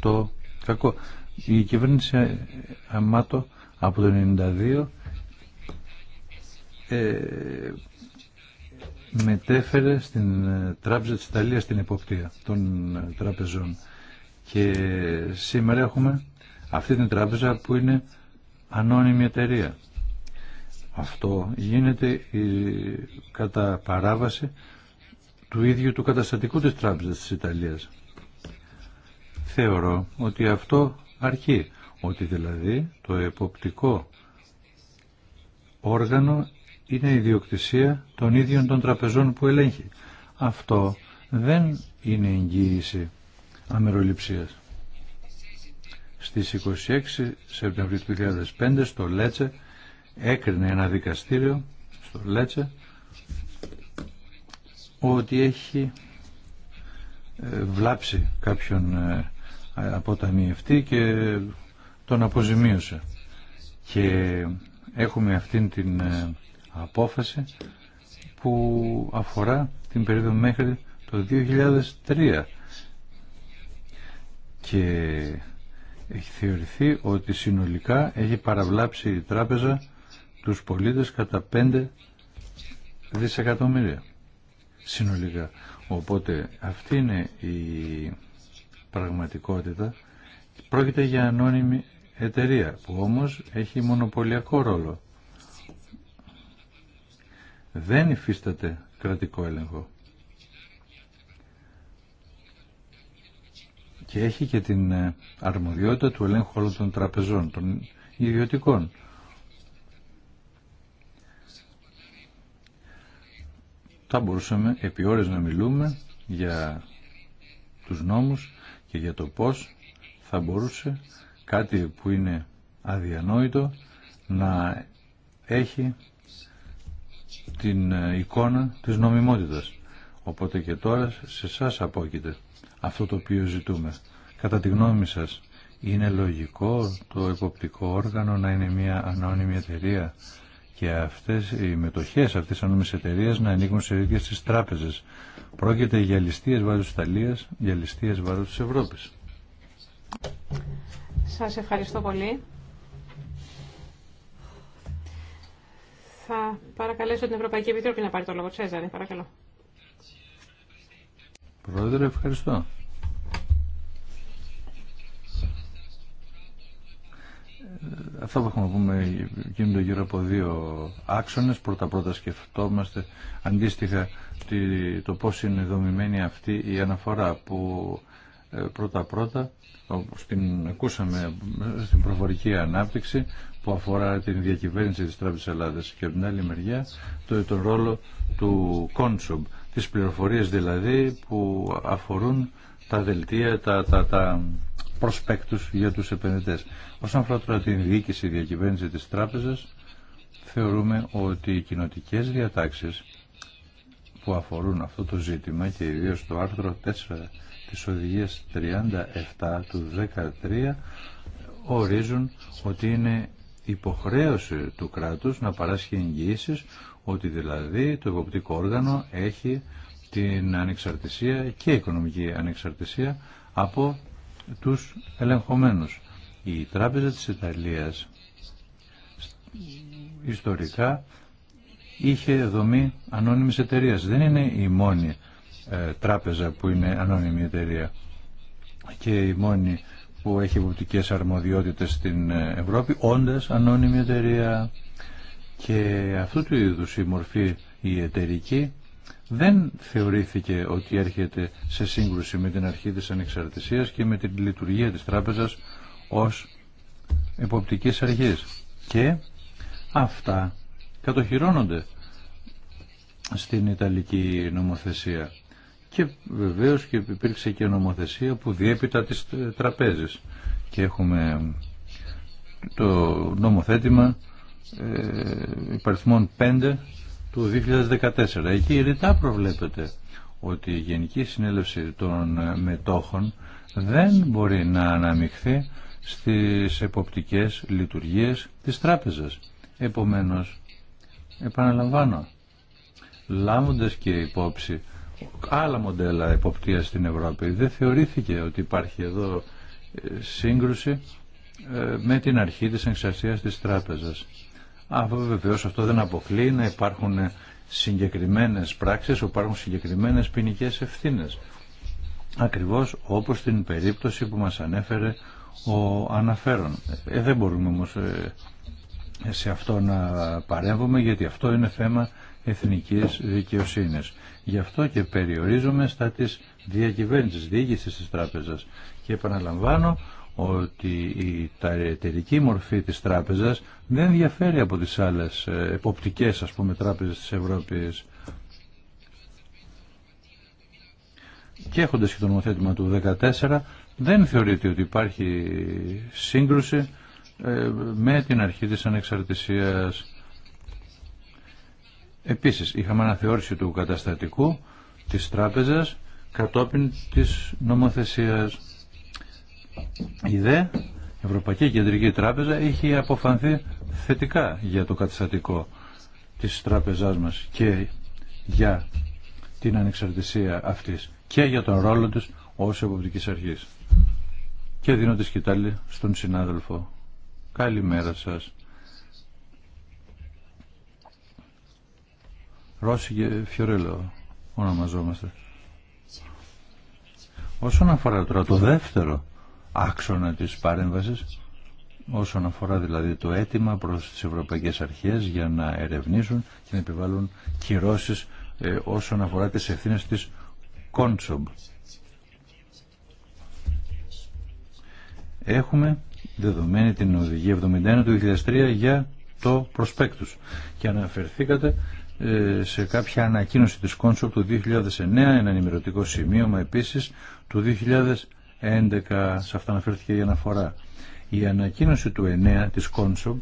το κακό. Η κυβέρνηση Αμάτο από το 1992 ε, μετέφερε στην ε, Τράπεζα της Ιταλίας την εποπτεία των ε, τραπεζών. Και σήμερα έχουμε αυτή την τράπεζα που είναι ανώνυμη εταιρεία. Αυτό γίνεται κατά παράβαση του ίδιου του καταστατικού της τράπεζας της Ιταλίας. Θεωρώ ότι αυτό αρχεί, ότι δηλαδή το εποπτικό όργανο είναι η διοκτησία των ίδιων των τραπεζών που ελέγχει. Αυτό δεν είναι εγγύηση αμεροληψίας. Στις 26 Σεπτεμβρίου 2005 στο Λέτσε έκρινε ένα δικαστήριο στο Λέτσε ότι έχει ε, βλάψει κάποιον ε, αποταμιευτή και τον αποζημίωσε. Και έχουμε αυτήν την ε, απόφαση που αφορά την περίοδο μέχρι το 2003 και έχει θεωρηθεί ότι συνολικά έχει παραβλάψει η τράπεζα τους πολίτες κατά 5 δισεκατομμύρια συνολικά. Οπότε αυτή είναι η πραγματικότητα. Πρόκειται για ανώνυμη εταιρεία που όμως έχει μονοπωλιακό ρόλο δεν υφίσταται κρατικό έλεγχο. Και έχει και την ε, αρμοδιότητα του ελέγχου όλων των τραπεζών, των ιδιωτικών. Θα μπορούσαμε επί ώρες να μιλούμε για τους νόμους και για το πώς θα μπορούσε κάτι που είναι αδιανόητο να έχει την ε, εικόνα της νομιμότητας. Οπότε και τώρα σε εσά απόκειται αυτό το οποίο ζητούμε. Κατά τη γνώμη σας, είναι λογικό το εποπτικό όργανο να είναι μια ανώνυμη εταιρεία και αυτές οι μετοχές αυτής της ανώνυμης εταιρείας να ανοίγουν σε ίδιες στις τράπεζες. Πρόκειται για ληστείες βάρος της Ιταλίας, για ληστείες βάρος της Ευρώπης. Σας ευχαριστώ πολύ. Θα παρακαλέσω την Ευρωπαϊκή Επιτροπή να πάρει το λόγο. Τσέζαρη, παρακαλώ. Πρόεδρε, ευχαριστώ. Ε, αυτό που έχουμε να πούμε γίνονται γύρω από δύο άξονες. Πρώτα-πρώτα σκεφτόμαστε αντίστοιχα το πώ είναι δομημένη αυτή η αναφορά που πρώτα-πρώτα, ε, όπως την ακούσαμε στην προφορική ανάπτυξη, που αφορά την διακυβέρνηση της Τράπεζας Ελλάδα και από την άλλη μεριά τον ρόλο του Κόντσομπ, τις πληροφορίες δηλαδή που αφορούν τα δελτία, τα, τα, τα προσπέκτους για τους επενδυτές. Όσον αφορά τώρα την διοίκηση διακυβέρνηση της τράπεζας, θεωρούμε ότι οι κοινοτικέ διατάξεις που αφορούν αυτό το ζήτημα και ιδίω το άρθρο 4 της οδηγίας 37 του 13 ορίζουν ότι είναι υποχρέωση του κράτους να παράσχει εγγυήσεις ότι δηλαδή το εποπτικό όργανο έχει την ανεξαρτησία και οικονομική ανεξαρτησία από τους ελεγχομένους. Η Τράπεζα της Ιταλίας ιστορικά είχε δομή ανώνυμης εταιρεία. Δεν είναι η μόνη ε, τράπεζα που είναι ανώνυμη εταιρεία και η μόνη που έχει βουτικές αρμοδιότητες στην Ευρώπη όντας ανώνυμη εταιρεία και αυτού του είδους η μορφή η εταιρική δεν θεωρήθηκε ότι έρχεται σε σύγκρουση με την αρχή της ανεξαρτησίας και με την λειτουργία της τράπεζας ως εποπτικής αρχής και αυτά κατοχυρώνονται στην Ιταλική νομοθεσία και βεβαίως και υπήρξε και νομοθεσία που διέπειτα τις τραπέζες και έχουμε το νομοθέτημα ε, υπαριθμών 5 του 2014. Εκεί ρητά προβλέπεται ότι η Γενική Συνέλευση των Μετόχων δεν μπορεί να αναμειχθεί στις εποπτικές λειτουργίες της τράπεζας. Επομένως, επαναλαμβάνω, λάμβοντας και υπόψη άλλα μοντέλα εποπτείας στην Ευρώπη. Δεν θεωρήθηκε ότι υπάρχει εδώ ε, σύγκρουση ε, με την αρχή της εξαρτίας της τράπεζας. Αυτό βεβαίω αυτό δεν αποκλεί να υπάρχουν συγκεκριμένες πράξεις, υπάρχουν συγκεκριμένες ποινικέ ευθύνες. Ακριβώς όπως την περίπτωση που μας ανέφερε ο αναφέρον. Ε, δεν μπορούμε όμως ε, σε αυτό να παρέμβουμε γιατί αυτό είναι θέμα εθνικής δικαιοσύνης. Γι' αυτό και περιορίζομαι στα της διακυβέρνησης, διοίκησης της τράπεζας. Και επαναλαμβάνω ότι η εταιρική μορφή της τράπεζας δεν διαφέρει από τις άλλες ε, εποπτικές ας πούμε τράπεζες της Ευρώπης. Και έχοντας και το νομοθέτημα του 2014 δεν θεωρείται ότι υπάρχει σύγκρουση ε, με την αρχή της ανεξαρτησίας Επίσης είχαμε αναθεώρηση του καταστατικού της τράπεζας κατόπιν της νομοθεσίας. Η ΔΕ, Ευρωπαϊκή Κεντρική Τράπεζα, έχει αποφανθεί θετικά για το καταστατικό της τράπεζάς μας και για την ανεξαρτησία αυτής και για τον ρόλο της ως εποπτικής αρχής. Και δίνω τη σκητάλη στον συνάδελφο. Καλημέρα σας. Ρώση και Φιωρέλο ονομαζόμαστε. Όσον αφορά τώρα το δεύτερο άξονα της παρέμβασης, όσον αφορά δηλαδή το αίτημα προς τις ευρωπαϊκές αρχές για να ερευνήσουν και να επιβάλλουν κυρώσεις ε, όσον αφορά τις ευθύνες της Κόντσομπ. Έχουμε δεδομένη την οδηγία 71 του 2003 για το προσπέκτους και αναφερθήκατε ε, σε κάποια ανακοίνωση της Κόνσοπ του 2009, ένα ενημερωτικό σημείωμα επίσης του 2011, σε αυτά αναφέρθηκε η αναφορά. Η ανακοίνωση του 9 της Κόνσοπ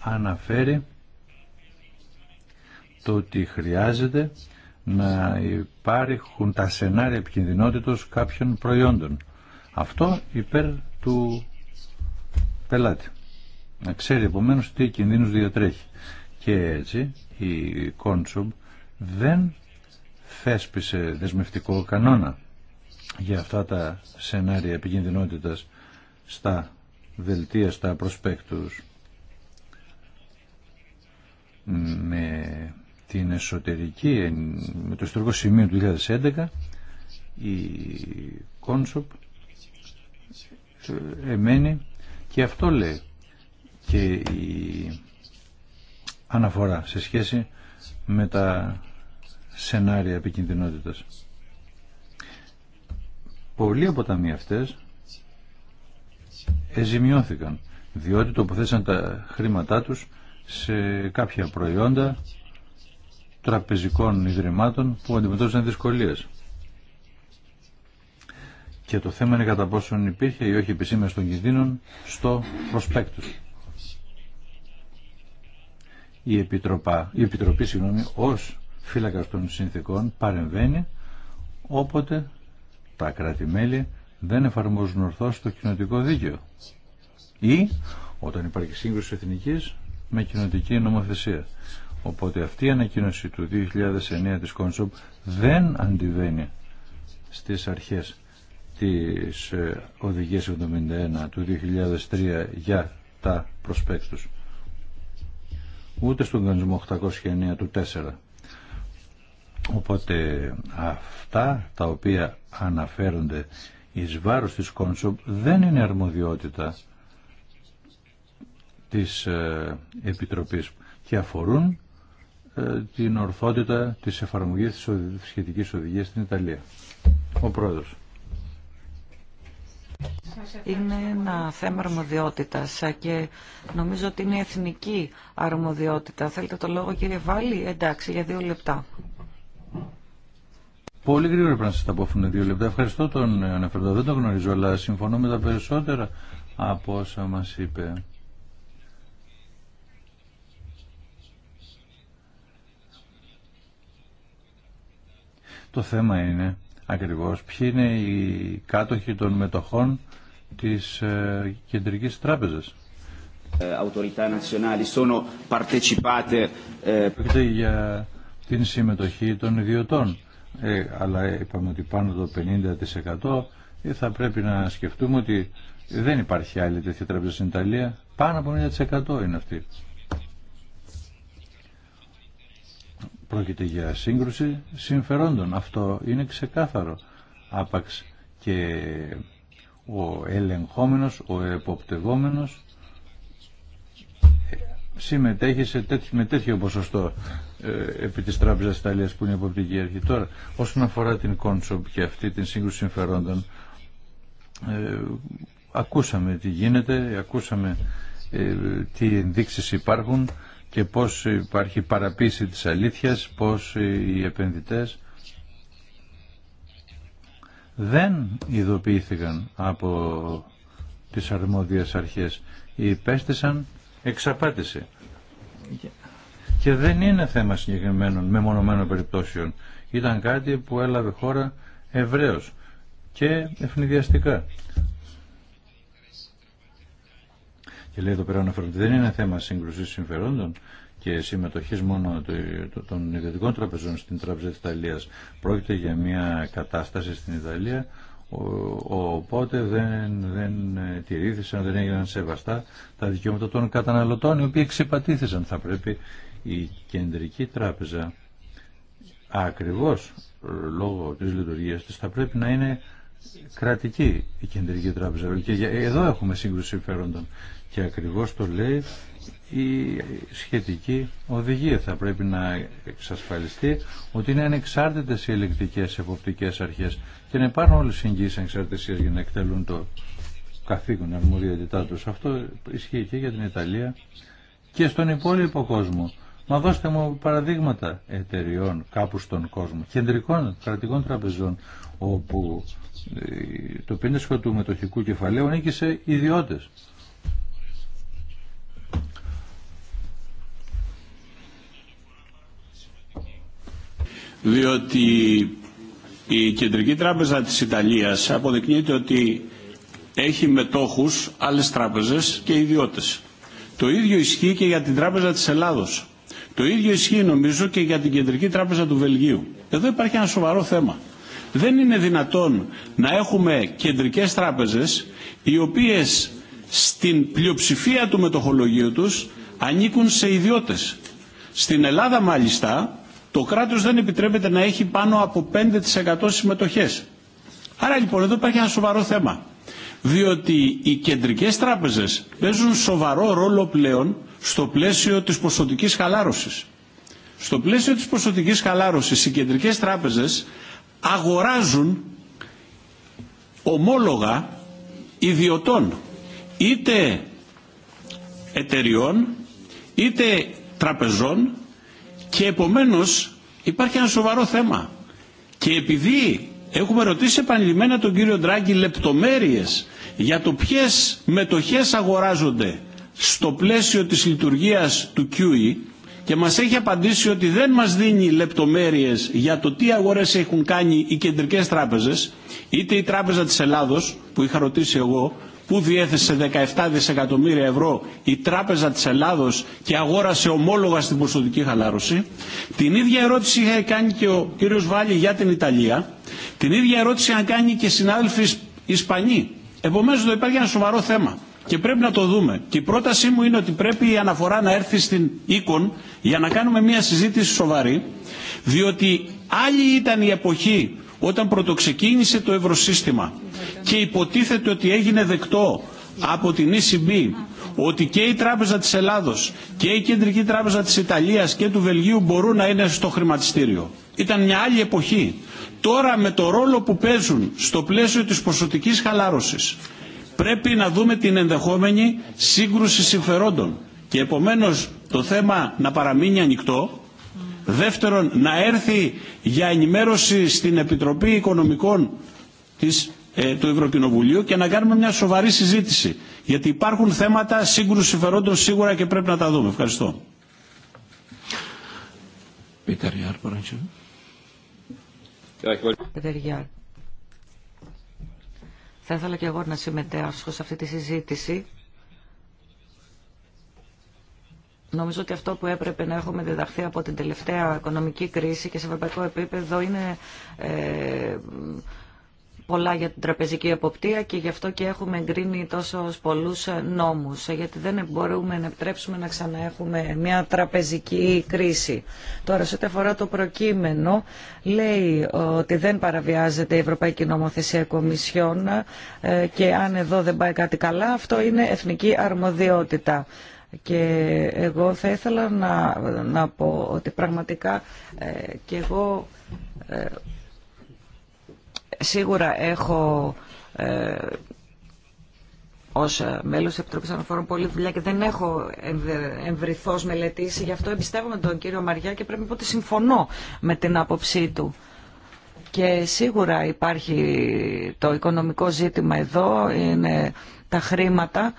αναφέρει το ότι χρειάζεται να υπάρχουν τα σενάρια επικινδυνότητος κάποιων προϊόντων. Αυτό υπέρ του πελάτη. Να ξέρει επομένως τι κινδύνους διατρέχει. Και έτσι η Κόντσομ δεν θέσπισε δεσμευτικό κανόνα για αυτά τα σενάρια επικινδυνότητας στα δελτία, στα προσπέκτους με την εσωτερική με το ιστορικό σημείο του 2011 η Κόνσοπ ε, εμένει και αυτό λέει και η αναφορά σε σχέση με τα σενάρια επικινδυνότητας. Πολλοί από τα μία αυτές εζημιώθηκαν διότι τοποθέτησαν τα χρήματά τους σε κάποια προϊόντα τραπεζικών ιδρυμάτων που αντιμετώπισαν δυσκολίες. Και το θέμα είναι κατά πόσον υπήρχε ή όχι επισήμες των κινδύνων στο προσπέκτους η, Επιτροπά, η Επιτροπή συγγνώμη, ως φύλακας των συνθήκων παρεμβαίνει όποτε τα κράτη-μέλη δεν εφαρμόζουν ορθώς το κοινοτικό δίκαιο ή όταν υπάρχει σύγκρουση εθνικής με κοινοτική νομοθεσία. Οπότε αυτή η ανακοίνωση του 2009 της Κόνσοπ δεν αντιβαίνει στις αρχές της ε, οδηγίας 71 του 2003 για τα προσπέκτους ούτε στον κανονισμό 809 του 4. Οπότε αυτά τα οποία αναφέρονται εις βάρος της Κόνσοπ δεν είναι αρμοδιότητα της ε, Επιτροπής και αφορούν ε, την ορθότητα της εφαρμογής της σχετικής οδηγίας στην Ιταλία. Ο Πρόεδρος. Είναι ένα θέμα αρμοδιότητα και νομίζω ότι είναι εθνική αρμοδιότητα. Θέλετε το λόγο κύριε Βάλη, εντάξει, για δύο λεπτά. Πολύ γρήγορα πρέπει να σα τα πω αφού δύο λεπτά. Ευχαριστώ τον αναφερθώ δεν τον γνωρίζω, αλλά συμφωνώ με τα περισσότερα από όσα μα είπε. Το θέμα είναι ακριβώς ποιοι είναι οι κάτοχοι των μετοχών της ε, Κεντρικής Τράπεζας. Ε, ε, Πρόκειται για την συμμετοχή των ιδιωτών, ε, αλλά είπαμε ότι πάνω το 50% ε, θα πρέπει να σκεφτούμε ότι δεν υπάρχει άλλη τέτοια τράπεζα στην Ιταλία, πάνω από 50% είναι αυτή. πρόκειται για σύγκρουση συμφερόντων. Αυτό είναι ξεκάθαρο. Άπαξ και ο ελεγχόμενος, ο εποπτευόμενος συμμετέχει σε με τέτοιο ποσοστό ε, επί της Τράπεζας Ιταλίας που είναι η εποπτική αρχή. Τώρα, όσον αφορά την Κόνσοπ και αυτή την σύγκρουση συμφερόντων, ε, ακούσαμε τι γίνεται, ακούσαμε ε, τι ενδείξεις υπάρχουν και πώς υπάρχει παραπίση της αλήθειας, πώς οι επενδυτές δεν ειδοποιήθηκαν από τις αρμόδιες αρχές. Υπέστησαν εξαπάτηση. Και δεν είναι θέμα συγκεκριμένων μεμονωμένων περιπτώσεων. Ήταν κάτι που έλαβε χώρα ευρέως και ευνηδιαστικά. Και λέει εδώ πέρα ότι δεν είναι θέμα σύγκρουση συμφερόντων και συμμετοχή μόνο των ιδιωτικών τραπεζών στην Τράπεζα τη Ιταλία. Πρόκειται για μια κατάσταση στην Ιταλία οπότε δεν, δεν τηρήθησαν, δεν έγιναν σεβαστά τα δικαιώματα των καταναλωτών οι οποίοι εξυπατήθησαν. Θα πρέπει η Κεντρική Τράπεζα ακριβώς λόγω της λειτουργίας της θα πρέπει να είναι κρατική η Κεντρική Τράπεζα. Και εδώ έχουμε σύγκρουση συμφέροντων. Και ακριβώς το λέει η σχετική οδηγία. Θα πρέπει να εξασφαλιστεί ότι είναι ανεξάρτητες οι ελεκτικές εποπτικές αρχές και να υπάρχουν όλες οι εγγύες ανεξαρτησίας για να εκτελούν το καθήκον αρμοδιότητά τους. Αυτό ισχύει και για την Ιταλία και στον υπόλοιπο κόσμο. Μα δώστε μου παραδείγματα εταιριών κάπου στον κόσμο, κεντρικών κρατικών τραπεζών, όπου ε, το πίνεσφο του μετοχικού κεφαλαίου ανήκει σε ιδιώτες. διότι η Κεντρική Τράπεζα της Ιταλίας αποδεικνύεται ότι έχει μετόχους άλλες τράπεζες και ιδιώτες. Το ίδιο ισχύει και για την Τράπεζα της Ελλάδος. Το ίδιο ισχύει νομίζω και για την Κεντρική Τράπεζα του Βελγίου. Εδώ υπάρχει ένα σοβαρό θέμα. Δεν είναι δυνατόν να έχουμε κεντρικές τράπεζες οι οποίες στην πλειοψηφία του μετοχολογίου τους ανήκουν σε ιδιώτες. Στην Ελλάδα μάλιστα το κράτος δεν επιτρέπεται να έχει πάνω από 5% συμμετοχές. Άρα λοιπόν εδώ υπάρχει ένα σοβαρό θέμα. Διότι οι κεντρικές τράπεζες παίζουν σοβαρό ρόλο πλέον στο πλαίσιο της ποσοτικής χαλάρωσης. Στο πλαίσιο της ποσοτικής χαλάρωσης οι κεντρικές τράπεζες αγοράζουν ομόλογα ιδιωτών είτε εταιριών είτε τραπεζών και επομένως υπάρχει ένα σοβαρό θέμα. Και επειδή έχουμε ρωτήσει επανειλημμένα τον κύριο Ντράγκη λεπτομέρειες για το ποιες μετοχές αγοράζονται στο πλαίσιο της λειτουργίας του QE και μας έχει απαντήσει ότι δεν μας δίνει λεπτομέρειες για το τι αγορές έχουν κάνει οι κεντρικές τράπεζες είτε η Τράπεζα της Ελλάδος που είχα ρωτήσει εγώ που διέθεσε 17 δισεκατομμύρια ευρώ η Τράπεζα της Ελλάδος και αγόρασε ομόλογα στην ποσοτική χαλάρωση. Την ίδια ερώτηση είχε κάνει και ο κύριος Βάλλη για την Ιταλία. Την ίδια ερώτηση είχαν κάνει και συνάδελφοι Ισπανοί. Επομένως εδώ υπάρχει ένα σοβαρό θέμα. Και πρέπει να το δούμε. Και η πρότασή μου είναι ότι πρέπει η αναφορά να έρθει στην οίκον για να κάνουμε μια συζήτηση σοβαρή, διότι άλλη ήταν η εποχή όταν πρωτοξεκίνησε το ευρωσύστημα και υποτίθεται ότι έγινε δεκτό από την ECB ότι και η Τράπεζα της Ελλάδος και η Κεντρική Τράπεζα της Ιταλίας και του Βελγίου μπορούν να είναι στο χρηματιστήριο. Ήταν μια άλλη εποχή. Τώρα με το ρόλο που παίζουν στο πλαίσιο της ποσοτικής χαλάρωσης πρέπει να δούμε την ενδεχόμενη σύγκρουση συμφερόντων και επομένως το θέμα να παραμείνει ανοιχτό Δεύτερον, να έρθει για ενημέρωση στην Επιτροπή Οικονομικών της, ε, του Ευρωκοινοβουλίου και να κάνουμε μια σοβαρή συζήτηση. Γιατί υπάρχουν θέματα σύγκρουση συμφερόντων σίγουρα και πρέπει να τα δούμε. Ευχαριστώ. Θα ήθελα και εγώ να συμμετέχω σε αυτή τη συζήτηση Νομίζω ότι αυτό που έπρεπε να έχουμε διδαχθεί από την τελευταία οικονομική κρίση και σε ευρωπαϊκό επίπεδο είναι ε, πολλά για την τραπεζική εποπτεία και γι' αυτό και έχουμε εγκρίνει τόσο πολλούς νόμους, γιατί δεν μπορούμε να επιτρέψουμε να ξαναέχουμε μια τραπεζική κρίση. Τώρα, σε ό,τι αφορά το προκείμενο, λέει ότι δεν παραβιάζεται η Ευρωπαϊκή Νομοθεσία Κομισιόν ε, και αν εδώ δεν πάει κάτι καλά, αυτό είναι εθνική αρμοδιότητα. Και εγώ θα ήθελα να, να πω ότι πραγματικά ε, και εγώ ε, σίγουρα έχω ε, ως ε, μέλος της Επιτροπής Αναφορών πολύ δουλειά και δεν έχω εμβριθώς μελετήσει. Γι' αυτό εμπιστεύομαι τον κύριο Μαριά και πρέπει να πω ότι συμφωνώ με την άποψή του. Και σίγουρα υπάρχει το οικονομικό ζήτημα εδώ, είναι τα χρήματα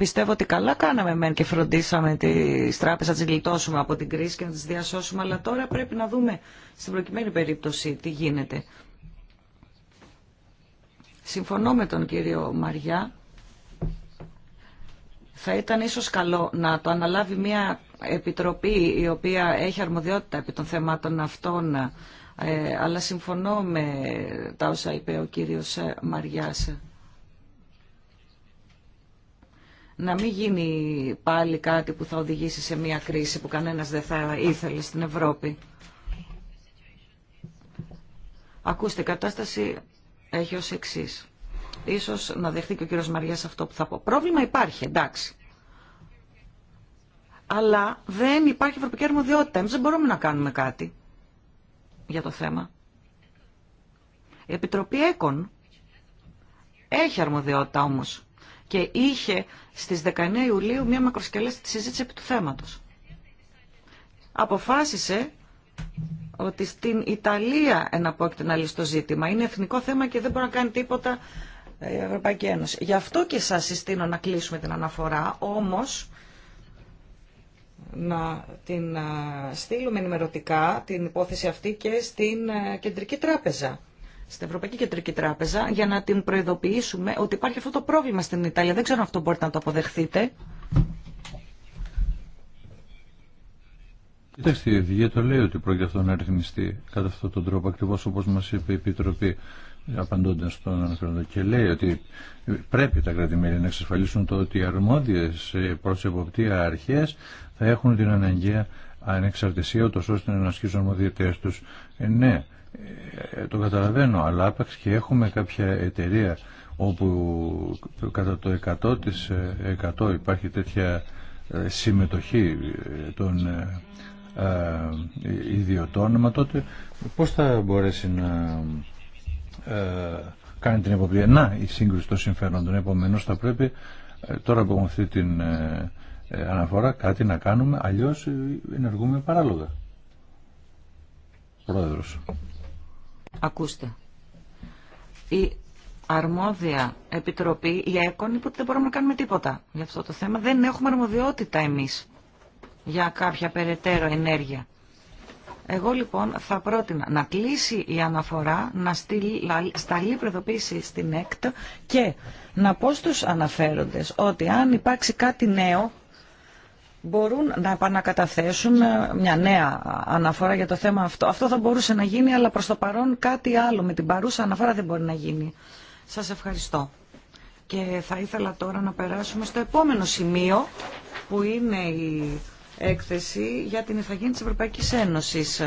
Πιστεύω ότι καλά κάναμε μεν και φροντίσαμε τις τράπεζες να τις γλιτώσουμε από την κρίση και να τις διασώσουμε, αλλά τώρα πρέπει να δούμε στην προκειμένη περίπτωση τι γίνεται. Συμφωνώ με τον κύριο Μαριά. Θα ήταν ίσως καλό να το αναλάβει μια επιτροπή η οποία έχει αρμοδιότητα επί των θεμάτων αυτών, ε, αλλά συμφωνώ με τα όσα είπε ο κύριος Μαριάς. να μην γίνει πάλι κάτι που θα οδηγήσει σε μια κρίση που κανένας δεν θα ήθελε στην Ευρώπη. Ακούστε, η κατάσταση έχει ως εξή. Ίσως να δεχτεί και ο κύριος Μαριάς αυτό που θα πω. Πρόβλημα υπάρχει, εντάξει. Αλλά δεν υπάρχει ευρωπαϊκή αρμοδιότητα. Εμείς δεν μπορούμε να κάνουμε κάτι για το θέμα. Η Επιτροπή ΕΚΟΝ έχει αρμοδιότητα όμως και είχε στις 19 Ιουλίου μια μακροσκελέστη συζήτηση επί του θέματος. Αποφάσισε ότι στην Ιταλία εναπόκειται να λύσει το ζήτημα. Είναι εθνικό θέμα και δεν μπορεί να κάνει τίποτα ε, η Ευρωπαϊκή Ένωση. Γι' αυτό και σας συστήνω να κλείσουμε την αναφορά, όμως να την ε, στείλουμε ενημερωτικά την υπόθεση αυτή και στην ε, Κεντρική Τράπεζα στην Ευρωπαϊκή Κεντρική Τράπεζα για να την προειδοποιήσουμε ότι υπάρχει αυτό το πρόβλημα στην Ιταλία. Δεν ξέρω αν αυτό μπορείτε να το αποδεχθείτε. Κοιτάξτε, η Ευγεία το λέει ότι πρόκειται αυτό να ρυθμιστεί κατά αυτόν τον τρόπο, ακριβώ όπω μα είπε η Επιτροπή απαντώντα στον αναφέροντα και λέει ότι πρέπει τα κρατημέρια να εξασφαλίσουν το ότι οι αρμόδιε ε, προ εποπτεία αρχέ θα έχουν την αναγκαία ανεξαρτησία, ούτω ώστε να ασκήσουν αρμοδιότητέ του. Ε, ναι, ε, το καταλαβαίνω, αλλά άπαξ και έχουμε κάποια εταιρεία όπου κατά το 100% ε, υπάρχει τέτοια ε, συμμετοχή των ιδιωτών, μα τότε πώς θα μπορέσει να κάνει την εποπτεία. Να, η σύγκρουση των συμφέροντων. Επομένω, θα πρέπει τώρα που έχουμε αυτή την αναφορά κάτι να κάνουμε, αλλιώς ενεργούμε παράλογα. Πρόεδρος. Ακούστε. Η αρμόδια επιτροπή, η ΕΚΟΝ, που ότι δεν μπορούμε να κάνουμε τίποτα για αυτό το θέμα. Δεν έχουμε αρμοδιότητα εμείς για κάποια περαιτέρω ενέργεια. Εγώ λοιπόν θα πρότεινα να κλείσει η αναφορά, να σταλεί προειδοποίηση στην ΕΚΤ και να πω στους αναφέροντες ότι αν υπάρξει κάτι νέο μπορούν να επανακαταθέσουν μια νέα αναφορά για το θέμα αυτό. Αυτό θα μπορούσε να γίνει, αλλά προς το παρόν κάτι άλλο με την παρούσα αναφορά δεν μπορεί να γίνει. Σας ευχαριστώ. Και θα ήθελα τώρα να περάσουμε στο επόμενο σημείο, που είναι η έκθεση για την ηθαγένεια της Ευρωπαϊκής Ένωσης.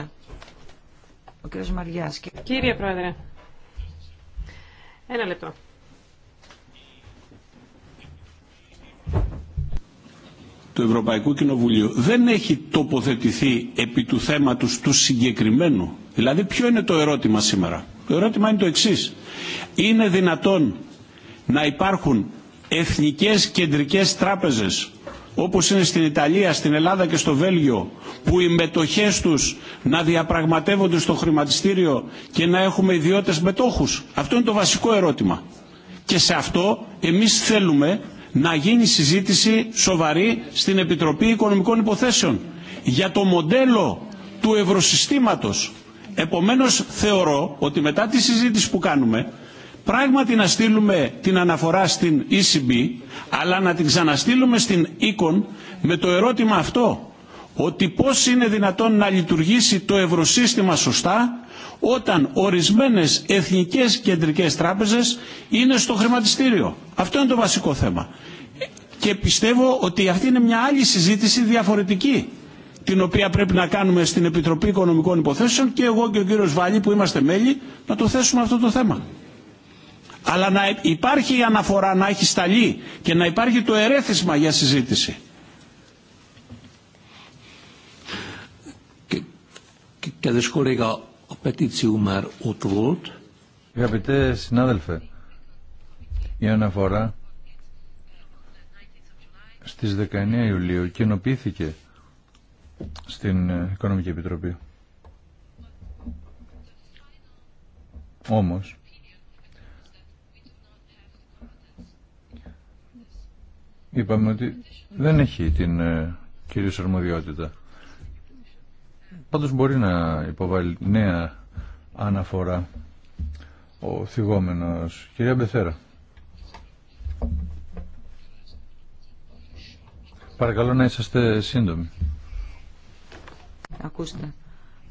Ο κύριος Μαριάς. Κύριε Πρόεδρε, ένα λεπτό. του Ευρωπαϊκού Κοινοβουλίου δεν έχει τοποθετηθεί επί του θέματος του συγκεκριμένου. Δηλαδή ποιο είναι το ερώτημα σήμερα. Το ερώτημα είναι το εξής. Είναι δυνατόν να υπάρχουν εθνικές κεντρικές τράπεζες όπως είναι στην Ιταλία, στην Ελλάδα και στο Βέλγιο που οι μετοχές τους να διαπραγματεύονται στο χρηματιστήριο και να έχουμε ιδιώτες μετόχους. Αυτό είναι το βασικό ερώτημα. Και σε αυτό εμείς θέλουμε να γίνει συζήτηση σοβαρή στην Επιτροπή Οικονομικών Υποθέσεων για το μοντέλο του ευρωσυστήματος. Επομένως θεωρώ ότι μετά τη συζήτηση που κάνουμε πράγματι να στείλουμε την αναφορά στην ECB αλλά να την ξαναστείλουμε στην ECON με το ερώτημα αυτό ότι πώς είναι δυνατόν να λειτουργήσει το ευρωσύστημα σωστά όταν ορισμένες εθνικές κεντρικές τράπεζες είναι στο χρηματιστήριο. Αυτό είναι το βασικό θέμα. Και πιστεύω ότι αυτή είναι μια άλλη συζήτηση διαφορετική την οποία πρέπει να κάνουμε στην Επιτροπή Οικονομικών Υποθέσεων και εγώ και ο κύριος Βάλλη που είμαστε μέλη να το θέσουμε αυτό το θέμα. Αλλά να υπάρχει η αναφορά να έχει σταλεί και να υπάρχει το ερέθισμα για συζήτηση. Και, και, Αγαπητέ συνάδελφε, η αναφορά στις 19 Ιουλίου κοινοποιήθηκε στην ε, Οικονομική Επιτροπή. Όμως, είπαμε ότι δεν έχει την ε, κυρίως αρμοδιότητα Πάντως μπορεί να υποβάλει νέα αναφορά ο θυγόμενος. Κυρία Μπεθέρα. Παρακαλώ να είσαστε σύντομοι. Ακούστε.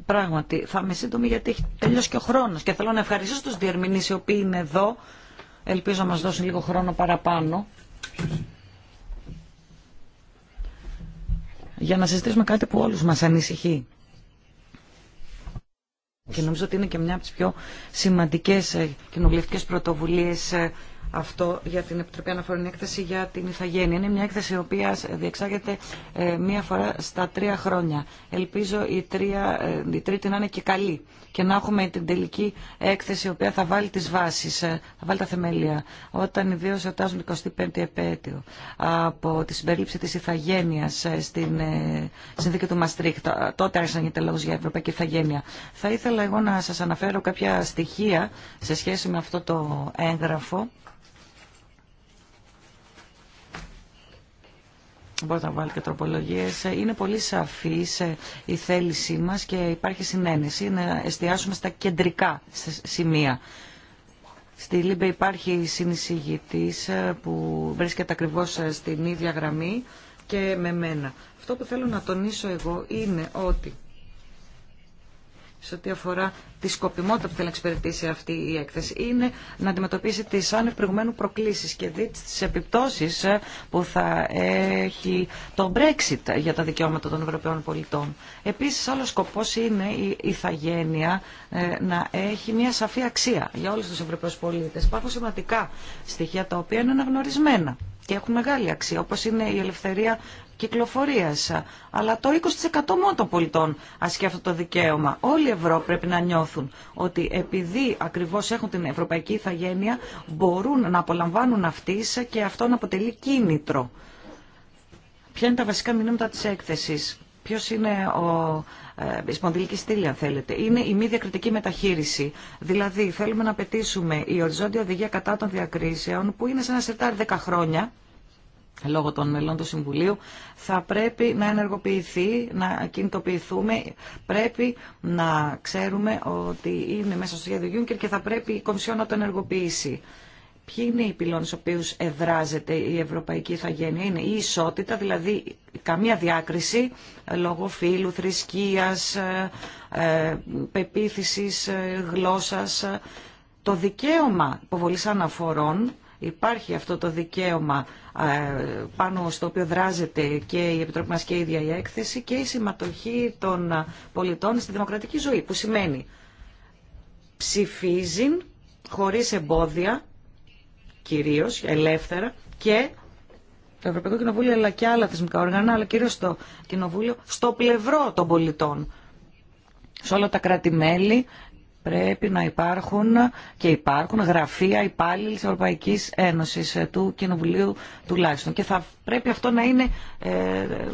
Πράγματι, θα είμαι σύντομη γιατί έχει τελειώσει και ο χρόνος και θέλω να ευχαριστήσω τους διερμηνείς οι οποίοι είναι εδώ. Ελπίζω να μα δώσουν λίγο χρόνο παραπάνω. Για να συζητήσουμε κάτι που όλου μα ανησυχεί. Και νομίζω ότι είναι και μια από τι πιο σημαντικέ ε, κοινοβουλευτικέ πρωτοβουλίε. Ε, αυτό για την Επιτροπή Αναφορών Έκθεση για την Ιθαγένεια. Είναι μια έκθεση η οποία διεξάγεται ε, μία φορά στα τρία χρόνια. Ελπίζω η, τρία, ε, η τρίτη να είναι και καλή και να έχουμε την τελική έκθεση η οποία θα βάλει τις βάσεις, ε, θα βάλει τα θεμέλια. Όταν ιδίω εορτάζουν την 25η επέτειο από τη συμπερίληψη της Ιθαγένειας στην συνθήκη του Μαστρίχτ, τότε άρχισαν να γίνεται λόγος για Ευρωπαϊκή Ιθαγένεια. Θα ήθελα εγώ να σας αναφέρω κάποια στοιχεία σε σχέση με αυτό το έγγραφο μπορείτε να βάλετε και τροπολογίες. Είναι πολύ σαφή ε, η θέλησή μας και υπάρχει συνένεση να εστιάσουμε στα κεντρικά σημεία. Στη Λίμπε υπάρχει συνεισηγητής ε, που βρίσκεται ακριβώς ε, στην ίδια γραμμή και με μένα. Αυτό που θέλω να τονίσω εγώ είναι ότι σε ό,τι αφορά τη σκοπιμότητα που θέλει να εξυπηρετήσει αυτή η έκθεση είναι να αντιμετωπίσει τι άνευ προηγουμένου προκλήσεις και δει τι επιπτώσεις ε, που θα έχει το Brexit για τα δικαιώματα των Ευρωπαίων πολιτών. Επίση, άλλο σκοπό είναι η ηθαγένεια ε, να έχει μια σαφή αξία για όλου του Ευρωπαίου πολίτε. Υπάρχουν σημαντικά στοιχεία τα οποία είναι αναγνωρισμένα και έχουν μεγάλη αξία, Όπω είναι η ελευθερία κυκλοφορίας. Αλλά το 20% μόνο των πολιτών ασκεί αυτό το δικαίωμα. Όλοι οι Ευρώποι πρέπει να νιώθουν ότι επειδή ακριβώ έχουν την ευρωπαϊκή ηθαγένεια μπορούν να απολαμβάνουν αυτή και αυτό να αποτελεί κίνητρο. Ποια είναι τα βασικά μηνύματα τη έκθεση. Ποιο είναι ο ε, η σπονδυλική στήλη αν θέλετε, είναι η μη διακριτική μεταχείριση. Δηλαδή θέλουμε να πετήσουμε η οριζόντια οδηγία κατά των διακρίσεων που είναι σε ένα σερτάρι 10 χρόνια λόγω των μελών του Συμβουλίου, θα πρέπει να ενεργοποιηθεί, να κινητοποιηθούμε. Πρέπει να ξέρουμε ότι είναι μέσα στο σχέδιο Γιούνκερ και θα πρέπει η Κομισιόν να το ενεργοποιήσει. Ποιοι είναι οι πυλώνε στου οποίου εδράζεται η ευρωπαϊκή ηθαγένεια. Είναι η ισότητα, δηλαδή καμία διάκριση λόγω φύλου, θρησκείας, ε, ε, πεποίθησης, ε, γλώσσας. Το δικαίωμα υποβολής αναφορών υπάρχει αυτό το δικαίωμα ε, πάνω στο οποίο δράζεται και η Επιτροπή μας και η ίδια η έκθεση και η συμμετοχή των πολιτών στη δημοκρατική ζωή, που σημαίνει ψηφίζει χωρίς εμπόδια, κυρίως ελεύθερα, και το Ευρωπαϊκό Κοινοβούλιο αλλά και άλλα θεσμικά όργανα, αλλά κυρίως το Κοινοβούλιο, στο πλευρό των πολιτών. Σε όλα τα κράτη-μέλη πρέπει να υπάρχουν και υπάρχουν γραφεία υπάλληλοι της Ευρωπαϊκής Ένωσης ε, του Κοινοβουλίου τουλάχιστον. Και θα πρέπει αυτό να είναι ε,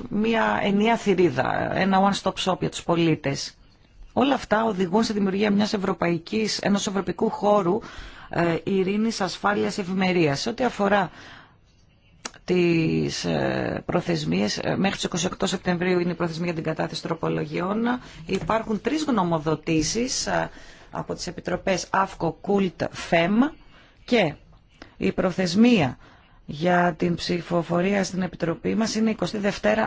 μια ενιαία θηρίδα, ένα one-stop shop για τους πολίτες. Όλα αυτά οδηγούν στη δημιουργία μιας ευρωπαϊκής, ενός ευρωπαϊκού χώρου ε, ειρήνης, ασφάλειας, ευημερίας. Σε ό,τι αφορά τις ε, προθεσμίες. Μέχρι τις 28 Σεπτεμβρίου είναι η προθεσμία για την κατάθεση τροπολογιών. Υπάρχουν τρεις γνωμοδοτήσεις από τις επιτροπές ΑΦΚΟ, ΚΟΥΛΤ, ΦΕΜ και η προθεσμία για την ψηφοφορία στην Επιτροπή μας είναι 22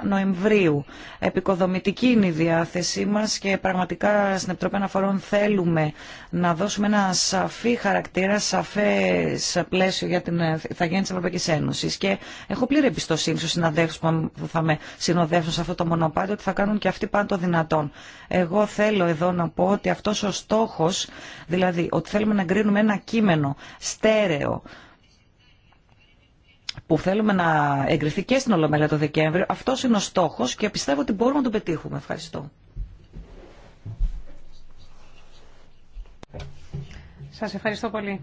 Νοεμβρίου. Επικοδομητική είναι η διάθεσή μας και πραγματικά στην Επιτροπή Αναφορών θέλουμε να δώσουμε ένα σαφή χαρακτήρα, σαφές πλαίσιο για την ηθαγένεια της Ευρωπαϊκής Ένωσης. Και έχω πλήρη εμπιστοσύνη στους συναδέλφους που θα με συνοδεύσουν σε αυτό το μονοπάτι ότι θα κάνουν και αυτοί πάντο δυνατόν. Εγώ θέλω εδώ να πω ότι αυτός ο στόχος, δηλαδή ότι θέλουμε να γκρίνουμε ένα κείμενο στέρεο, που θέλουμε να εγκριθεί και στην Ολομέλεια το Δεκέμβριο, αυτό είναι ο στόχο και πιστεύω ότι μπορούμε να τον πετύχουμε. Ευχαριστώ. Σα ευχαριστώ πολύ.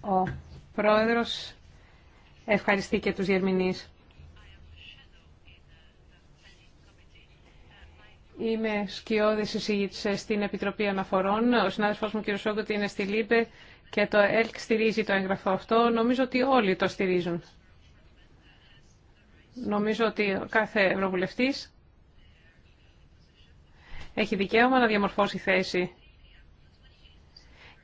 Ο πρόεδρος ευχαριστεί και τους διερμηνεί. Είμαι σκιώδης εισηγήτης στην Επιτροπή Αναφορών. Ο συνάδελφός μου κ. Σόγκοτη είναι στη Λίπε και το ΕΛΚ στηρίζει το έγγραφο αυτό. Νομίζω ότι όλοι το στηρίζουν. Νομίζω ότι κάθε ευρωβουλευτής έχει δικαίωμα να διαμορφώσει θέση.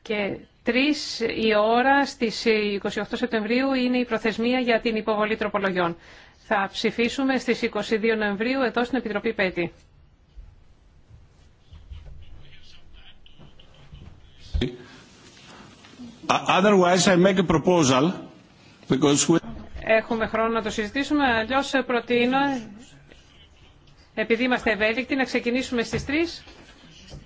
Και τρεις η ώρα στις 28 Σεπτεμβρίου είναι η προθεσμία για την υποβολή τροπολογιών. Θα ψηφίσουμε στις 22 Νοεμβρίου εδώ στην Επιτροπή Πέτη. Otherwise, I make a proposal because we... Έχουμε χρόνο να το συζητήσουμε, Αλλιώ προτείνω, επειδή είμαστε ευέλικτοι, να ξεκινήσουμε στι 3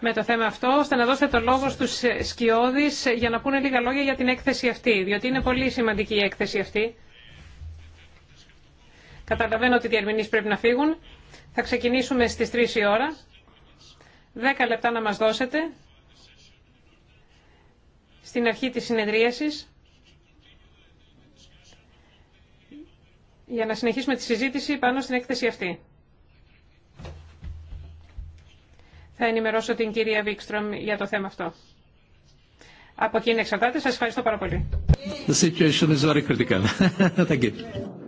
με το θέμα αυτό, ώστε να δώσετε το λόγο στους σκιώδεις για να πούνε λίγα λόγια για την έκθεση αυτή, διότι είναι πολύ σημαντική η έκθεση αυτή. Καταλαβαίνω ότι οι διερμηνείς πρέπει να φύγουν. Θα ξεκινήσουμε στις 3 η ώρα. Δέκα λεπτά να μας δώσετε στην αρχή της συνεδρίασης για να συνεχίσουμε τη συζήτηση πάνω στην έκθεση αυτή. Θα ενημερώσω την κυρία Βίκστρομ για το θέμα αυτό. Από εκείνη εξαρτάται. Σας ευχαριστώ πάρα πολύ. The situation is very critical. Thank you.